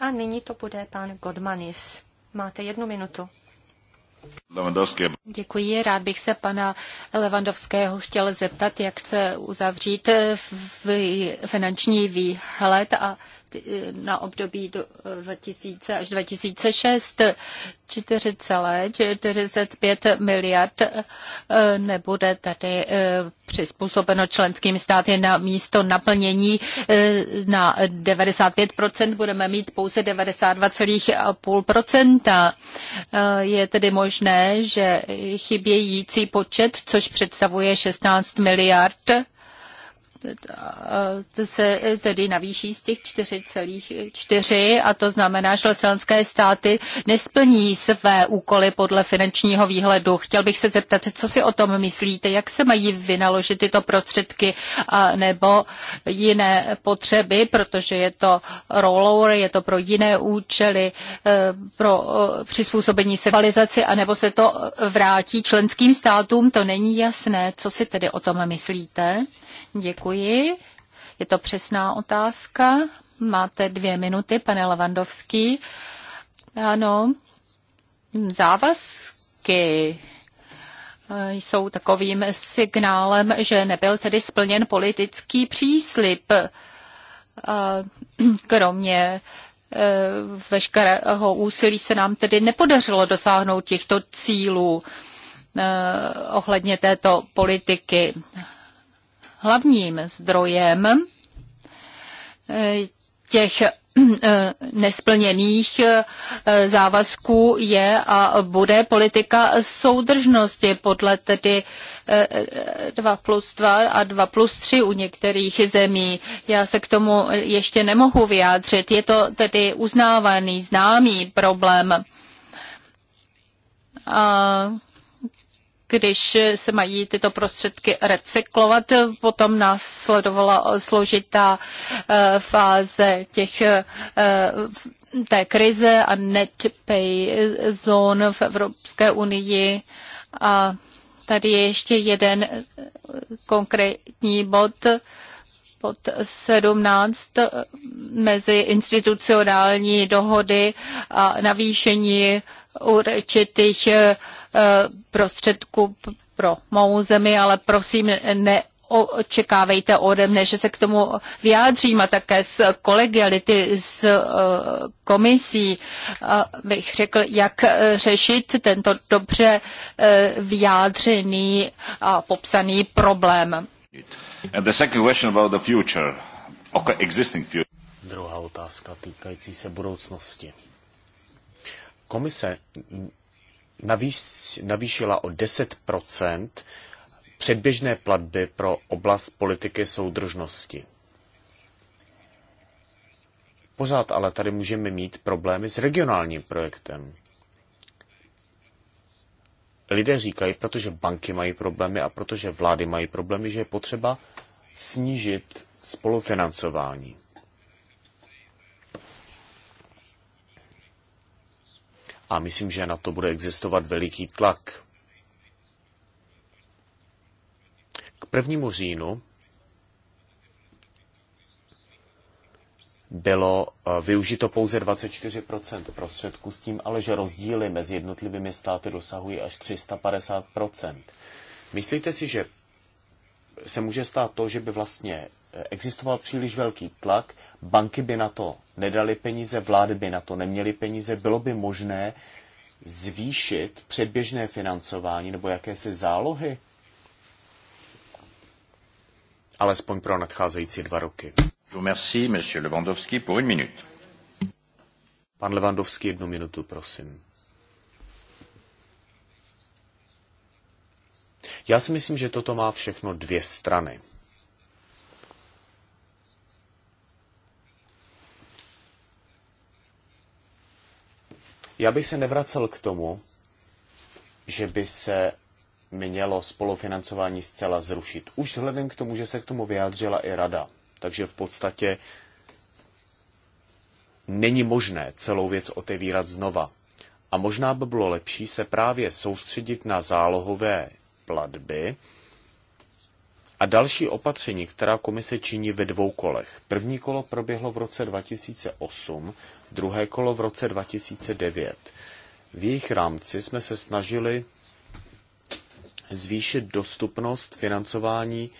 A nyní to bude pan Godmanis. Máte jednu minutu. Děkuji. Rád bych se pana Levandovského chtěl zeptat, jak chce uzavřít finanční výhled a na období do 2000 až 2006 4,45 miliard eh, nebude tady eh, přizpůsobeno členským státy na místo naplnění eh, na 95%, budeme mít pouze 92,5%. Je tedy možné, že chybějící počet, což představuje 16 miliard, to se tedy navýší z těch 4,4 a to znamená, že členské státy nesplní své úkoly podle finančního výhledu. Chtěl bych se zeptat, co si o tom myslíte, jak se mají vynaložit tyto prostředky a nebo jiné potřeby, protože je to rollover, je to pro jiné účely, eh, pro eh, přizpůsobení se a anebo se to vrátí členským státům, to není jasné. Co si tedy o tom myslíte? Děkuji. Je to přesná otázka. Máte dvě minuty, pane Lavandovský. Ano, závazky jsou takovým signálem, že nebyl tedy splněn politický příslip. Kromě e, veškerého úsilí se nám tedy nepodařilo dosáhnout těchto cílů e, ohledně této politiky hlavním zdrojem eh, těch eh, nesplněných eh, závazků je a bude politika soudržnosti podle tedy 2 plus 2 a 2 plus 3 u některých zemí. Já se k tomu ještě nemohu vyjádřit. Je to tedy uznávaný, známý problém. A když se mají tyto prostředky recyklovat. Potom následovala složitá eh, fáze těch eh, té krize a net pay zón v Evropské unii. A tady je ještě jeden konkrétní bod, pod 17 eh, mezi institucionální dohody a navýšení určitých eh, prostředků pro mou zemi, ale prosím, ne očekávejte ode mne, že se k tomu vyjádřím a také z kolegiality s eh, komisí bych řekl, jak řešit tento dobře vyjádřený a popsaný problém. Druhá otázka týkající se budoucnosti. Komise navýšila o 10 předběžné platby pro oblast politiky soudržnosti. Pořád ale tady můžeme mít problémy s regionálním projektem lidé říkají, protože banky mají problémy a protože vlády mají problémy, že je potřeba snížit spolufinancování. A myslím, že na to bude existovat veliký tlak. K prvnímu říjnu bylo eh, využito pouze 24 prostředků s tím, ale že rozdíly mezi jednotlivými státy dosahují až 350 Myslíte si, že se může stát to, že by vlastně eh, existoval příliš velký tlak, banky by na to nedali peníze, vlády by na to neměly peníze, bylo by možné zvýšit předběžné financování nebo jakési zálohy? Alespoň pro nadcházející dva roky. Merci, monsieur Lewandowski, pour une minute. Pan Lewandowski, jednu minutu, prosím. Já si myslím, že toto má všechno dvě strany. Já bych se nevracel k tomu, že by se mělo spolufinancování zcela zrušit. Už vzhledem k tomu, že se k tomu vyjádřila i rada. Takže v podstatě není možné celou věc otevírat znova. A možná by bylo lepší se právě soustředit na zálohové platby a další opatření, která komise činí ve dvou kolech. První kolo proběhlo v roce 2008, druhé kolo v roce 2009. V jejich rámci jsme se snažili zvýšit dostupnost financování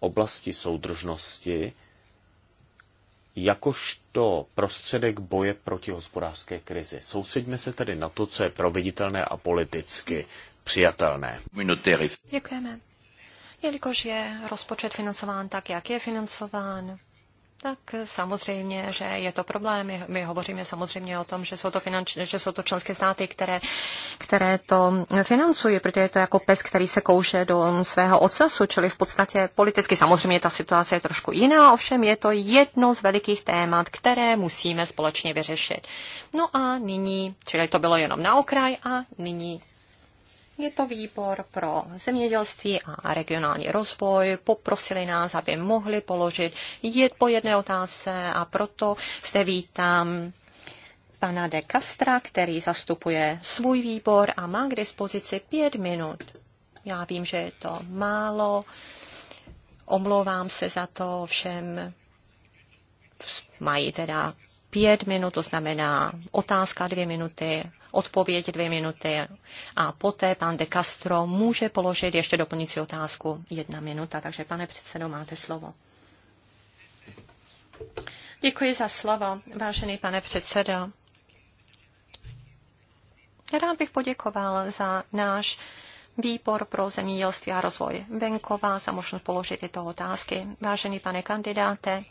oblasti soudržnosti jakožto prostředek boje proti hospodářské krizi. Soustředíme se tedy na to, co je proveditelné a politicky přijatelné. Děkujeme. Jelikož je rozpočet financován tak, jak je financován, tak samozřejmě, že je to problém. My, hovoříme samozřejmě o tom, že jsou to, finanč, že jsou to členské státy, které, které to financují, protože je to jako pes, který se kouše do svého ocasu, čili v podstatě politicky samozřejmě ta situace je trošku jiná, ovšem je to jedno z velikých témat, které musíme společně vyřešit. No a nyní, čili to bylo jenom na okraj a nyní je to výbor pro zemědělství a regionální rozvoj. Poprosili nás, aby mohli položit jed po jedné otázce a proto zde vítám pana de Castra, který zastupuje svůj výbor a má k dispozici pět minut. Já vím, že je to málo, omlouvám se za to všem. Mají teda pět minut, to znamená otázka dvě minuty, odpověď dvě minuty a poté pan de Castro může položit ještě doplňující otázku jedna minuta. Takže pane předsedo, máte slovo. Děkuji za slovo, vážený pane předsedo. Rád bych poděkoval za náš výbor pro zemědělství a rozvoj venkova za možnost položit tyto otázky. Vážený pane kandidáte,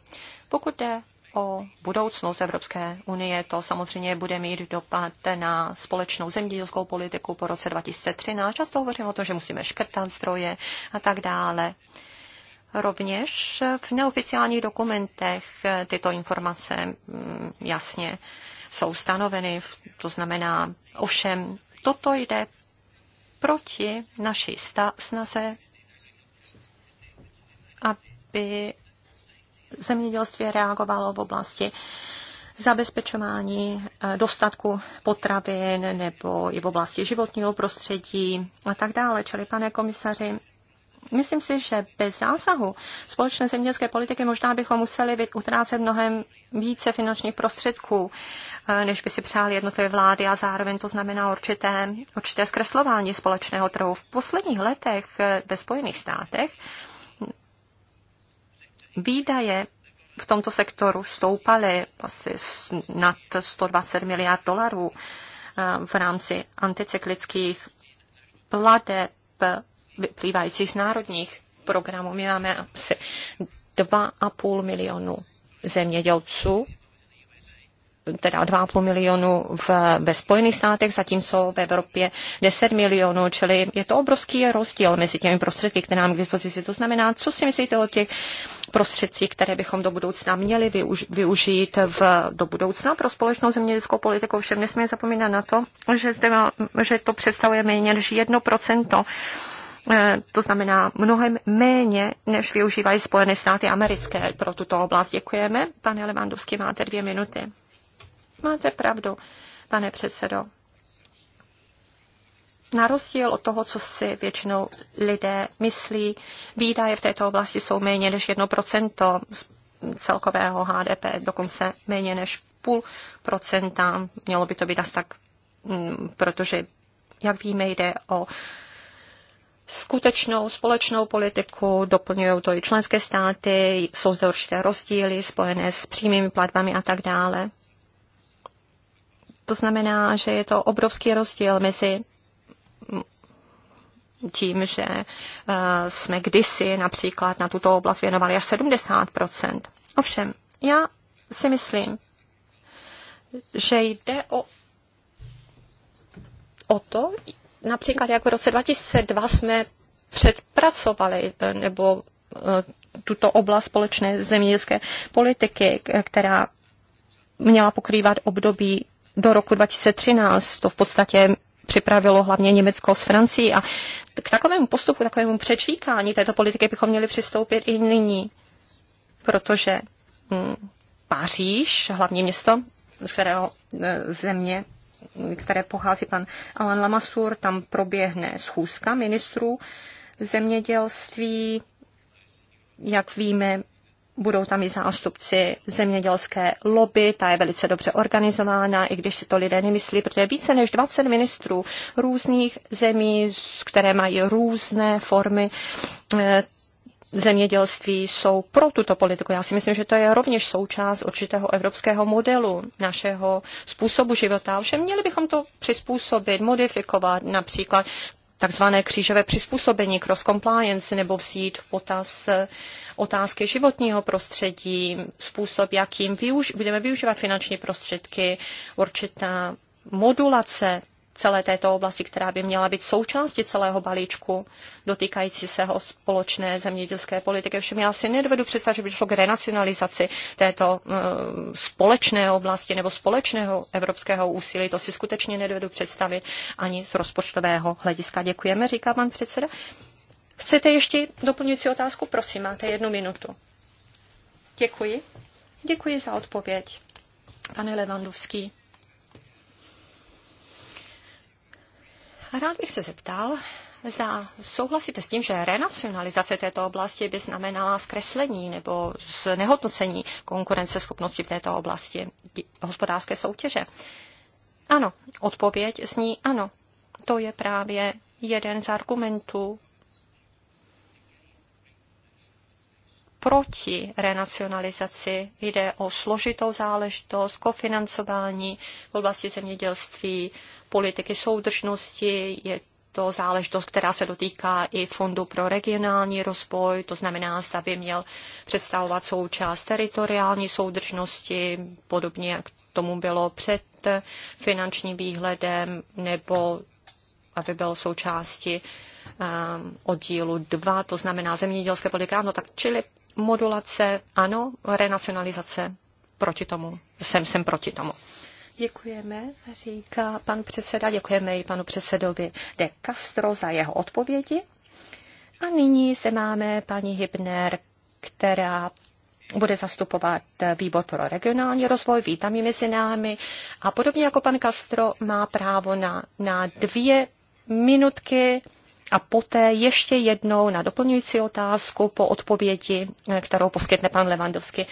pokud jde o budoucnost Evropské unie. To samozřejmě bude mít dopad na společnou zemědělskou politiku po roce 2013. Často hovořím o tom, že musíme škrtat zdroje a tak dále. Rovněž v neoficiálních dokumentech tyto informace mm, jasně jsou stanoveny. To znamená, ovšem, toto jde proti naší snaze, aby zemědělství reagovalo v oblasti zabezpečování eh, dostatku potravin nebo i v oblasti životního prostředí a tak dále. Čili, pane komisaři, myslím si, že bez zásahu společné zemědělské politiky možná bychom museli utrácet mnohem více finančních prostředků, eh, než by si přáli jednotlivé vlády a zároveň to znamená určité, určité zkreslování společného trhu. V posledních letech eh, ve Spojených státech Výdaje v tomto sektoru stoupaly asi nad 120 miliard dolarů eh, v rámci anticyklických pladeb vyplývajících z národních programů. My máme asi 2,5 milionu zemědělců teda 2,5 milionu v, ve Spojených státech, zatímco v Evropě 10 milionů, čili je to obrovský rozdíl mezi těmi prostředky, které nám k dispozici. To znamená, co si myslíte o těch prostředcích, které bychom do budoucna měli využ- využít v, do budoucna pro společnou zemědělskou politiku. Všem nesmíme zapomínat na to, že, zde má, že to představuje méně než 1%. Eh, to znamená mnohem méně, než využívají Spojené státy americké pro tuto oblast. Děkujeme. Pane Levandovský, máte dvě minuty. Máte pravdu, pane předsedo. Na rozdíl od toho, co si většinou lidé myslí, výdaje v této oblasti jsou méně než 1% celkového HDP, dokonce méně než půl procenta. Mělo by to být asi tak, mm, protože, jak víme, jde o skutečnou společnou politiku, doplňují to i členské státy, jsou zde určité rozdíly spojené s přímými platbami a tak dále. To znamená, že je to obrovský rozdíl mezi tím, že eh, jsme kdysi například na tuto oblast věnovali až 70 Ovšem, já si myslím, že jde o, o to, například jako v roce 2002 jsme předpracovali eh, nebo eh, tuto oblast společné zemědělské politiky, která měla pokrývat období do roku 2013. To v podstatě připravilo hlavně Německo s Francií a k takovému postupu, takovému přečvíkání této politiky bychom měli přistoupit i nyní, protože hm, Paříž, hlavní město, z kterého e, země které pochází pan Alan Lamassur, tam proběhne schůzka ministrů zemědělství. Jak víme, budou tam i zástupci zemědělské lobby, ta je velice dobře organizována, i když si to lidé nemyslí, protože více než 20 ministrů různých zemí, které mají různé formy eh, zemědělství jsou pro tuto politiku. Já si myslím, že to je rovněž součást určitého evropského modelu našeho způsobu života. Ovšem měli bychom to přizpůsobit, modifikovat například takzvané křížové přizpůsobení, cross compliance, nebo vzít v potaz eh, otázky životního prostředí, způsob, jakým využ- budeme využívat finanční prostředky, určitá modulace celé této oblasti, která by měla být součástí celého balíčku dotýkající se ho společné zemědělské politiky. Všem já si nedovedu představit, že by šlo k renacionalizaci této uh, společné oblasti nebo společného evropského úsilí. To si skutečně nedovedu představit ani z rozpočtového hlediska. Děkujeme, říká pan předseda. Chcete ještě doplňující otázku? Prosím, máte jednu minutu. Děkuji. Děkuji za odpověď, pane Levandovský. Rád bych se zeptal, zda souhlasíte s tím, že renacionalizace této oblasti by znamenala zkreslení nebo znehodnocení konkurenceschopnosti v této oblasti hospodářské soutěže. Ano, odpověď zní ano. To je právě jeden z argumentů proti renacionalizaci. Jde o složitou záležitost, kofinancování v oblasti zemědělství, politiky soudržnosti, je to záležitost, která se dotýká i Fondu pro regionální rozvoj, to znamená, zda by měl představovat součást teritoriální soudržnosti, podobně jak tomu bylo před finančním výhledem, nebo aby byl součástí um, oddílu 2, to znamená zemědělské politiky. Ano, tak čili modulace, ano, renacionalizace proti tomu. Jsem, jsem proti tomu. Děkujeme, říká pan předseda. Děkujeme i panu předsedovi De Castro za jeho odpovědi. A nyní zde máme paní Hybner, která bude zastupovat výbor pro regionální rozvoj, vítám ji mezi námi. A podobně jako pan Castro má právo na, na dvě minutky a poté ještě jednou na doplňující otázku po odpovědi, kterou poskytne pan Levandovský.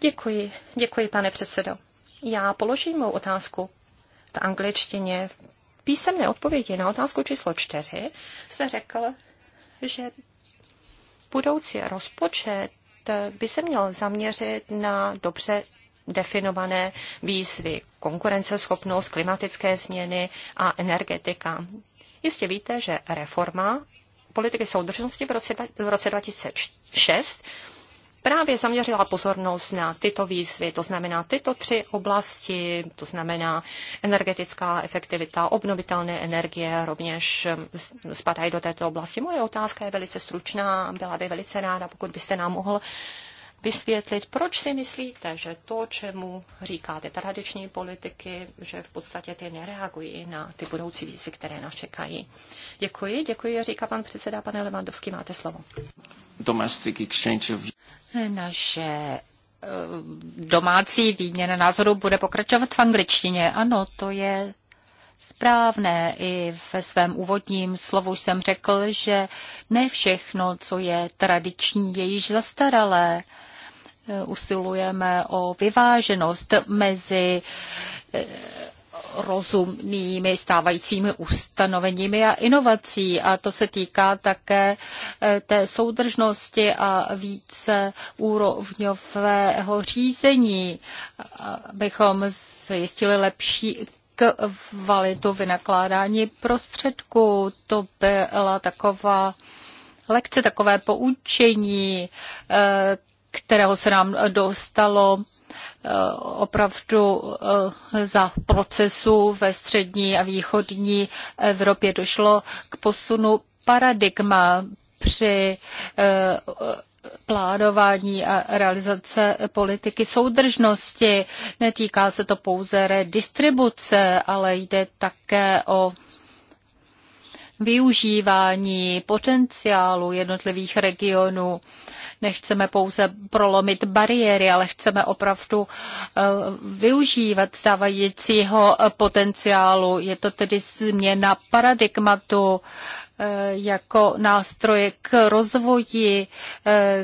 Děkuji, děkuji, pane předsedo já položím mou otázku v angličtině. V písemné odpovědi na otázku číslo čtyři jste řekl, že budoucí rozpočet by se měl zaměřit na dobře definované výzvy, konkurenceschopnost, klimatické změny a energetika. Jistě víte, že reforma politiky soudržnosti v roce, v roce 2006 právě zaměřila pozornost na tyto výzvy, to znamená tyto tři oblasti, to znamená energetická efektivita, obnovitelné energie rovněž hm, spadají do této oblasti. Moje otázka je velice stručná, byla by velice ráda, pokud byste nám mohl vysvětlit, proč si myslíte, že to, čemu říkáte tradiční politiky, že v podstatě ty nereagují na ty budoucí výzvy, které nás čekají. Děkuji, děkuji, říká pan předseda, pane Levandovský, máte slovo. Domestic exchange of... Naše eh, domácí výměna názoru bude pokračovat v angličtině. Ano, to je správné. I ve svém úvodním slovu jsem řekl, že ne všechno, co je tradiční, je již zastaralé. Eh, usilujeme o vyváženost mezi eh, rozumnými stávajícími ustanoveními a inovací. A to se týká také eh, té soudržnosti a více úrovňového řízení, abychom zjistili lepší kvalitu vynakládání prostředků. To byla taková lekce, takové poučení, eh, kterého se nám dostalo eh, opravdu eh, za procesu ve střední a východní Evropě. Došlo k posunu paradigma při plánování a realizace politiky soudržnosti. Netýká se to pouze redistribuce, ale jde také o využívání potenciálu jednotlivých regionů. Nechceme pouze prolomit bariéry, ale chceme opravdu eh, využívat stávajícího eh, potenciálu. Je to tedy změna paradigmatu eh, jako nástroje k rozvoji,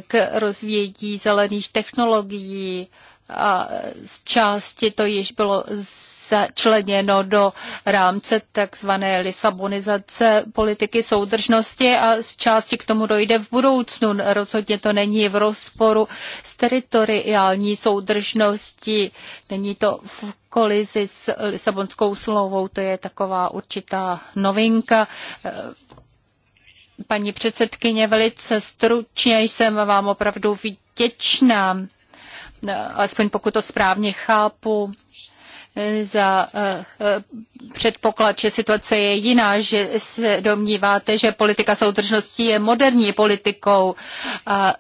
k rozvíjení zelených technologií, a z části to již bylo začleněno do rámce takzvané lisabonizace politiky soudržnosti a z části k tomu dojde v budoucnu. Rozhodně to není v rozporu s teritoriální soudržností, není to v kolizi s lisabonskou slovou, to je taková určitá novinka. Paní předsedkyně, velice stručně jsem vám opravdu vděčná alespoň pokud to správně chápu, za eh, eh, předpoklad, že situace je jiná, že se domníváte, že politika soudržnosti je moderní politikou a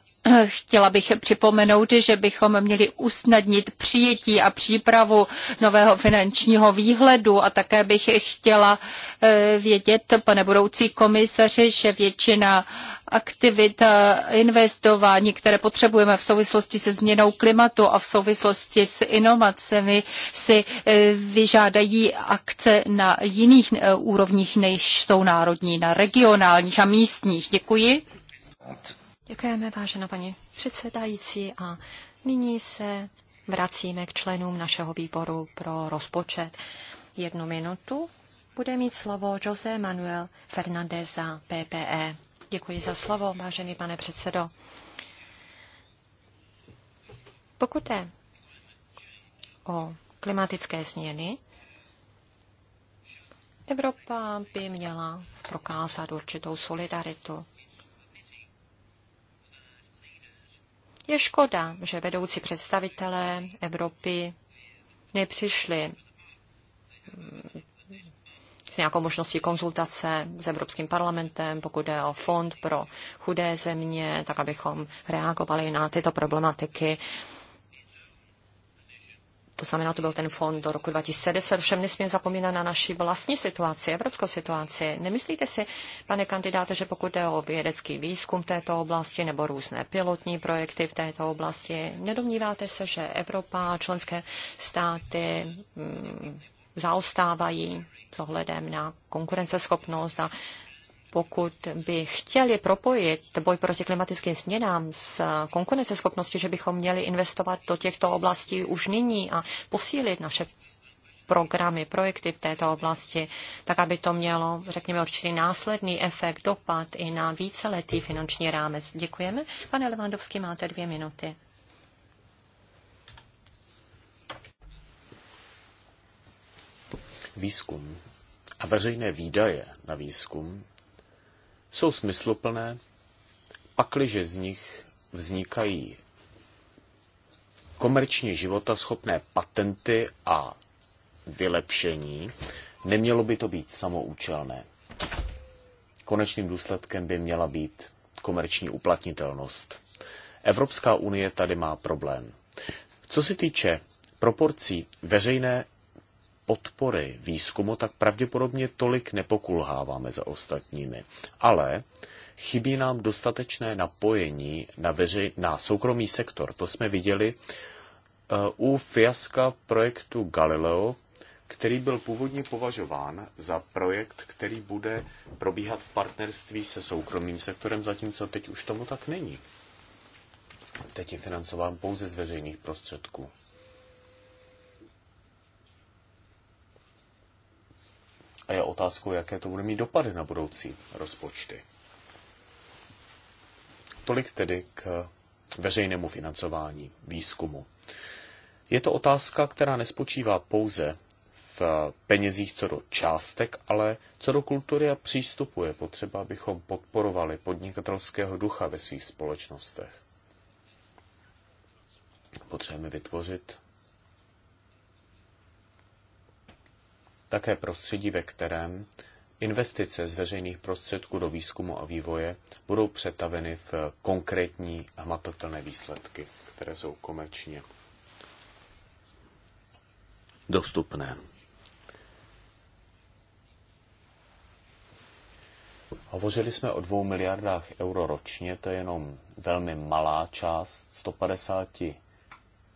Chtěla bych připomenout, že bychom měli usnadnit přijetí a přípravu nového finančního výhledu a také bych chtěla eh, vědět, pane budoucí komisaři, že většina aktivit investování, které potřebujeme v souvislosti se změnou klimatu a v souvislosti s inovacemi, si eh, vyžádají akce na jiných eh, úrovních, než jsou národní, na regionálních a místních. Děkuji. Děkujeme, vážená paní předsedající, a nyní se vracíme k členům našeho výboru pro rozpočet. Jednu minutu bude mít slovo José Manuel Fernández za PPE. Děkuji za slovo, vážený pane předsedo. Pokud je o klimatické změny, Evropa by měla prokázat určitou solidaritu. Je škoda, že vedoucí představitelé Evropy nepřišli mm, s nějakou možností konzultace s Evropským parlamentem, pokud jde o fond pro chudé země, tak abychom reagovali na tyto problematiky to znamená, to byl ten fond do roku 2010, všem nesmím zapomínat na naši vlastní situaci, evropskou situaci. Nemyslíte si, pane kandidáte, že pokud jde o vědecký výzkum této oblasti nebo různé pilotní projekty v této oblasti, nedomníváte se, že Evropa, členské státy mm, zaostávají s ohledem na konkurenceschopnost a pokud by chtěli propojit boj proti klimatickým změnám s konkurenceschopností, že bychom měli investovat do těchto oblastí už nyní a posílit naše programy, projekty v této oblasti, tak aby to mělo, řekněme, určitý následný efekt, dopad i na víceletý finanční rámec. Děkujeme. Pane Levandovský, máte dvě minuty. Výzkum a veřejné výdaje na výzkum jsou smysluplné, pakliže z nich vznikají komerčně života schopné patenty a vylepšení, nemělo by to být samoučelné. Konečným důsledkem by měla být komerční uplatnitelnost. Evropská unie tady má problém. Co se týče proporcí veřejné podpory výzkumu, tak pravděpodobně tolik nepokulháváme za ostatními. Ale chybí nám dostatečné napojení na, veři, na soukromý sektor. To jsme viděli uh, u fiaska projektu Galileo, který byl původně považován za projekt, který bude probíhat v partnerství se soukromým sektorem, zatímco teď už tomu tak není. Teď je financován pouze z veřejných prostředků. A je otázkou, jaké to bude mít dopady na budoucí rozpočty. Tolik tedy k veřejnému financování výzkumu. Je to otázka, která nespočívá pouze v penězích co do částek, ale co do kultury a přístupu je potřeba, abychom podporovali podnikatelského ducha ve svých společnostech. Potřebujeme vytvořit také prostředí, ve kterém investice z veřejných prostředků do výzkumu a vývoje budou přetaveny v konkrétní hmatatelné výsledky, které jsou komerčně dostupné. Hovořili jsme o dvou miliardách euro ročně, to je jenom velmi malá část 150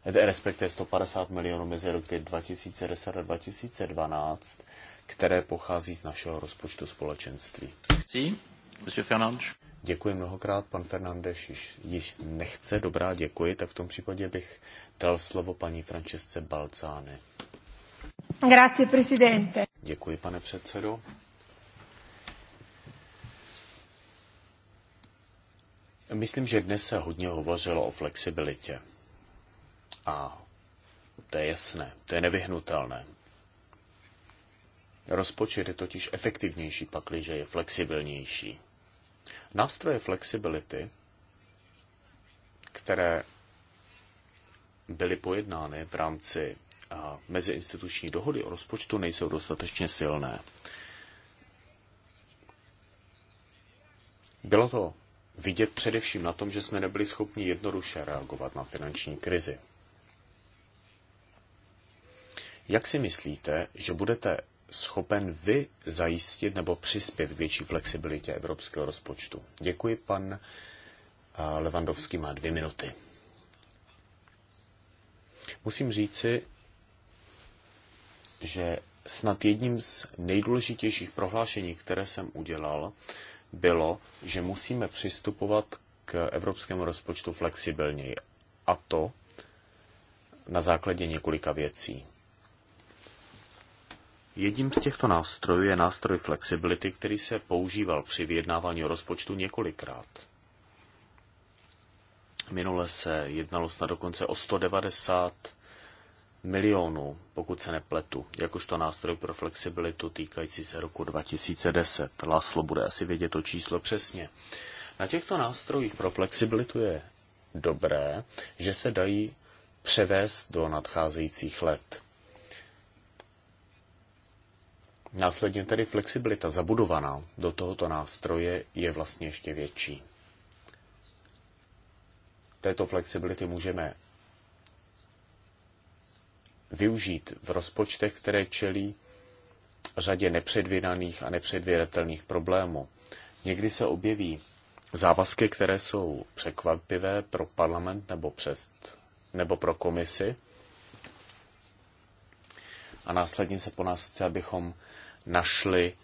respektive 150 milionů mezi roky 2010 a 2012, které pochází z našeho rozpočtu společenství. Děkuji mnohokrát, pan Fernandeš již, již nechce, dobrá, děkuji, tak v tom případě bych dal slovo paní Francesce Balcány. Grazie, presidente. Děkuji, pane předsedo. Myslím, že dnes se hodně hovořilo o flexibilitě. A to je jasné, to je nevyhnutelné. Rozpočet je totiž efektivnější, pakliže je flexibilnější. Nástroje flexibility, které byly pojednány v rámci meziinstituční dohody o rozpočtu, nejsou dostatečně silné. Bylo to vidět především na tom, že jsme nebyli schopni jednoduše reagovat na finanční krizi. Jak si myslíte, že budete schopen vy zajistit nebo přispět k větší flexibilitě evropského rozpočtu? Děkuji, pan eh, Levandovský má dvě minuty. Musím říci, že snad jedním z nejdůležitějších prohlášení, které jsem udělal, bylo, že musíme přistupovat k evropskému rozpočtu flexibilněji. A to na základě několika věcí. Jedním z těchto nástrojů je nástroj flexibility, který se používal při vyjednávání o rozpočtu několikrát. Minule se jednalo snad dokonce o 190 milionů, pokud se nepletu, jakožto nástroj pro flexibilitu týkající se roku 2010. Láslo bude asi vědět to číslo přesně. Na těchto nástrojích pro flexibilitu je dobré, že se dají převést do nadcházejících let. Následně tedy flexibilita zabudovaná do tohoto nástroje je vlastně ještě větší. Této flexibility můžeme využít v rozpočtech, které čelí řadě nepředvídaných a nepředvědatelných problémů. Někdy se objeví závazky, které jsou překvapivé pro parlament nebo, přes, nebo pro komisi. A následně se po nás chce, abychom našli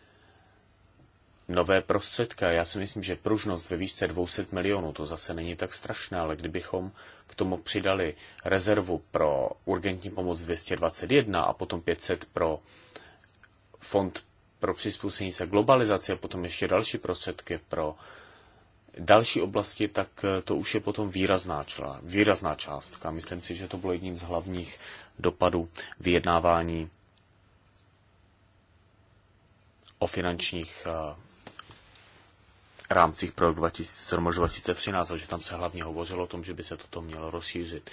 nové prostředky. Já si myslím, že pružnost ve výšce 200 milionů to zase není tak strašné, ale kdybychom k tomu přidali rezervu pro urgentní pomoc 221 a potom 500 pro fond pro přizpůsobení se globalizaci a potom ještě další prostředky pro další oblasti, tak eh, to už je potom výrazná, čla, výrazná částka. Myslím si, že to bylo jedním z hlavních dopadů vyjednávání o finančních eh, rámcích pro rok 2007 až 2013, že tam se hlavně hovořilo o tom, že by se toto mělo rozšířit.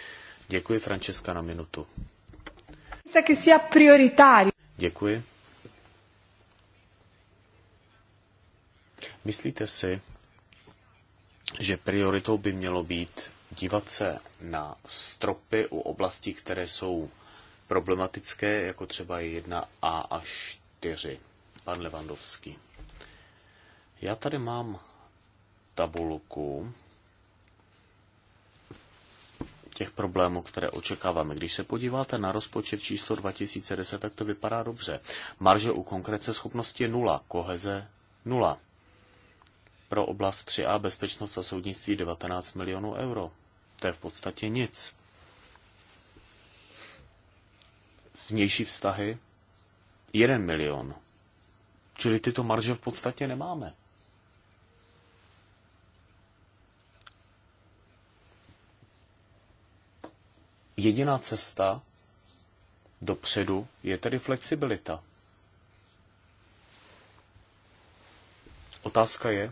Děkuji, Francesca, na minutu. Děkuji. Myslíte si, že prioritou by mělo být dívat se na stropy u oblastí, které jsou problematické, jako třeba 1A až 4? pan Levandovský. Já tady mám tabulku těch problémů, které očekáváme. Když se podíváte na rozpočet číslo 2010, tak to vypadá dobře. Marže u konkrétce schopnosti je nula, koheze nula. Pro oblast 3a bezpečnost a soudnictví 19 milionů euro. To je v podstatě nic. Vnější vztahy 1 milion. Čili tyto marže v podstatě nemáme. Jediná cesta dopředu je tedy flexibilita. Otázka je,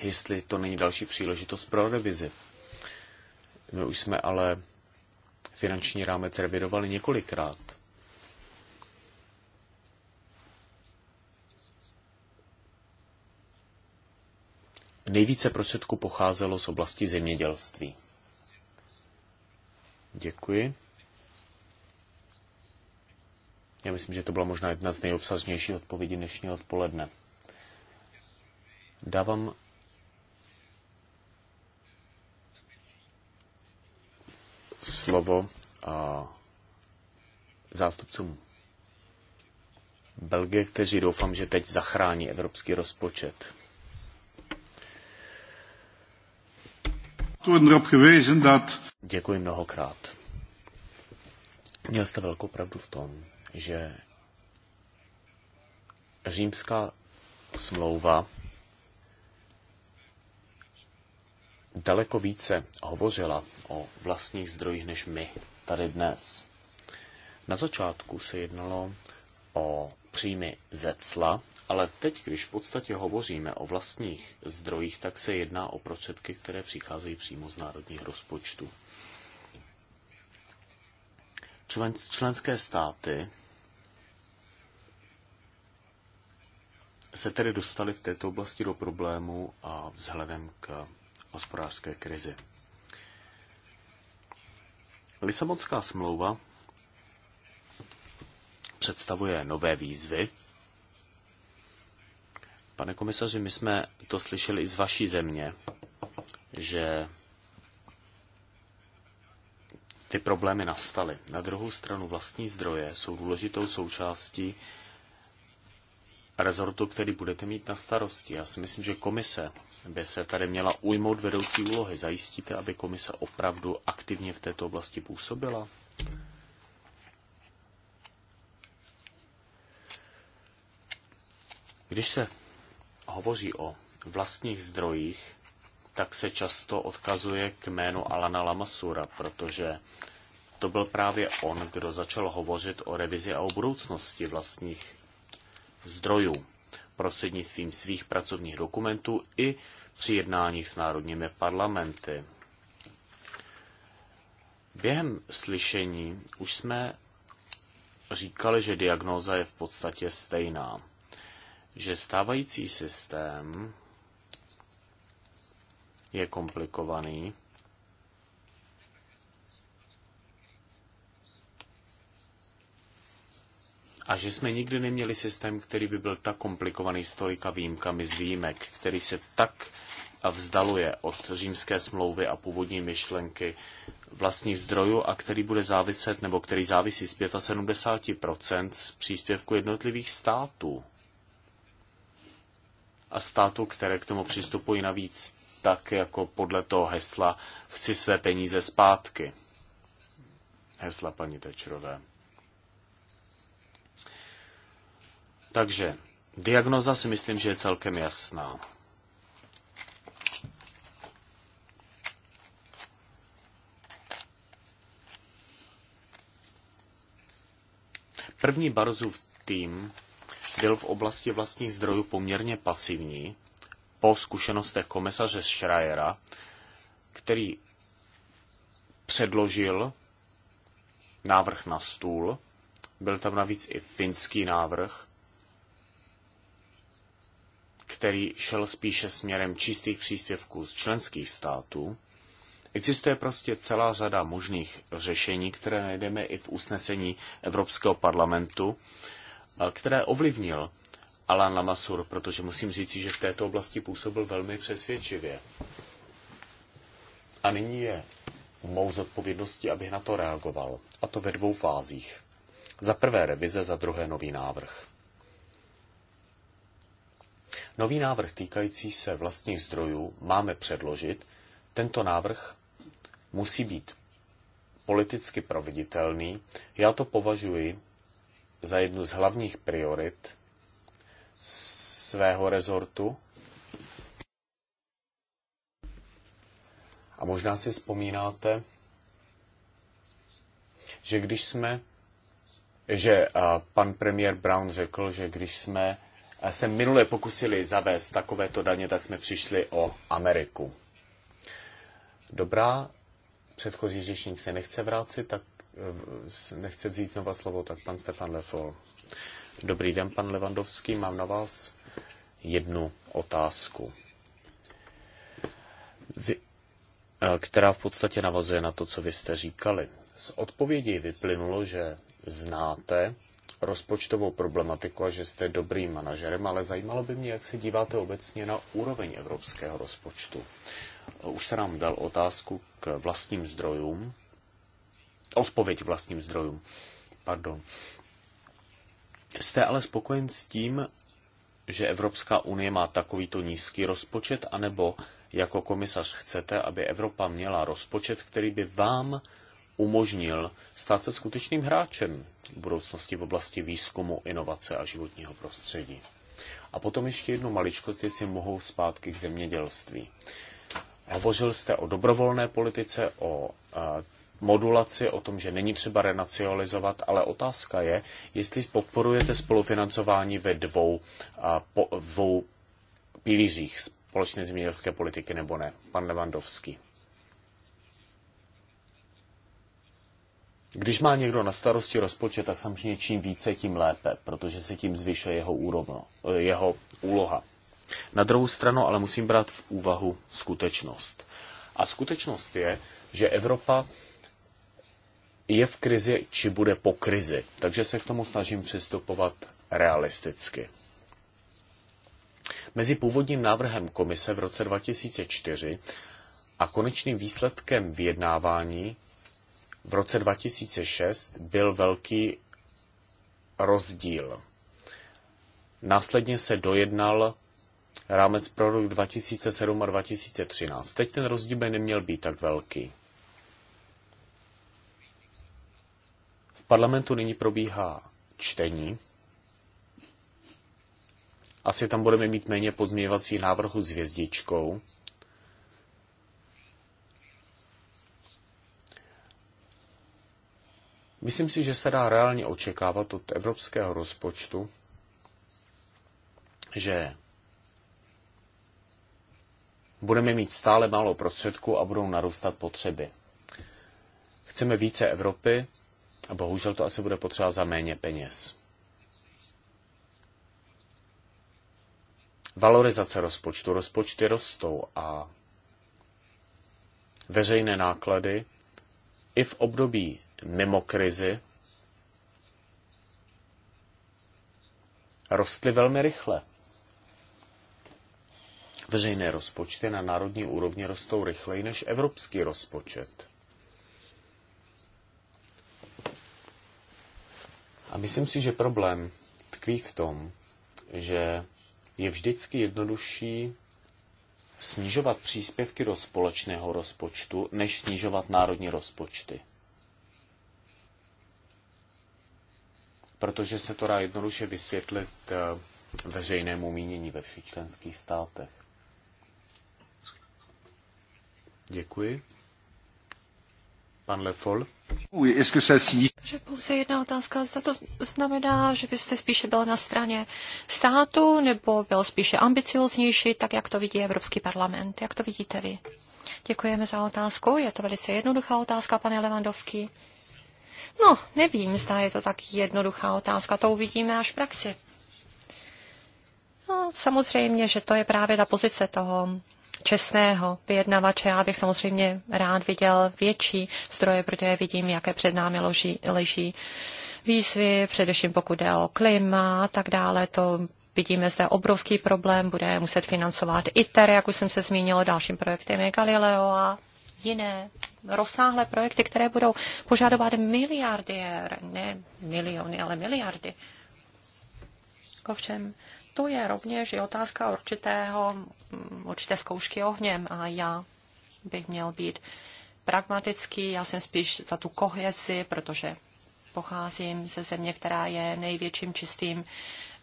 jestli to není další příležitost pro revizi. My už jsme ale finanční rámec revidovali několikrát. nejvíce prostředků pocházelo z oblasti zemědělství. Děkuji. Já myslím, že to byla možná jedna z nejobsažnějších odpovědí dnešního odpoledne. Dávám slovo a zástupcům Belgie, kteří doufám, že teď zachrání evropský rozpočet. Děkuji mnohokrát. Měl jste velkou pravdu v tom, že římská smlouva daleko více hovořila o vlastních zdrojích než my tady dnes. Na začátku se jednalo o příjmy ze cla ale teď, když v podstatě hovoříme o vlastních zdrojích, tak se jedná o prostředky, které přicházejí přímo z národních rozpočtů. Člen, členské státy se tedy dostali v této oblasti do problému a vzhledem k hospodářské krizi. Lisabonská smlouva představuje nové výzvy Pane komisaři, my jsme to slyšeli i z vaší země, že ty problémy nastaly. Na druhou stranu vlastní zdroje jsou důležitou součástí rezortu, který budete mít na starosti. Já si myslím, že komise by se tady měla ujmout vedoucí úlohy. Zajistíte, aby komise opravdu aktivně v této oblasti působila? Když se hovoří o vlastních zdrojích, tak se často odkazuje k jménu Alana Lamasura, protože to byl právě on, kdo začal hovořit o revizi a o budoucnosti vlastních zdrojů prostřednictvím svých pracovních dokumentů i při jednáních s národními parlamenty. Během slyšení už jsme říkali, že diagnóza je v podstatě stejná že stávající systém je komplikovaný. A že jsme nikdy neměli systém, který by byl tak komplikovaný s tolika výjimkami z výjimek, který se tak vzdaluje od římské smlouvy a původní myšlenky vlastních zdrojů a který bude záviset, nebo který závisí z 75% z příspěvku jednotlivých států a států, které k tomu přistupují navíc tak jako podle toho hesla chci své peníze zpátky. Hesla paní Tečrové. Takže diagnoza si myslím, že je celkem jasná. První Barozův tým byl v oblasti vlastních zdrojů poměrně pasivní po zkušenostech komisaře Schreiera, který předložil návrh na stůl. Byl tam navíc i finský návrh, který šel spíše směrem čistých příspěvků z členských států. Existuje prostě celá řada možných řešení, které najdeme i v usnesení Evropského parlamentu které ovlivnil Alan Lamassur, protože musím říct, že v této oblasti působil velmi přesvědčivě. A nyní je mou zodpovědností, abych na to reagoval. A to ve dvou fázích. Za prvé revize, za druhé nový návrh. Nový návrh týkající se vlastních zdrojů máme předložit. Tento návrh musí být politicky proveditelný. Já to považuji za jednu z hlavních priorit svého rezortu. A možná si vzpomínáte, že když jsme, že pan premiér Brown řekl, že když jsme se minule pokusili zavést takovéto daně, tak jsme přišli o Ameriku. Dobrá, předchozí řečník se nechce vrátit, tak nechce vzít znova slovo, tak pan Stefan Lefol. Dobrý den, pan Levandovský, mám na vás jednu otázku, vy, eh, která v podstatě navazuje na to, co vy jste říkali. Z odpovědi vyplynulo, že znáte rozpočtovou problematiku a že jste dobrým manažerem, ale zajímalo by mě, jak se díváte obecně na úroveň evropského rozpočtu. Už jste nám dal otázku k vlastním zdrojům, odpověď vlastním zdrojům. Pardon. Jste ale spokojen s tím, že Evropská unie má takovýto nízký rozpočet, anebo jako komisař chcete, aby Evropa měla rozpočet, který by vám umožnil stát se skutečným hráčem v budoucnosti v oblasti výzkumu, inovace a životního prostředí. A potom ještě jednu maličkost, jestli mohou zpátky k zemědělství. Hovořil jste o dobrovolné politice, o modulaci, o tom, že není třeba renacionalizovat, ale otázka je, jestli podporujete spolufinancování ve dvou, a, po, dvou pilířích společné zemědělské politiky nebo ne. Pan Levandovský. Když má někdo na starosti rozpočet, tak samozřejmě čím více, tím lépe, protože se tím zvyšuje jeho, úrovno, jeho úloha. Na druhou stranu ale musím brát v úvahu skutečnost. A skutečnost je, že Evropa je v krizi, či bude po krizi. Takže se k tomu snažím přistupovat realisticky. Mezi původním návrhem komise v roce 2004 a konečným výsledkem vyjednávání v roce 2006 byl velký rozdíl. Následně se dojednal rámec pro rok 2007 a 2013. Teď ten rozdíl by neměl být tak velký. parlamentu nyní probíhá čtení. Asi tam budeme mít méně pozměňovací návrhu s hvězdičkou. Myslím si, že se dá reálně očekávat od evropského rozpočtu, že budeme mít stále málo prostředků a budou narůstat potřeby. Chceme více Evropy, a bohužel to asi bude potřeba za méně peněz. Valorizace rozpočtu. Rozpočty rostou a veřejné náklady i v období mimo krizi rostly velmi rychle. Veřejné rozpočty na národní úrovni rostou rychleji než evropský rozpočet. A myslím si, že problém tkví v tom, že je vždycky jednodušší snižovat příspěvky do společného rozpočtu, než snižovat národní rozpočty. Protože se to dá jednoduše vysvětlit eh, veřejnému mínění ve všech členských státech. Děkuji. Pan Lefol. Takže pouze jedna otázka. Zda to znamená, že byste spíše byl na straně státu nebo byl spíše ambicioznější, tak jak to vidí Evropský parlament? Jak to vidíte vy? Děkujeme za otázku. Je to velice jednoduchá otázka, pane Levandovský. No, nevím, zda je to tak jednoduchá otázka. To uvidíme až v praxi. No, samozřejmě, že to je právě ta pozice toho čestného vyjednavače. Já bych samozřejmě rád viděl větší zdroje, protože vidím, jaké před námi loží, leží výzvy, především pokud jde o klima a tak dále. To vidíme zde obrovský problém, bude muset financovat ITER, jak už jsem se zmínila, dalším projektem je Galileo a jiné rozsáhlé projekty, které budou požadovat miliardy, ne miliony, ale miliardy. Ovšem, to je rovněž i otázka určitého, mm, určité zkoušky ohněm a já bych měl být pragmatický, já jsem spíš za tu kohezi, protože pocházím ze země, která je největším čistým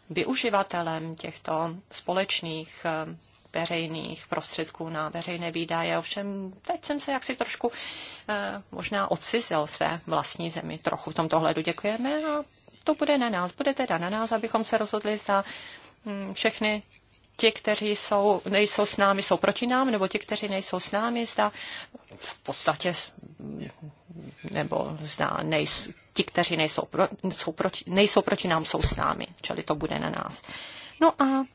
využivatelem těchto společných eh, veřejných prostředků na veřejné výdaje. Ovšem teď jsem se jaksi trošku eh, možná odcizil své vlastní zemi. Trochu v tomto hledu děkujeme a to bude na nás. Bude teda na nás, abychom se rozhodli, zda Hmm, všechny ti, kteří jsou, nejsou s námi, jsou proti nám, nebo ti, kteří nejsou s námi, zda v podstatě, nebo zda nejs ti, kteří nejsou, pro, jsou proti, nejsou proti nám, jsou s námi, čili to bude na nás. No a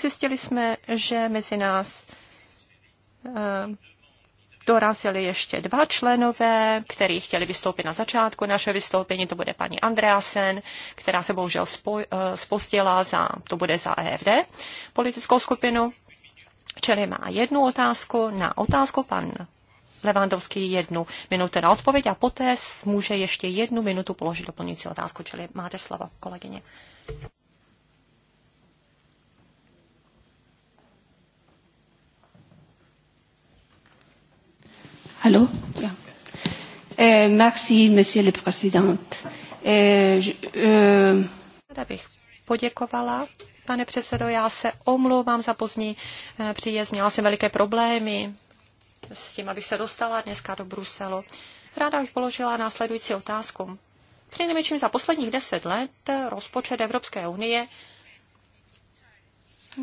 zjistili jsme, že mezi nás eh, dorazili ještě dva členové, kteří chtěli vystoupit na začátku našeho vystoupení. To bude paní Andreasen, která se bohužel spoj, eh, spustila, za, to bude za EFD, politickou skupinu. Čili má jednu otázku. Na otázku pan Levandovský jednu minutu na odpověď a poté může ještě jednu minutu položit doplňující otázku. Čili máte slovo, kolegyně. Allô Bien. Eh, merci, monsieur le président. Eh, je, eh... poděkovala. Pane předsedo, já se omlouvám za pozdní eh, příjezd. Měla jsem veliké problémy s tím, abych se dostala dneska do Bruselu. Ráda bych položila následující otázku. Přinejmenším za posledních deset let rozpočet Evropské unie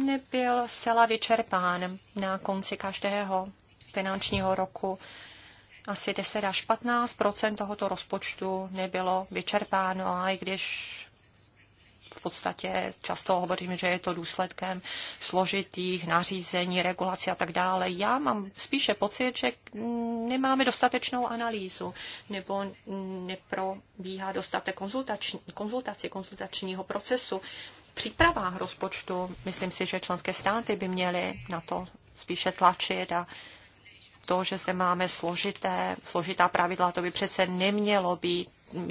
nebyl zcela vyčerpán na konci každého finančního roku asi 10 až 15 tohoto rozpočtu nebylo vyčerpáno, a i když v podstatě často hovořím, že je to důsledkem složitých nařízení, regulací a tak dále. Já mám spíše pocit, že nemáme dostatečnou analýzu nebo neprobíhá dostatek konzultační, konzultaci, konzultačního procesu. Příprava přípravách rozpočtu myslím si, že členské státy by měly na to spíše tlačit a to, že zde máme složité, složitá pravidla, to by přece nemělo být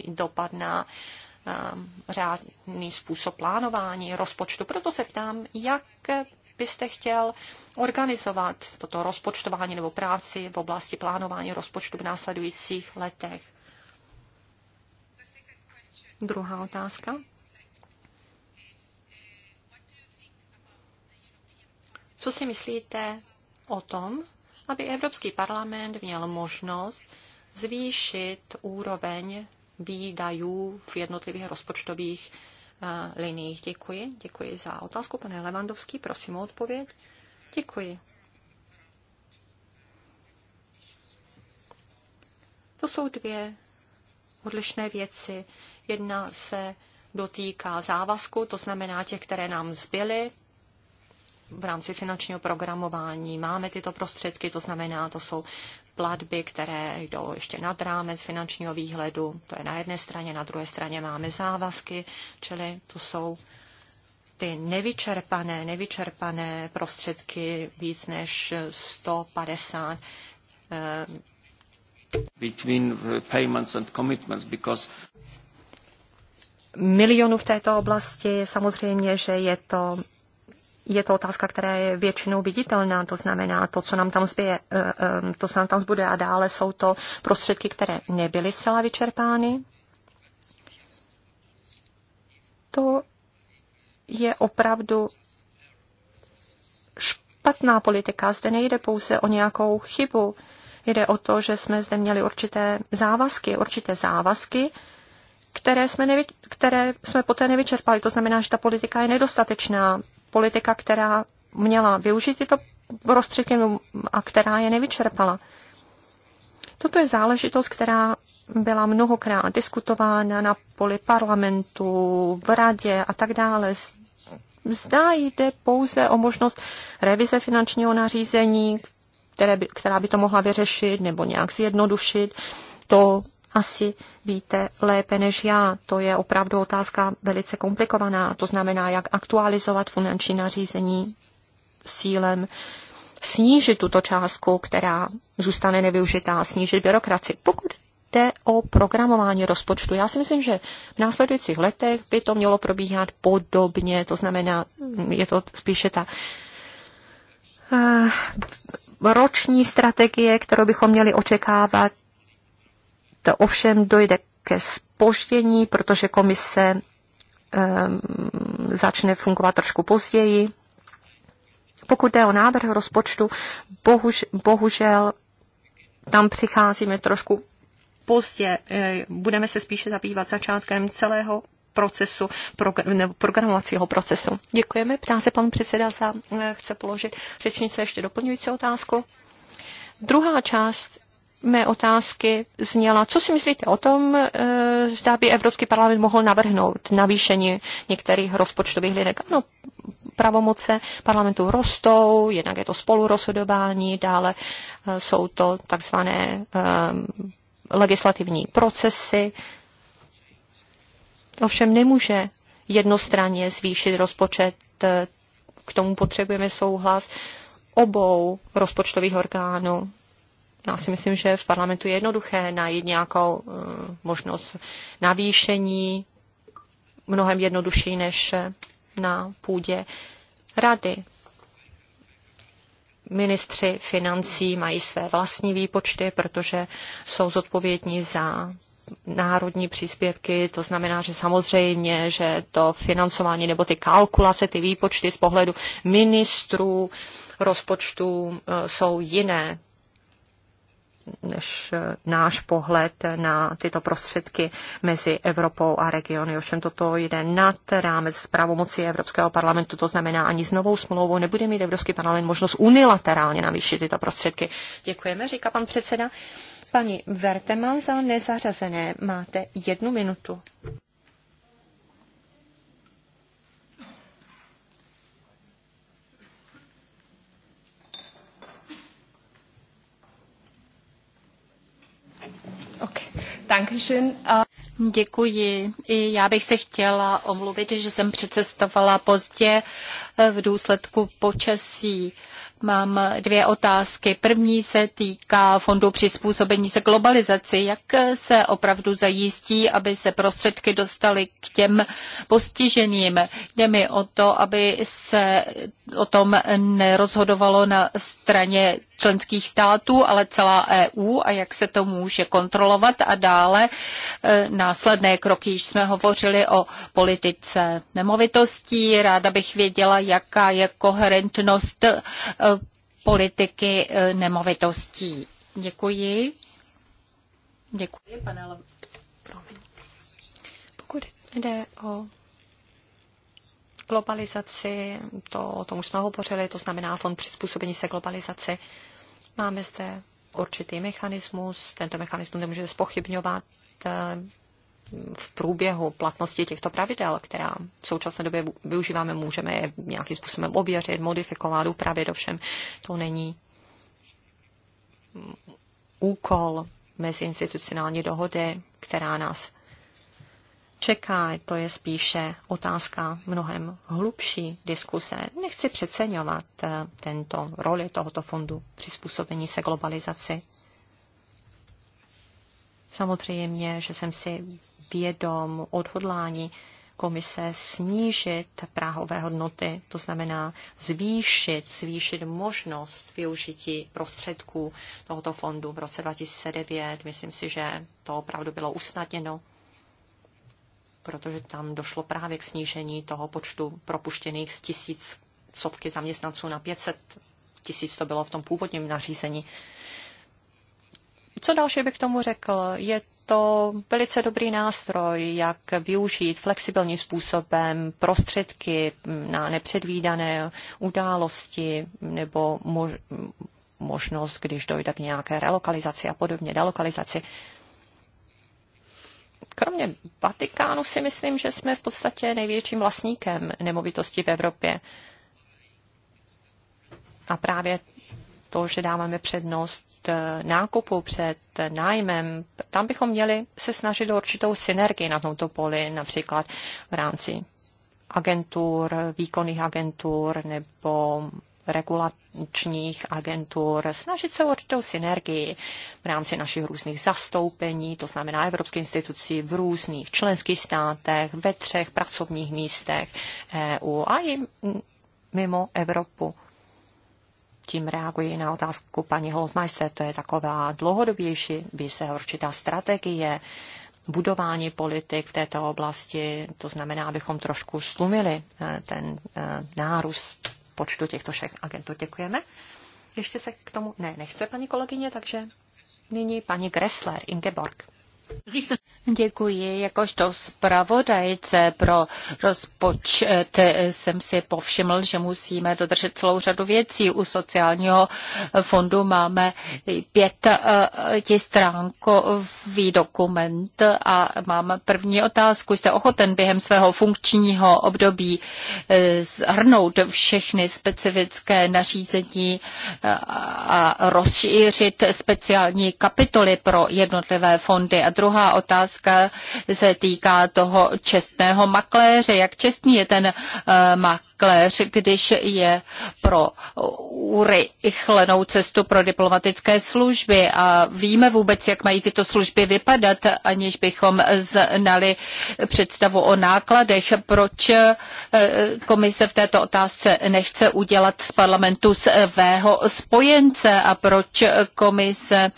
dopad na um, řádný způsob plánování rozpočtu. Proto se ptám, jak byste chtěl organizovat toto rozpočtování nebo práci v oblasti plánování rozpočtu v následujících letech. Druhá otázka. Co si myslíte o tom, aby Evropský parlament měl možnost zvýšit úroveň výdajů v jednotlivých rozpočtových eh, liniích. Děkuji. Děkuji za otázku. Pane Levandovský, prosím o odpověď. Děkuji. To jsou dvě odlišné věci. Jedna se dotýká závazku, to znamená těch, které nám zbyly v rámci finančního programování máme tyto prostředky, to znamená, to jsou platby, které jdou ještě nad rámec finančního výhledu. To je na jedné straně, na druhé straně máme závazky, čili to jsou ty nevyčerpané, nevyčerpané prostředky víc než 150 eh, between eh, payments and commitments because milionů v této oblasti. Samozřejmě, že je to je to otázka, která je většinou viditelná, to znamená to, co nám tam, zbije, eh, eh, to, co nám tam zbude a dále jsou to prostředky, které nebyly zcela vyčerpány. To je opravdu špatná politika. Zde nejde pouze o nějakou chybu. Jde o to, že jsme zde měli určité závazky, určité závazky, které jsme, nevy, které jsme poté nevyčerpali. To znamená, že ta politika je nedostatečná politika, která měla využít tyto prostředky a která je nevyčerpala. Toto je záležitost, která byla mnohokrát diskutována na poli parlamentu, v radě a tak dále. Zdá jde pouze o možnost revize finančního nařízení, které by, která by to mohla vyřešit nebo nějak zjednodušit. To asi víte lépe než já. To je opravdu otázka velice komplikovaná. To znamená, jak aktualizovat finanční nařízení s cílem snížit tuto částku, která zůstane nevyužitá, snížit byrokraci. Pokud jde o programování rozpočtu. Já si myslím, že v následujících letech by to mělo probíhat podobně, to znamená, je to spíše ta eh, roční strategie, kterou bychom měli očekávat to Ovšem dojde ke spoždění, protože komise začne fungovat trošku později. Pokud jde o návrh rozpočtu, bohuž, bohužel tam přicházíme trošku pozdě. Eh, budeme se spíše zabývat začátkem celého procesu, progr- programovacího procesu. Děkujeme. Ptá se pan předseda, za, eh, chce položit řečnice ještě doplňující otázku. Druhá část mé otázky zněla, co si myslíte o tom, eh, zda by Evropský parlament mohl navrhnout navýšení některých rozpočtových linek. Ano, pravomoce parlamentu rostou, jednak je to spolurozhodování, dále eh, jsou to takzvané eh, legislativní procesy. Ovšem nemůže jednostranně zvýšit rozpočet, k tomu potřebujeme souhlas obou rozpočtových orgánů já si myslím, že v parlamentu je jednoduché najít nějakou eh, možnost navýšení, mnohem jednodušší než eh, na půdě rady. Ministři financí mají své vlastní výpočty, protože jsou zodpovědní za národní příspěvky, to znamená, že samozřejmě, že to financování nebo ty kalkulace, ty výpočty z pohledu ministrů rozpočtu eh, jsou jiné než eh, náš pohled na tyto prostředky mezi Evropou a regiony. Ovšem toto jde nad rámec pravomoci Evropského parlamentu, to znamená ani s novou smlouvou nebude mít Evropský parlament možnost unilaterálně navýšit tyto prostředky. Děkujeme, říká pan předseda. Paní Verteman za nezařazené máte jednu minutu. Okay. Dankeschön. Uh... Děkuji. I já bych se chtěla omluvit, že jsem přecestovala pozdě eh, v důsledku počasí. Mám dvě otázky. První se týká fondu přizpůsobení se globalizaci. Jak se opravdu zajistí, aby se prostředky dostaly k těm postiženým? Jde mi o to, aby se o tom nerozhodovalo na straně členských států, ale celá EU a jak se to může kontrolovat a dále e, následné kroky. Již jsme hovořili o politice nemovitostí. Ráda bych věděla, jaká je koherentnost e, politiky e, nemovitostí. Děkuji. Děkuji, pane Promiň. Pokud jde o globalizaci, to, o tom už jsme hovořili, to znamená fond přizpůsobení se globalizaci. Máme zde určitý mechanismus, tento mechanismus nemůžete spochybňovat eh, v průběhu platnosti těchto pravidel, která v současné době využíváme, můžeme je nějakým způsobem ověřit, modifikovat, upravit, ovšem to není úkol mezi institucionální dohody, která nás čeká. To je spíše otázka mnohem hlubší diskuse. Nechci přeceňovat eh, tento roli tohoto fondu přizpůsobení se globalizaci. Samozřejmě, že jsem si vědom odhodlání komise snížit práhové hodnoty, to znamená zvýšit, zvýšit možnost využití prostředků tohoto fondu v roce 2009. Myslím si, že to opravdu bylo usnadněno protože tam došlo právě k snížení toho počtu propuštěných z tisíc sovky zaměstnanců na 500 tisíc, to bylo v tom původním nařízení. Co další bych k tomu řekl? Je to velice dobrý nástroj, jak využít flexibilním způsobem prostředky na nepředvídané události nebo možnost, když dojde k nějaké relokalizaci a podobně, delokalizaci kromě Vatikánu si myslím, že jsme v podstatě největším vlastníkem nemovitostí v Evropě. A právě to, že dáváme přednost eh, nákupu před nájmem, tam bychom měli se snažit o určitou synergii na tomto poli, například v rámci agentur, výkonných agentur nebo regulačních agentur, snažit se o určitou synergii v rámci našich různých zastoupení, to znamená Evropské institucí v různých členských státech, ve třech pracovních místech EU a i mimo Evropu. Tím reaguji na otázku paní Holtmeister, to je taková dlouhodobější by se určitá strategie, budování politik v této oblasti, to znamená, abychom trošku slumili eh, ten eh, nárůst počtu těchto všech agentů. Děkujeme. Ještě se k tomu... Ne, nechce paní kolegyně, takže nyní paní Gressler, Ingeborg. Děkuji. Jakožto zpravodajce pro rozpočet jsem si povšiml, že musíme dodržet celou řadu věcí. U sociálního fondu máme pět dokument a mám první otázku. Jste ochoten během svého funkčního období eh, zhrnout všechny specifické nařízení eh, a rozšířit speciální kapitoly pro jednotlivé fondy a druhá otázka se týká toho čestného makléře. Jak čestný je ten eh, makléř, když je pro urychlenou cestu pro diplomatické služby a víme vůbec, jak mají tyto služby vypadat, aniž bychom znali představu o nákladech. Proč eh, komise v této otázce nechce udělat z parlamentu svého spojence a proč komise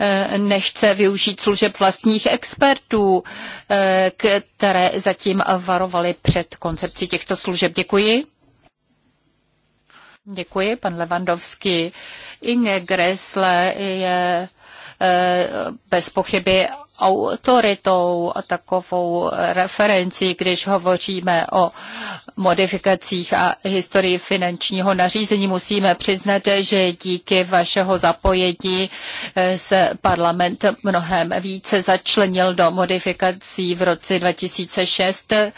Eh, nechce využít služeb vlastních expertů, eh, které zatím varovali před koncepcí těchto služeb. Děkuji. Děkuji, pan Levandovský. Inge Gressle je eh, bez pochyby autoritou a takovou referenci, když hovoříme o modifikacích a historii finančního nařízení. Musíme přiznat, že díky vašeho zapojení se parlament mnohem více začlenil do modifikací v roce 2006 eh,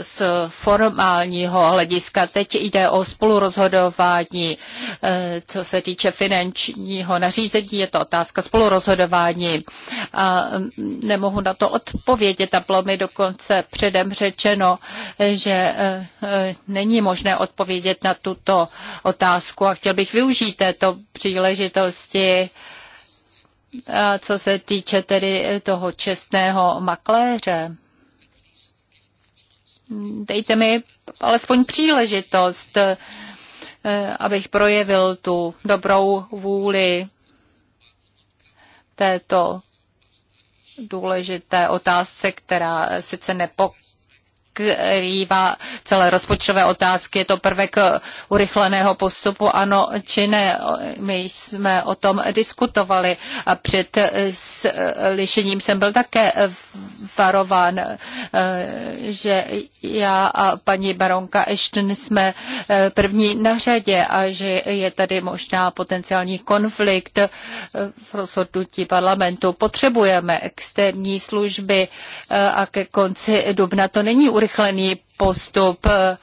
z formálního hlediska. Teď jde o spolurozhodování, eh, co se týče finančního nařízení, je to otázka spolurozhodování a nemohu na to odpovědět. A bylo mi dokonce předem řečeno, že e, e, není možné odpovědět na tuto otázku a chtěl bych využít této příležitosti. A e, co se týče tedy toho čestného makléře, dejte mi alespoň příležitost, abych projevil tu dobrou vůli této důležité otázce, která sice nepok pokrývá celé rozpočtové otázky. Je to prvek urychleného postupu, ano či ne. My jsme o tom diskutovali a před slyšením jsem byl také varován, eh, že já a paní baronka Ashton jsme eh, první na řadě a že je tady možná potenciální konflikt eh, v rozhodnutí parlamentu. Potřebujeme externí služby a ke konci dubna to není urychlené urychlený postup. Eh,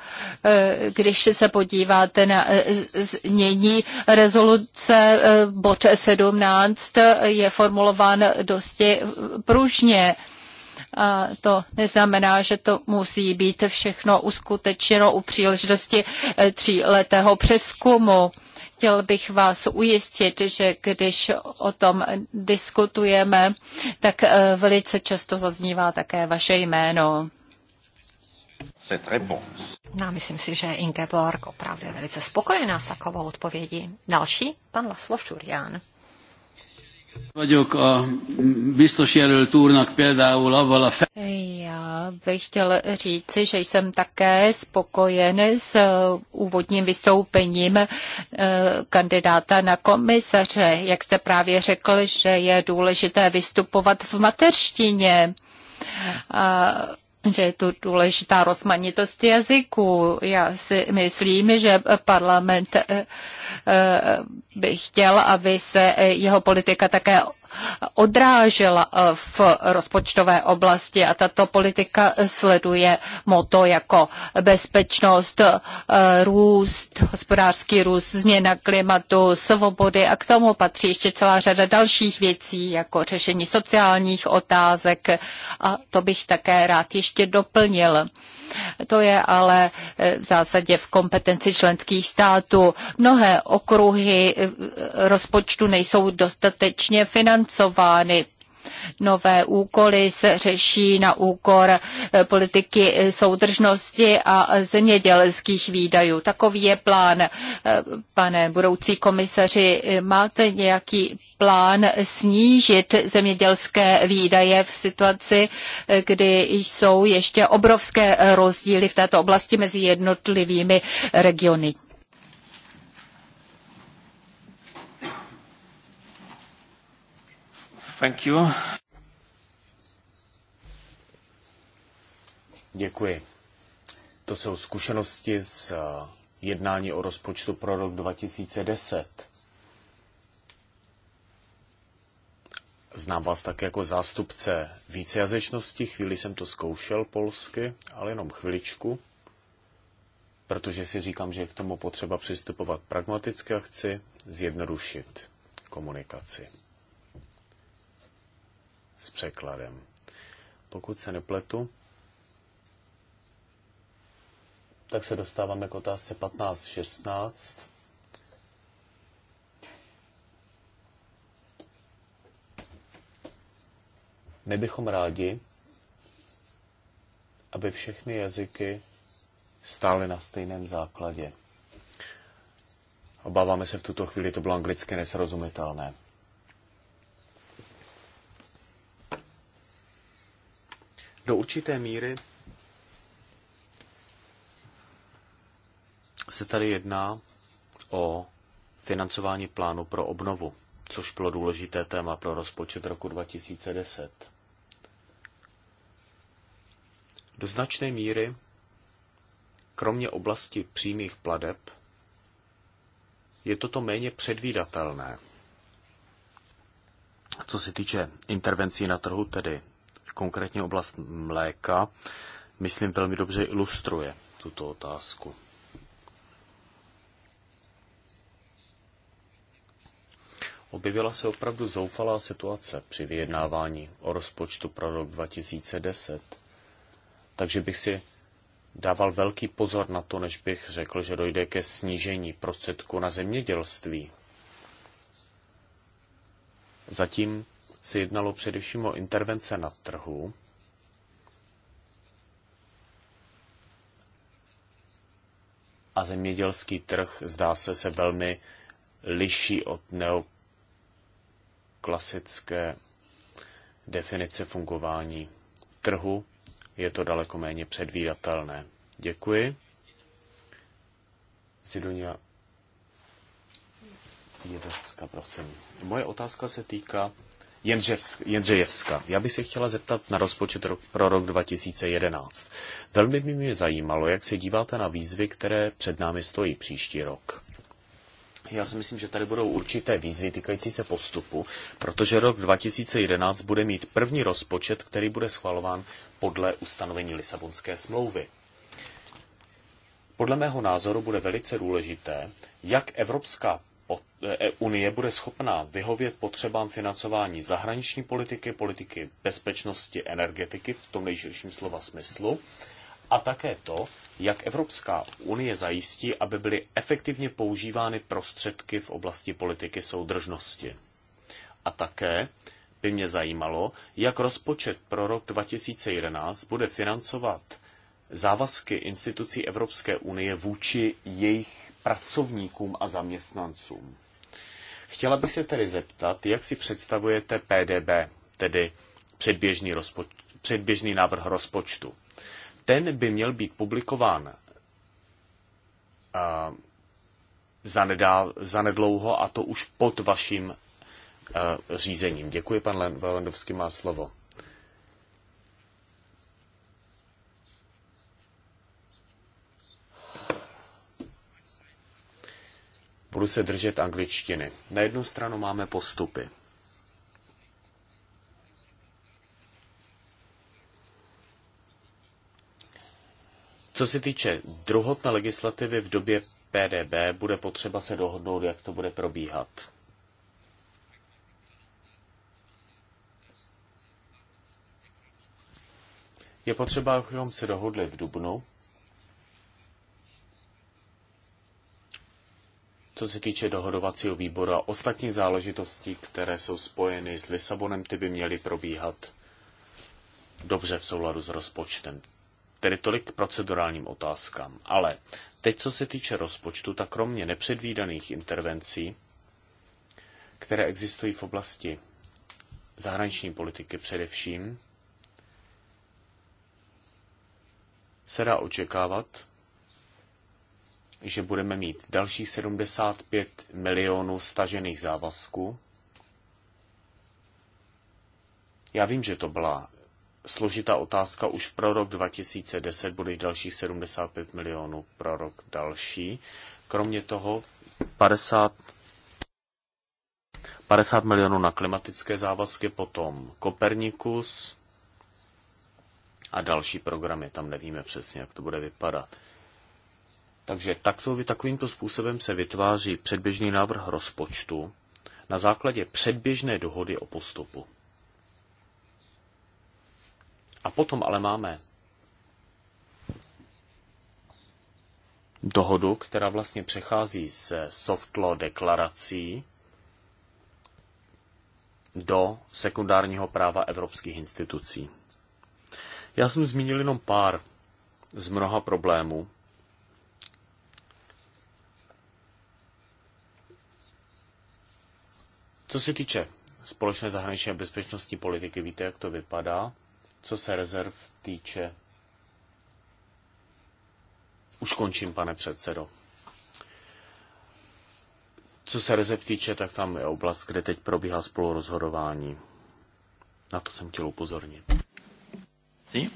když se podíváte na eh, změní rezoluce eh, bod 17, je formulován dosti pružně. A to neznamená, že to musí být všechno uskutečněno u příležitosti tříletého přeskumu. Chtěl bych vás ujistit, že když o tom diskutujeme, tak velice často zaznívá také vaše jméno cette réponse. No, myslím si, že Ingeborg opravdu je velice spokojená s takovou odpovědí. Další, pan Laszlo Surján. Vagyok a biztos jelölt úrnak például avval a fe- Já bych chtěl říci, že jsem také spokojen s úvodním vystoupením eh, kandidáta na komisaře. Jak jste právě řekl, že je důležité vystupovat v mateřštině. A že je tu důležitá rozmanitost jazyků. Já si myslím, že parlament eh, eh, by chtěl, aby se jeho politika také odrážela eh, v rozpočtové oblasti a tato politika sleduje moto jako bezpečnost, eh, růst, hospodářský růst, změna klimatu, svobody a k tomu patří ještě celá řada dalších věcí, jako řešení sociálních otázek a to bych také rád ještě doplnil. To je ale eh, v zásadě v kompetenci členských států. Mnohé okruhy eh, rozpočtu nejsou dostatečně financovány. Nové úkoly se řeší na úkor eh, politiky soudržnosti a zemědělských výdajů. Takový je plán. Pane budoucí komisaři, máte nějaký plán snížit zemědělské výdaje v situaci, kdy jsou ještě obrovské rozdíly v této oblasti mezi jednotlivými regiony. Thank you. Děkuji. To jsou zkušenosti z eh, jednání o rozpočtu pro rok 2010. Znám vás také jako zástupce vícejazyčnosti, chvíli jsem to zkoušel polsky, ale jenom chviličku, protože si říkám, že je k tomu potřeba přistupovat pragmaticky a chci zjednodušit komunikaci s překladem. Pokud se nepletu, tak se dostáváme k otázce 15-16. My bychom rádi, aby všechny jazyky stály na stejném základě. Obáváme se v tuto chvíli, to bylo anglicky nesrozumitelné. Do určité míry se tady jedná o financování plánu pro obnovu, což bylo důležité téma pro rozpočet roku 2010. Do značné míry, kromě oblasti přímých pladeb, je toto méně předvídatelné. Co se týče intervencí na trhu, tedy konkrétně oblast mléka, myslím, velmi dobře ilustruje tuto otázku. Objevila se opravdu zoufalá situace při vyjednávání o rozpočtu pro rok 2010 takže bych si dával velký pozor na to, než bych řekl, že dojde ke snížení prostředků na zemědělství. Zatím se jednalo především o intervence na trhu, a zemědělský trh zdá se se velmi liší od neoklasické definice fungování trhu je to daleko méně předvídatelné. Děkuji. Sidonia Jedevska, prosím. Moje otázka se týká Jendřejevska. Já bych se chtěla zeptat na rozpočet pro rok 2011. Velmi by mě zajímalo, jak se díváte na výzvy, které před námi stojí příští rok. Já si myslím, že tady budou určité výzvy týkající se postupu, protože rok 2011 bude mít první rozpočet, který bude schvalován podle ustanovení Lisabonské smlouvy. Podle mého názoru bude velice důležité, jak Evropská eh, unie bude schopná vyhovět potřebám financování zahraniční politiky, politiky bezpečnosti, energetiky v tom nejširším slova smyslu, a také to, jak Evropská unie zajistí, aby byly efektivně používány prostředky v oblasti politiky soudržnosti. A také by mě zajímalo, jak rozpočet pro rok 2011 bude financovat závazky institucí Evropské unie vůči jejich pracovníkům a zaměstnancům. Chtěla bych se tedy zeptat, jak si představujete PDB, tedy předběžný, rozpoč- předběžný návrh rozpočtu ten by měl být publikován eh, zanedá, zanedlouho a to už pod vaším eh, řízením. Děkuji, pan Valendovský má slovo. Budu se držet angličtiny. Na jednu stranu máme postupy. Co se týče druhotné legislativy v době PDB, bude potřeba se dohodnout, jak to bude probíhat. Je potřeba, abychom se dohodli v Dubnu. Co se týče dohodovacího výboru a ostatní záležitosti, které jsou spojeny s Lisabonem, ty by měly probíhat dobře v souladu s rozpočtem. Tedy tolik k procedurálním otázkám. Ale teď, co se týče rozpočtu, tak kromě nepředvídaných intervencí, které existují v oblasti zahraniční politiky především, se dá očekávat, že budeme mít další 75 milionů stažených závazků. Já vím, že to byla složitá otázka už pro rok 2010 bude jich dalších 75 milionů pro rok další. Kromě toho 50 50 milionů na klimatické závazky, potom Kopernikus a další programy. Tam nevíme přesně, jak to bude vypadat. Takže takto, takovýmto způsobem se vytváří předběžný návrh rozpočtu na základě předběžné dohody o postupu. A potom ale máme dohodu, která vlastně přechází z soft law deklarací do sekundárního práva evropských institucí. Já jsem zmínil jenom pár z mnoha problémů, Co se týče společné zahraniční a bezpečnostní politiky, víte, jak to vypadá co se rezerv týče. Už končím, pane předsedo. Co se rezerv týče, tak tam je oblast, kde teď probíhá spolurozhodování. Na to jsem chtěl upozornit. Si?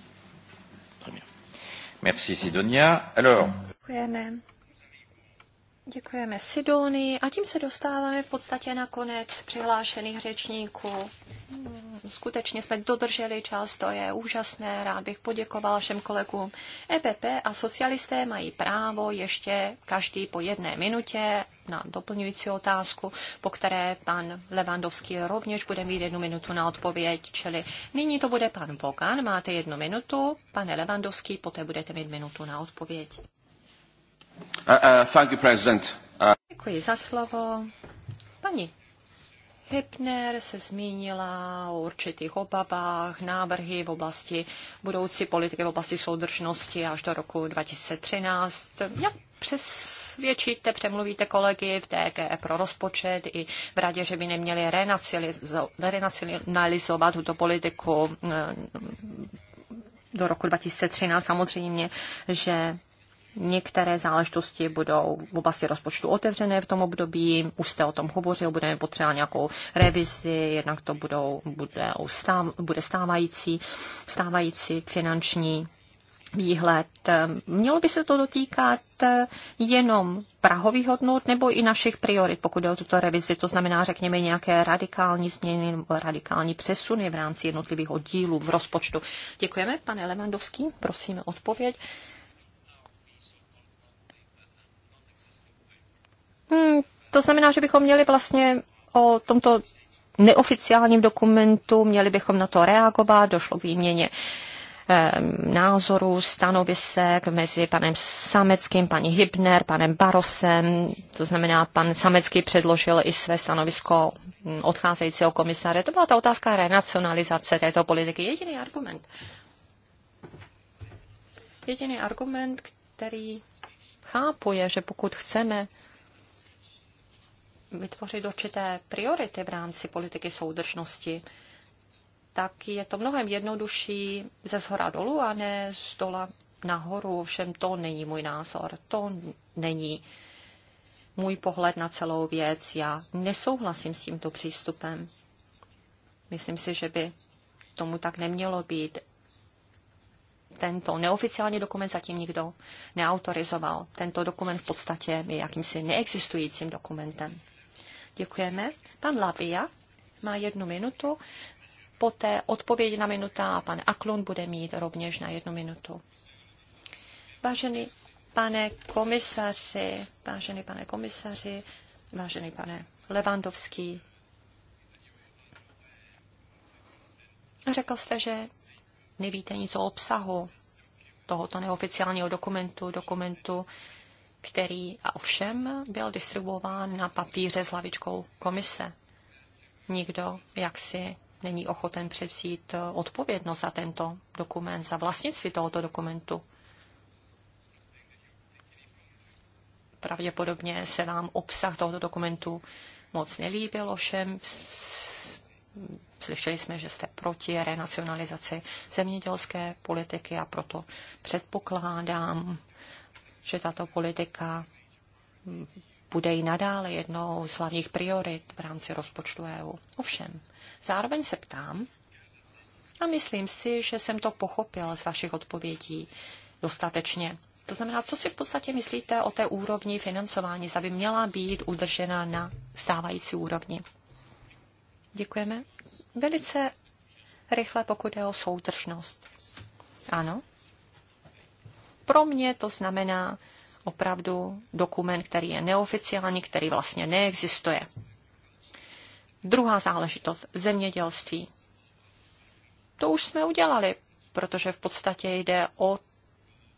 Merci Sidonia. Alors... Děkujeme. Děkujeme Sidonii a tím se dostáváme v podstatě na konec přihlášených řečníků skutečně jsme dodrželi čas, to je úžasné, rád bych poděkoval všem kolegům. EPP a socialisté mají právo ještě každý po jedné minutě na doplňující otázku, po které pan Levandovský rovněž bude mít jednu minutu na odpověď, čili nyní to bude pan Vogan, máte jednu minutu, pane Levandovský, poté budete mít minutu na odpověď. Uh, uh, thank you, President. Uh... Děkuji za slovo. Paní hypner se zmínila o určitých obavách, návrhy v oblasti budoucí politiky, v oblasti soudržnosti až do roku 2013. Jak přesvědčíte, přemluvíte kolegy v TGE pro rozpočet i v radě, že by neměli renacionalizovat tuto politiku eh, do roku 2013. Samozřejmě, že Některé záležitosti budou v oblasti rozpočtu otevřené v tom období, už jste o tom hovořil, budeme potřebovat nějakou revizi, jednak to budou, bude, stáv, bude stávající, stávající finanční výhled. Mělo by se to dotýkat jenom prahových hodnot nebo i našich priorit, pokud jde o tuto revizi, to znamená, řekněme, nějaké radikální změny nebo radikální přesuny v rámci jednotlivých oddílů v rozpočtu. Děkujeme, pane Levandovský, prosíme odpověď. Hmm, to znamená, že bychom měli vlastně o tomto neoficiálním dokumentu, měli bychom na to reagovat, došlo k výměně názorů, stanovisek mezi panem Sameckým, paní Hybner, panem Barosem, to znamená, pan Samecký předložil i své stanovisko odcházejícího komisáře. To byla ta otázka renacionalizace této politiky. Jediný argument. Jediný argument, který chápu, je, že pokud chceme vytvořit určité priority v rámci politiky soudržnosti, tak je to mnohem jednodušší ze zhora dolů a ne z dola nahoru. Ovšem to není můj názor, to není můj pohled na celou věc. Já nesouhlasím s tímto přístupem. Myslím si, že by tomu tak nemělo být. Tento neoficiální dokument zatím nikdo neautorizoval. Tento dokument v podstatě je jakýmsi neexistujícím dokumentem. Děkujeme. Pan Labia má jednu minutu, poté odpověď na minuta a pan Aklun bude mít rovněž na jednu minutu. Vážený pane komisaři, vážený pane komisaři, vážený pane Levandovský, řekl jste, že nevíte nic o obsahu tohoto neoficiálního dokumentu, dokumentu, který a ovšem byl distribuován na papíře s lavičkou komise. Nikdo jaksi není ochoten převzít eh, odpovědnost za tento dokument, za vlastnictví tohoto dokumentu. Pravděpodobně se vám obsah tohoto dokumentu moc nelíbil, ovšem slyšeli jsme, že jste proti renacionalizaci zemědělské politiky a proto předpokládám, že tato politika bude i nadále jednou z hlavních priorit v rámci rozpočtu EU. Ovšem, zároveň se ptám, a myslím si, že jsem to pochopil z vašich odpovědí dostatečně. To znamená, co si v podstatě myslíte o té úrovni financování, zda by měla být udržena na stávající úrovni? Děkujeme. Velice rychle, pokud je o soudržnost. Ano, pro mě to znamená opravdu dokument, který je neoficiální, který vlastně neexistuje. Druhá záležitost, zemědělství. To už jsme udělali, protože v podstatě jde o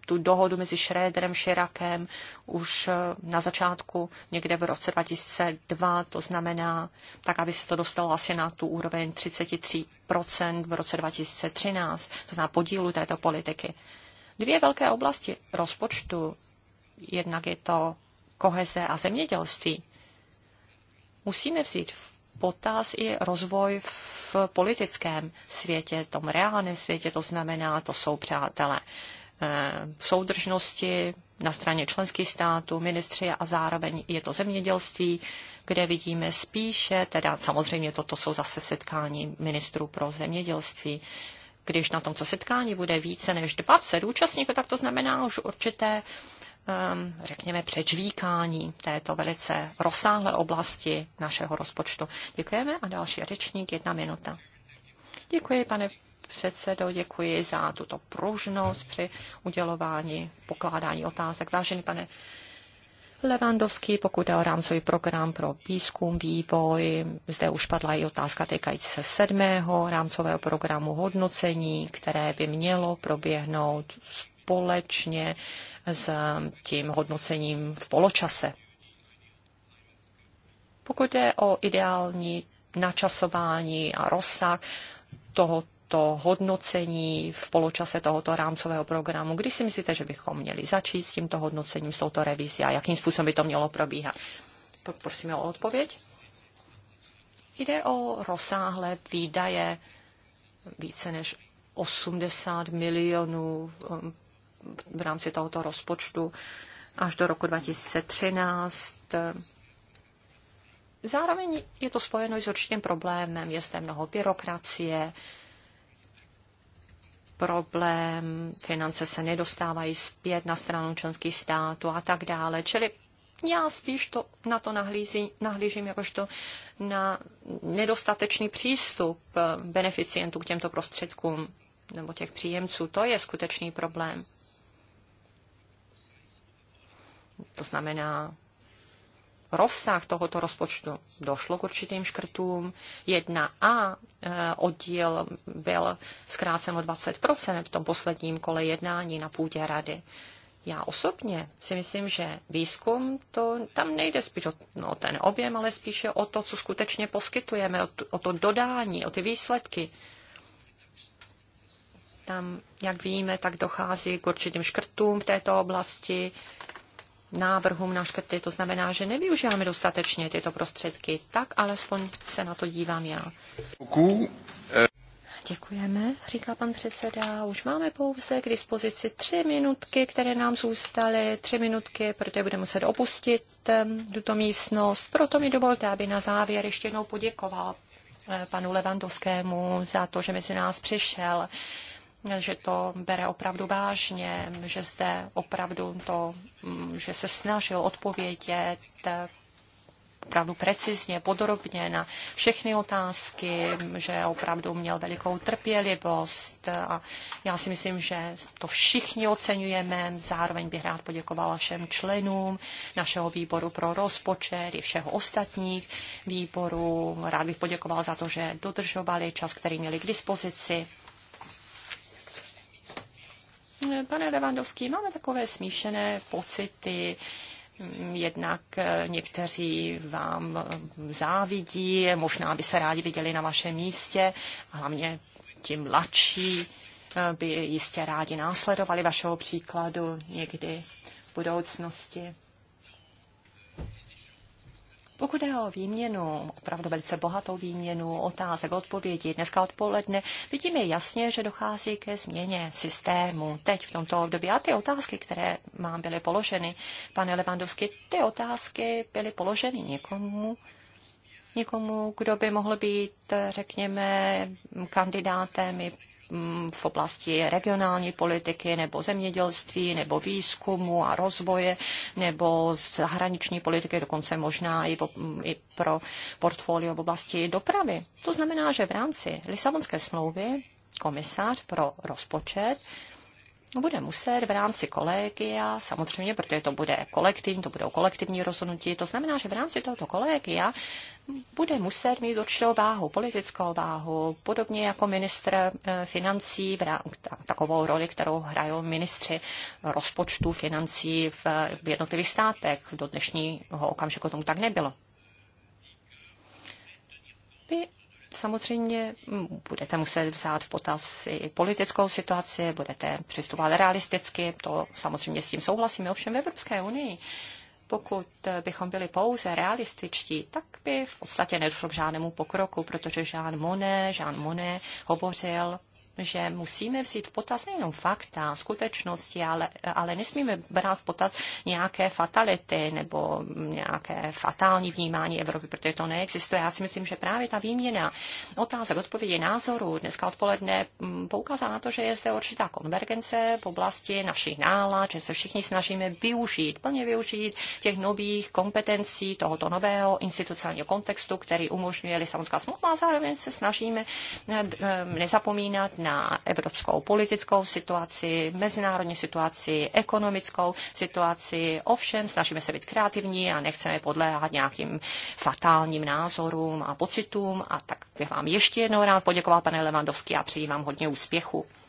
tu dohodu mezi Schröderem, Širakem už eh, na začátku někde v roce 2002, to znamená, tak aby se to dostalo asi na tu úroveň 33% v roce 2013, to znamená podílu této politiky dvě velké oblasti rozpočtu. Jednak je to koheze a zemědělství. Musíme vzít v potaz i rozvoj v politickém světě, tom reálném světě, to znamená, to jsou přátelé eh, soudržnosti na straně členských států, ministři a zároveň je to zemědělství, kde vidíme spíše, teda samozřejmě toto jsou zase setkání ministrů pro zemědělství, když na tomto setkání bude více než 20 účastníků, tak to znamená už určité, um, řekněme, předžvíkání této velice rozsáhlé oblasti našeho rozpočtu. Děkujeme a další řečník, jedna minuta. Děkuji, pane předsedo, děkuji za tuto pružnost při udělování, pokládání otázek. Vážený pane Levandovský, pokud je o rámcový program pro výzkum, vývoj, zde už padla i otázka týkající se sedmého rámcového programu hodnocení, které by mělo proběhnout společně s tím hodnocením v poločase. Pokud je o ideální načasování a rozsah toho to hodnocení v poločase tohoto rámcového programu? Kdy si myslíte, že bychom měli začít s tímto hodnocením, s touto revizí a jakým způsobem by to mělo probíhat? prosím o odpověď. Jde o rozsáhlé výdaje více než 80 milionů um, v rámci tohoto rozpočtu až do roku 2013. Zároveň je to spojeno i s určitým problémem, je zde mnoho byrokracie, problém, finance se nedostávají zpět na stranu členských států a tak dále. Čili já spíš to, na to nahlíží, nahlížím jakožto na nedostatečný přístup eh, beneficientů k těmto prostředkům nebo těch příjemců. To je skutečný problém. To znamená rozsah tohoto rozpočtu. Došlo k určitým škrtům. 1A eh, oddíl byl zkrácen o 20% v tom posledním kole jednání na půdě rady. Já osobně si myslím, že výzkum, to tam nejde spíš o no, ten objem, ale spíše o to, co skutečně poskytujeme, o to, o to dodání, o ty výsledky. Tam, jak víme, tak dochází k určitým škrtům v této oblasti návrhům na škrty. To znamená, že nevyužíváme dostatečně tyto prostředky. Tak alespoň se na to dívám já. Děkujeme, říká pan předseda. Už máme pouze k dispozici tři minutky, které nám zůstaly. Tři minutky, protože budeme muset opustit tuto místnost. Proto mi dovolte, aby na závěr ještě jednou poděkoval eh, panu Levandovskému za to, že mezi nás přišel že to bere opravdu vážně, že zde opravdu to, mm, že se snažil odpovědět opravdu precizně, podrobně na všechny otázky, že opravdu měl velikou trpělivost a já si myslím, že to všichni oceňujeme. Zároveň bych rád poděkovala všem členům našeho výboru pro rozpočet i všech ostatních výborů. Rád bych poděkoval za to, že dodržovali čas, který měli k dispozici. Pane Levandovský, máme takové smíšené pocity, mm, jednak eh, někteří vám eh, závidí, možná by se rádi viděli na vašem místě, hlavně ti mladší eh, by jistě rádi následovali vašeho příkladu někdy v budoucnosti. Pokud je o výměnu, opravdu velice bohatou výměnu otázek, odpovědí dneska odpoledne, vidíme jasně, že dochází ke změně systému teď v tomto období. A ty otázky, které mám, byly položeny, pane Levandovský, ty otázky byly položeny někomu, někomu, kdo by mohl být, řekněme, kandidátem i Mm, v oblasti regionální politiky nebo zemědělství nebo výzkumu a rozvoje nebo zahraniční politiky, dokonce možná i, po, mm, i pro portfolio v oblasti dopravy. To znamená, že v rámci Lisabonské smlouvy komisař pro rozpočet bude muset v rámci kolegia, samozřejmě, protože to bude kolektivní, to budou kolektivní rozhodnutí, to znamená, že v rámci tohoto kolegia bude muset mít určitou váhu, politickou váhu, podobně jako ministr eh, financí, takovou roli, kterou hrají ministři rozpočtu financí v jednotlivých státech. Do dnešního okamžiku tomu tak nebylo. Vy samozřejmě budete muset vzát v potaz i politickou situaci, budete přistupovat realisticky, to samozřejmě s tím souhlasíme, ovšem v Evropské unii pokud bychom byli pouze realističtí, tak by v podstatě nedošlo k žádnému pokroku, protože Jean Monnet, Jean Monnet hovořil že musíme vzít v potaz nejenom fakta, skutečnosti, ale, ale nesmíme brát v potaz nějaké fatality nebo nějaké fatální vnímání Evropy, protože to neexistuje. Já si myslím, že právě ta výměna otázek, odpovědi názorů dneska odpoledne mm, poukázala na to, že je zde určitá konvergence v oblasti našich nálad, že se všichni snažíme využít, plně využít těch nových kompetencí tohoto nového institucionálního kontextu, který umožňuje Lisabonská smlouva a zároveň se snažíme eh, eh, nezapomínat na evropskou politickou situaci, mezinárodní situaci, ekonomickou situaci. Ovšem, snažíme se být kreativní a nechceme podléhat nějakým fatálním názorům a pocitům. A tak bych vám ještě jednou rád poděkoval, pane Levandovský, a přeji vám hodně úspěchu.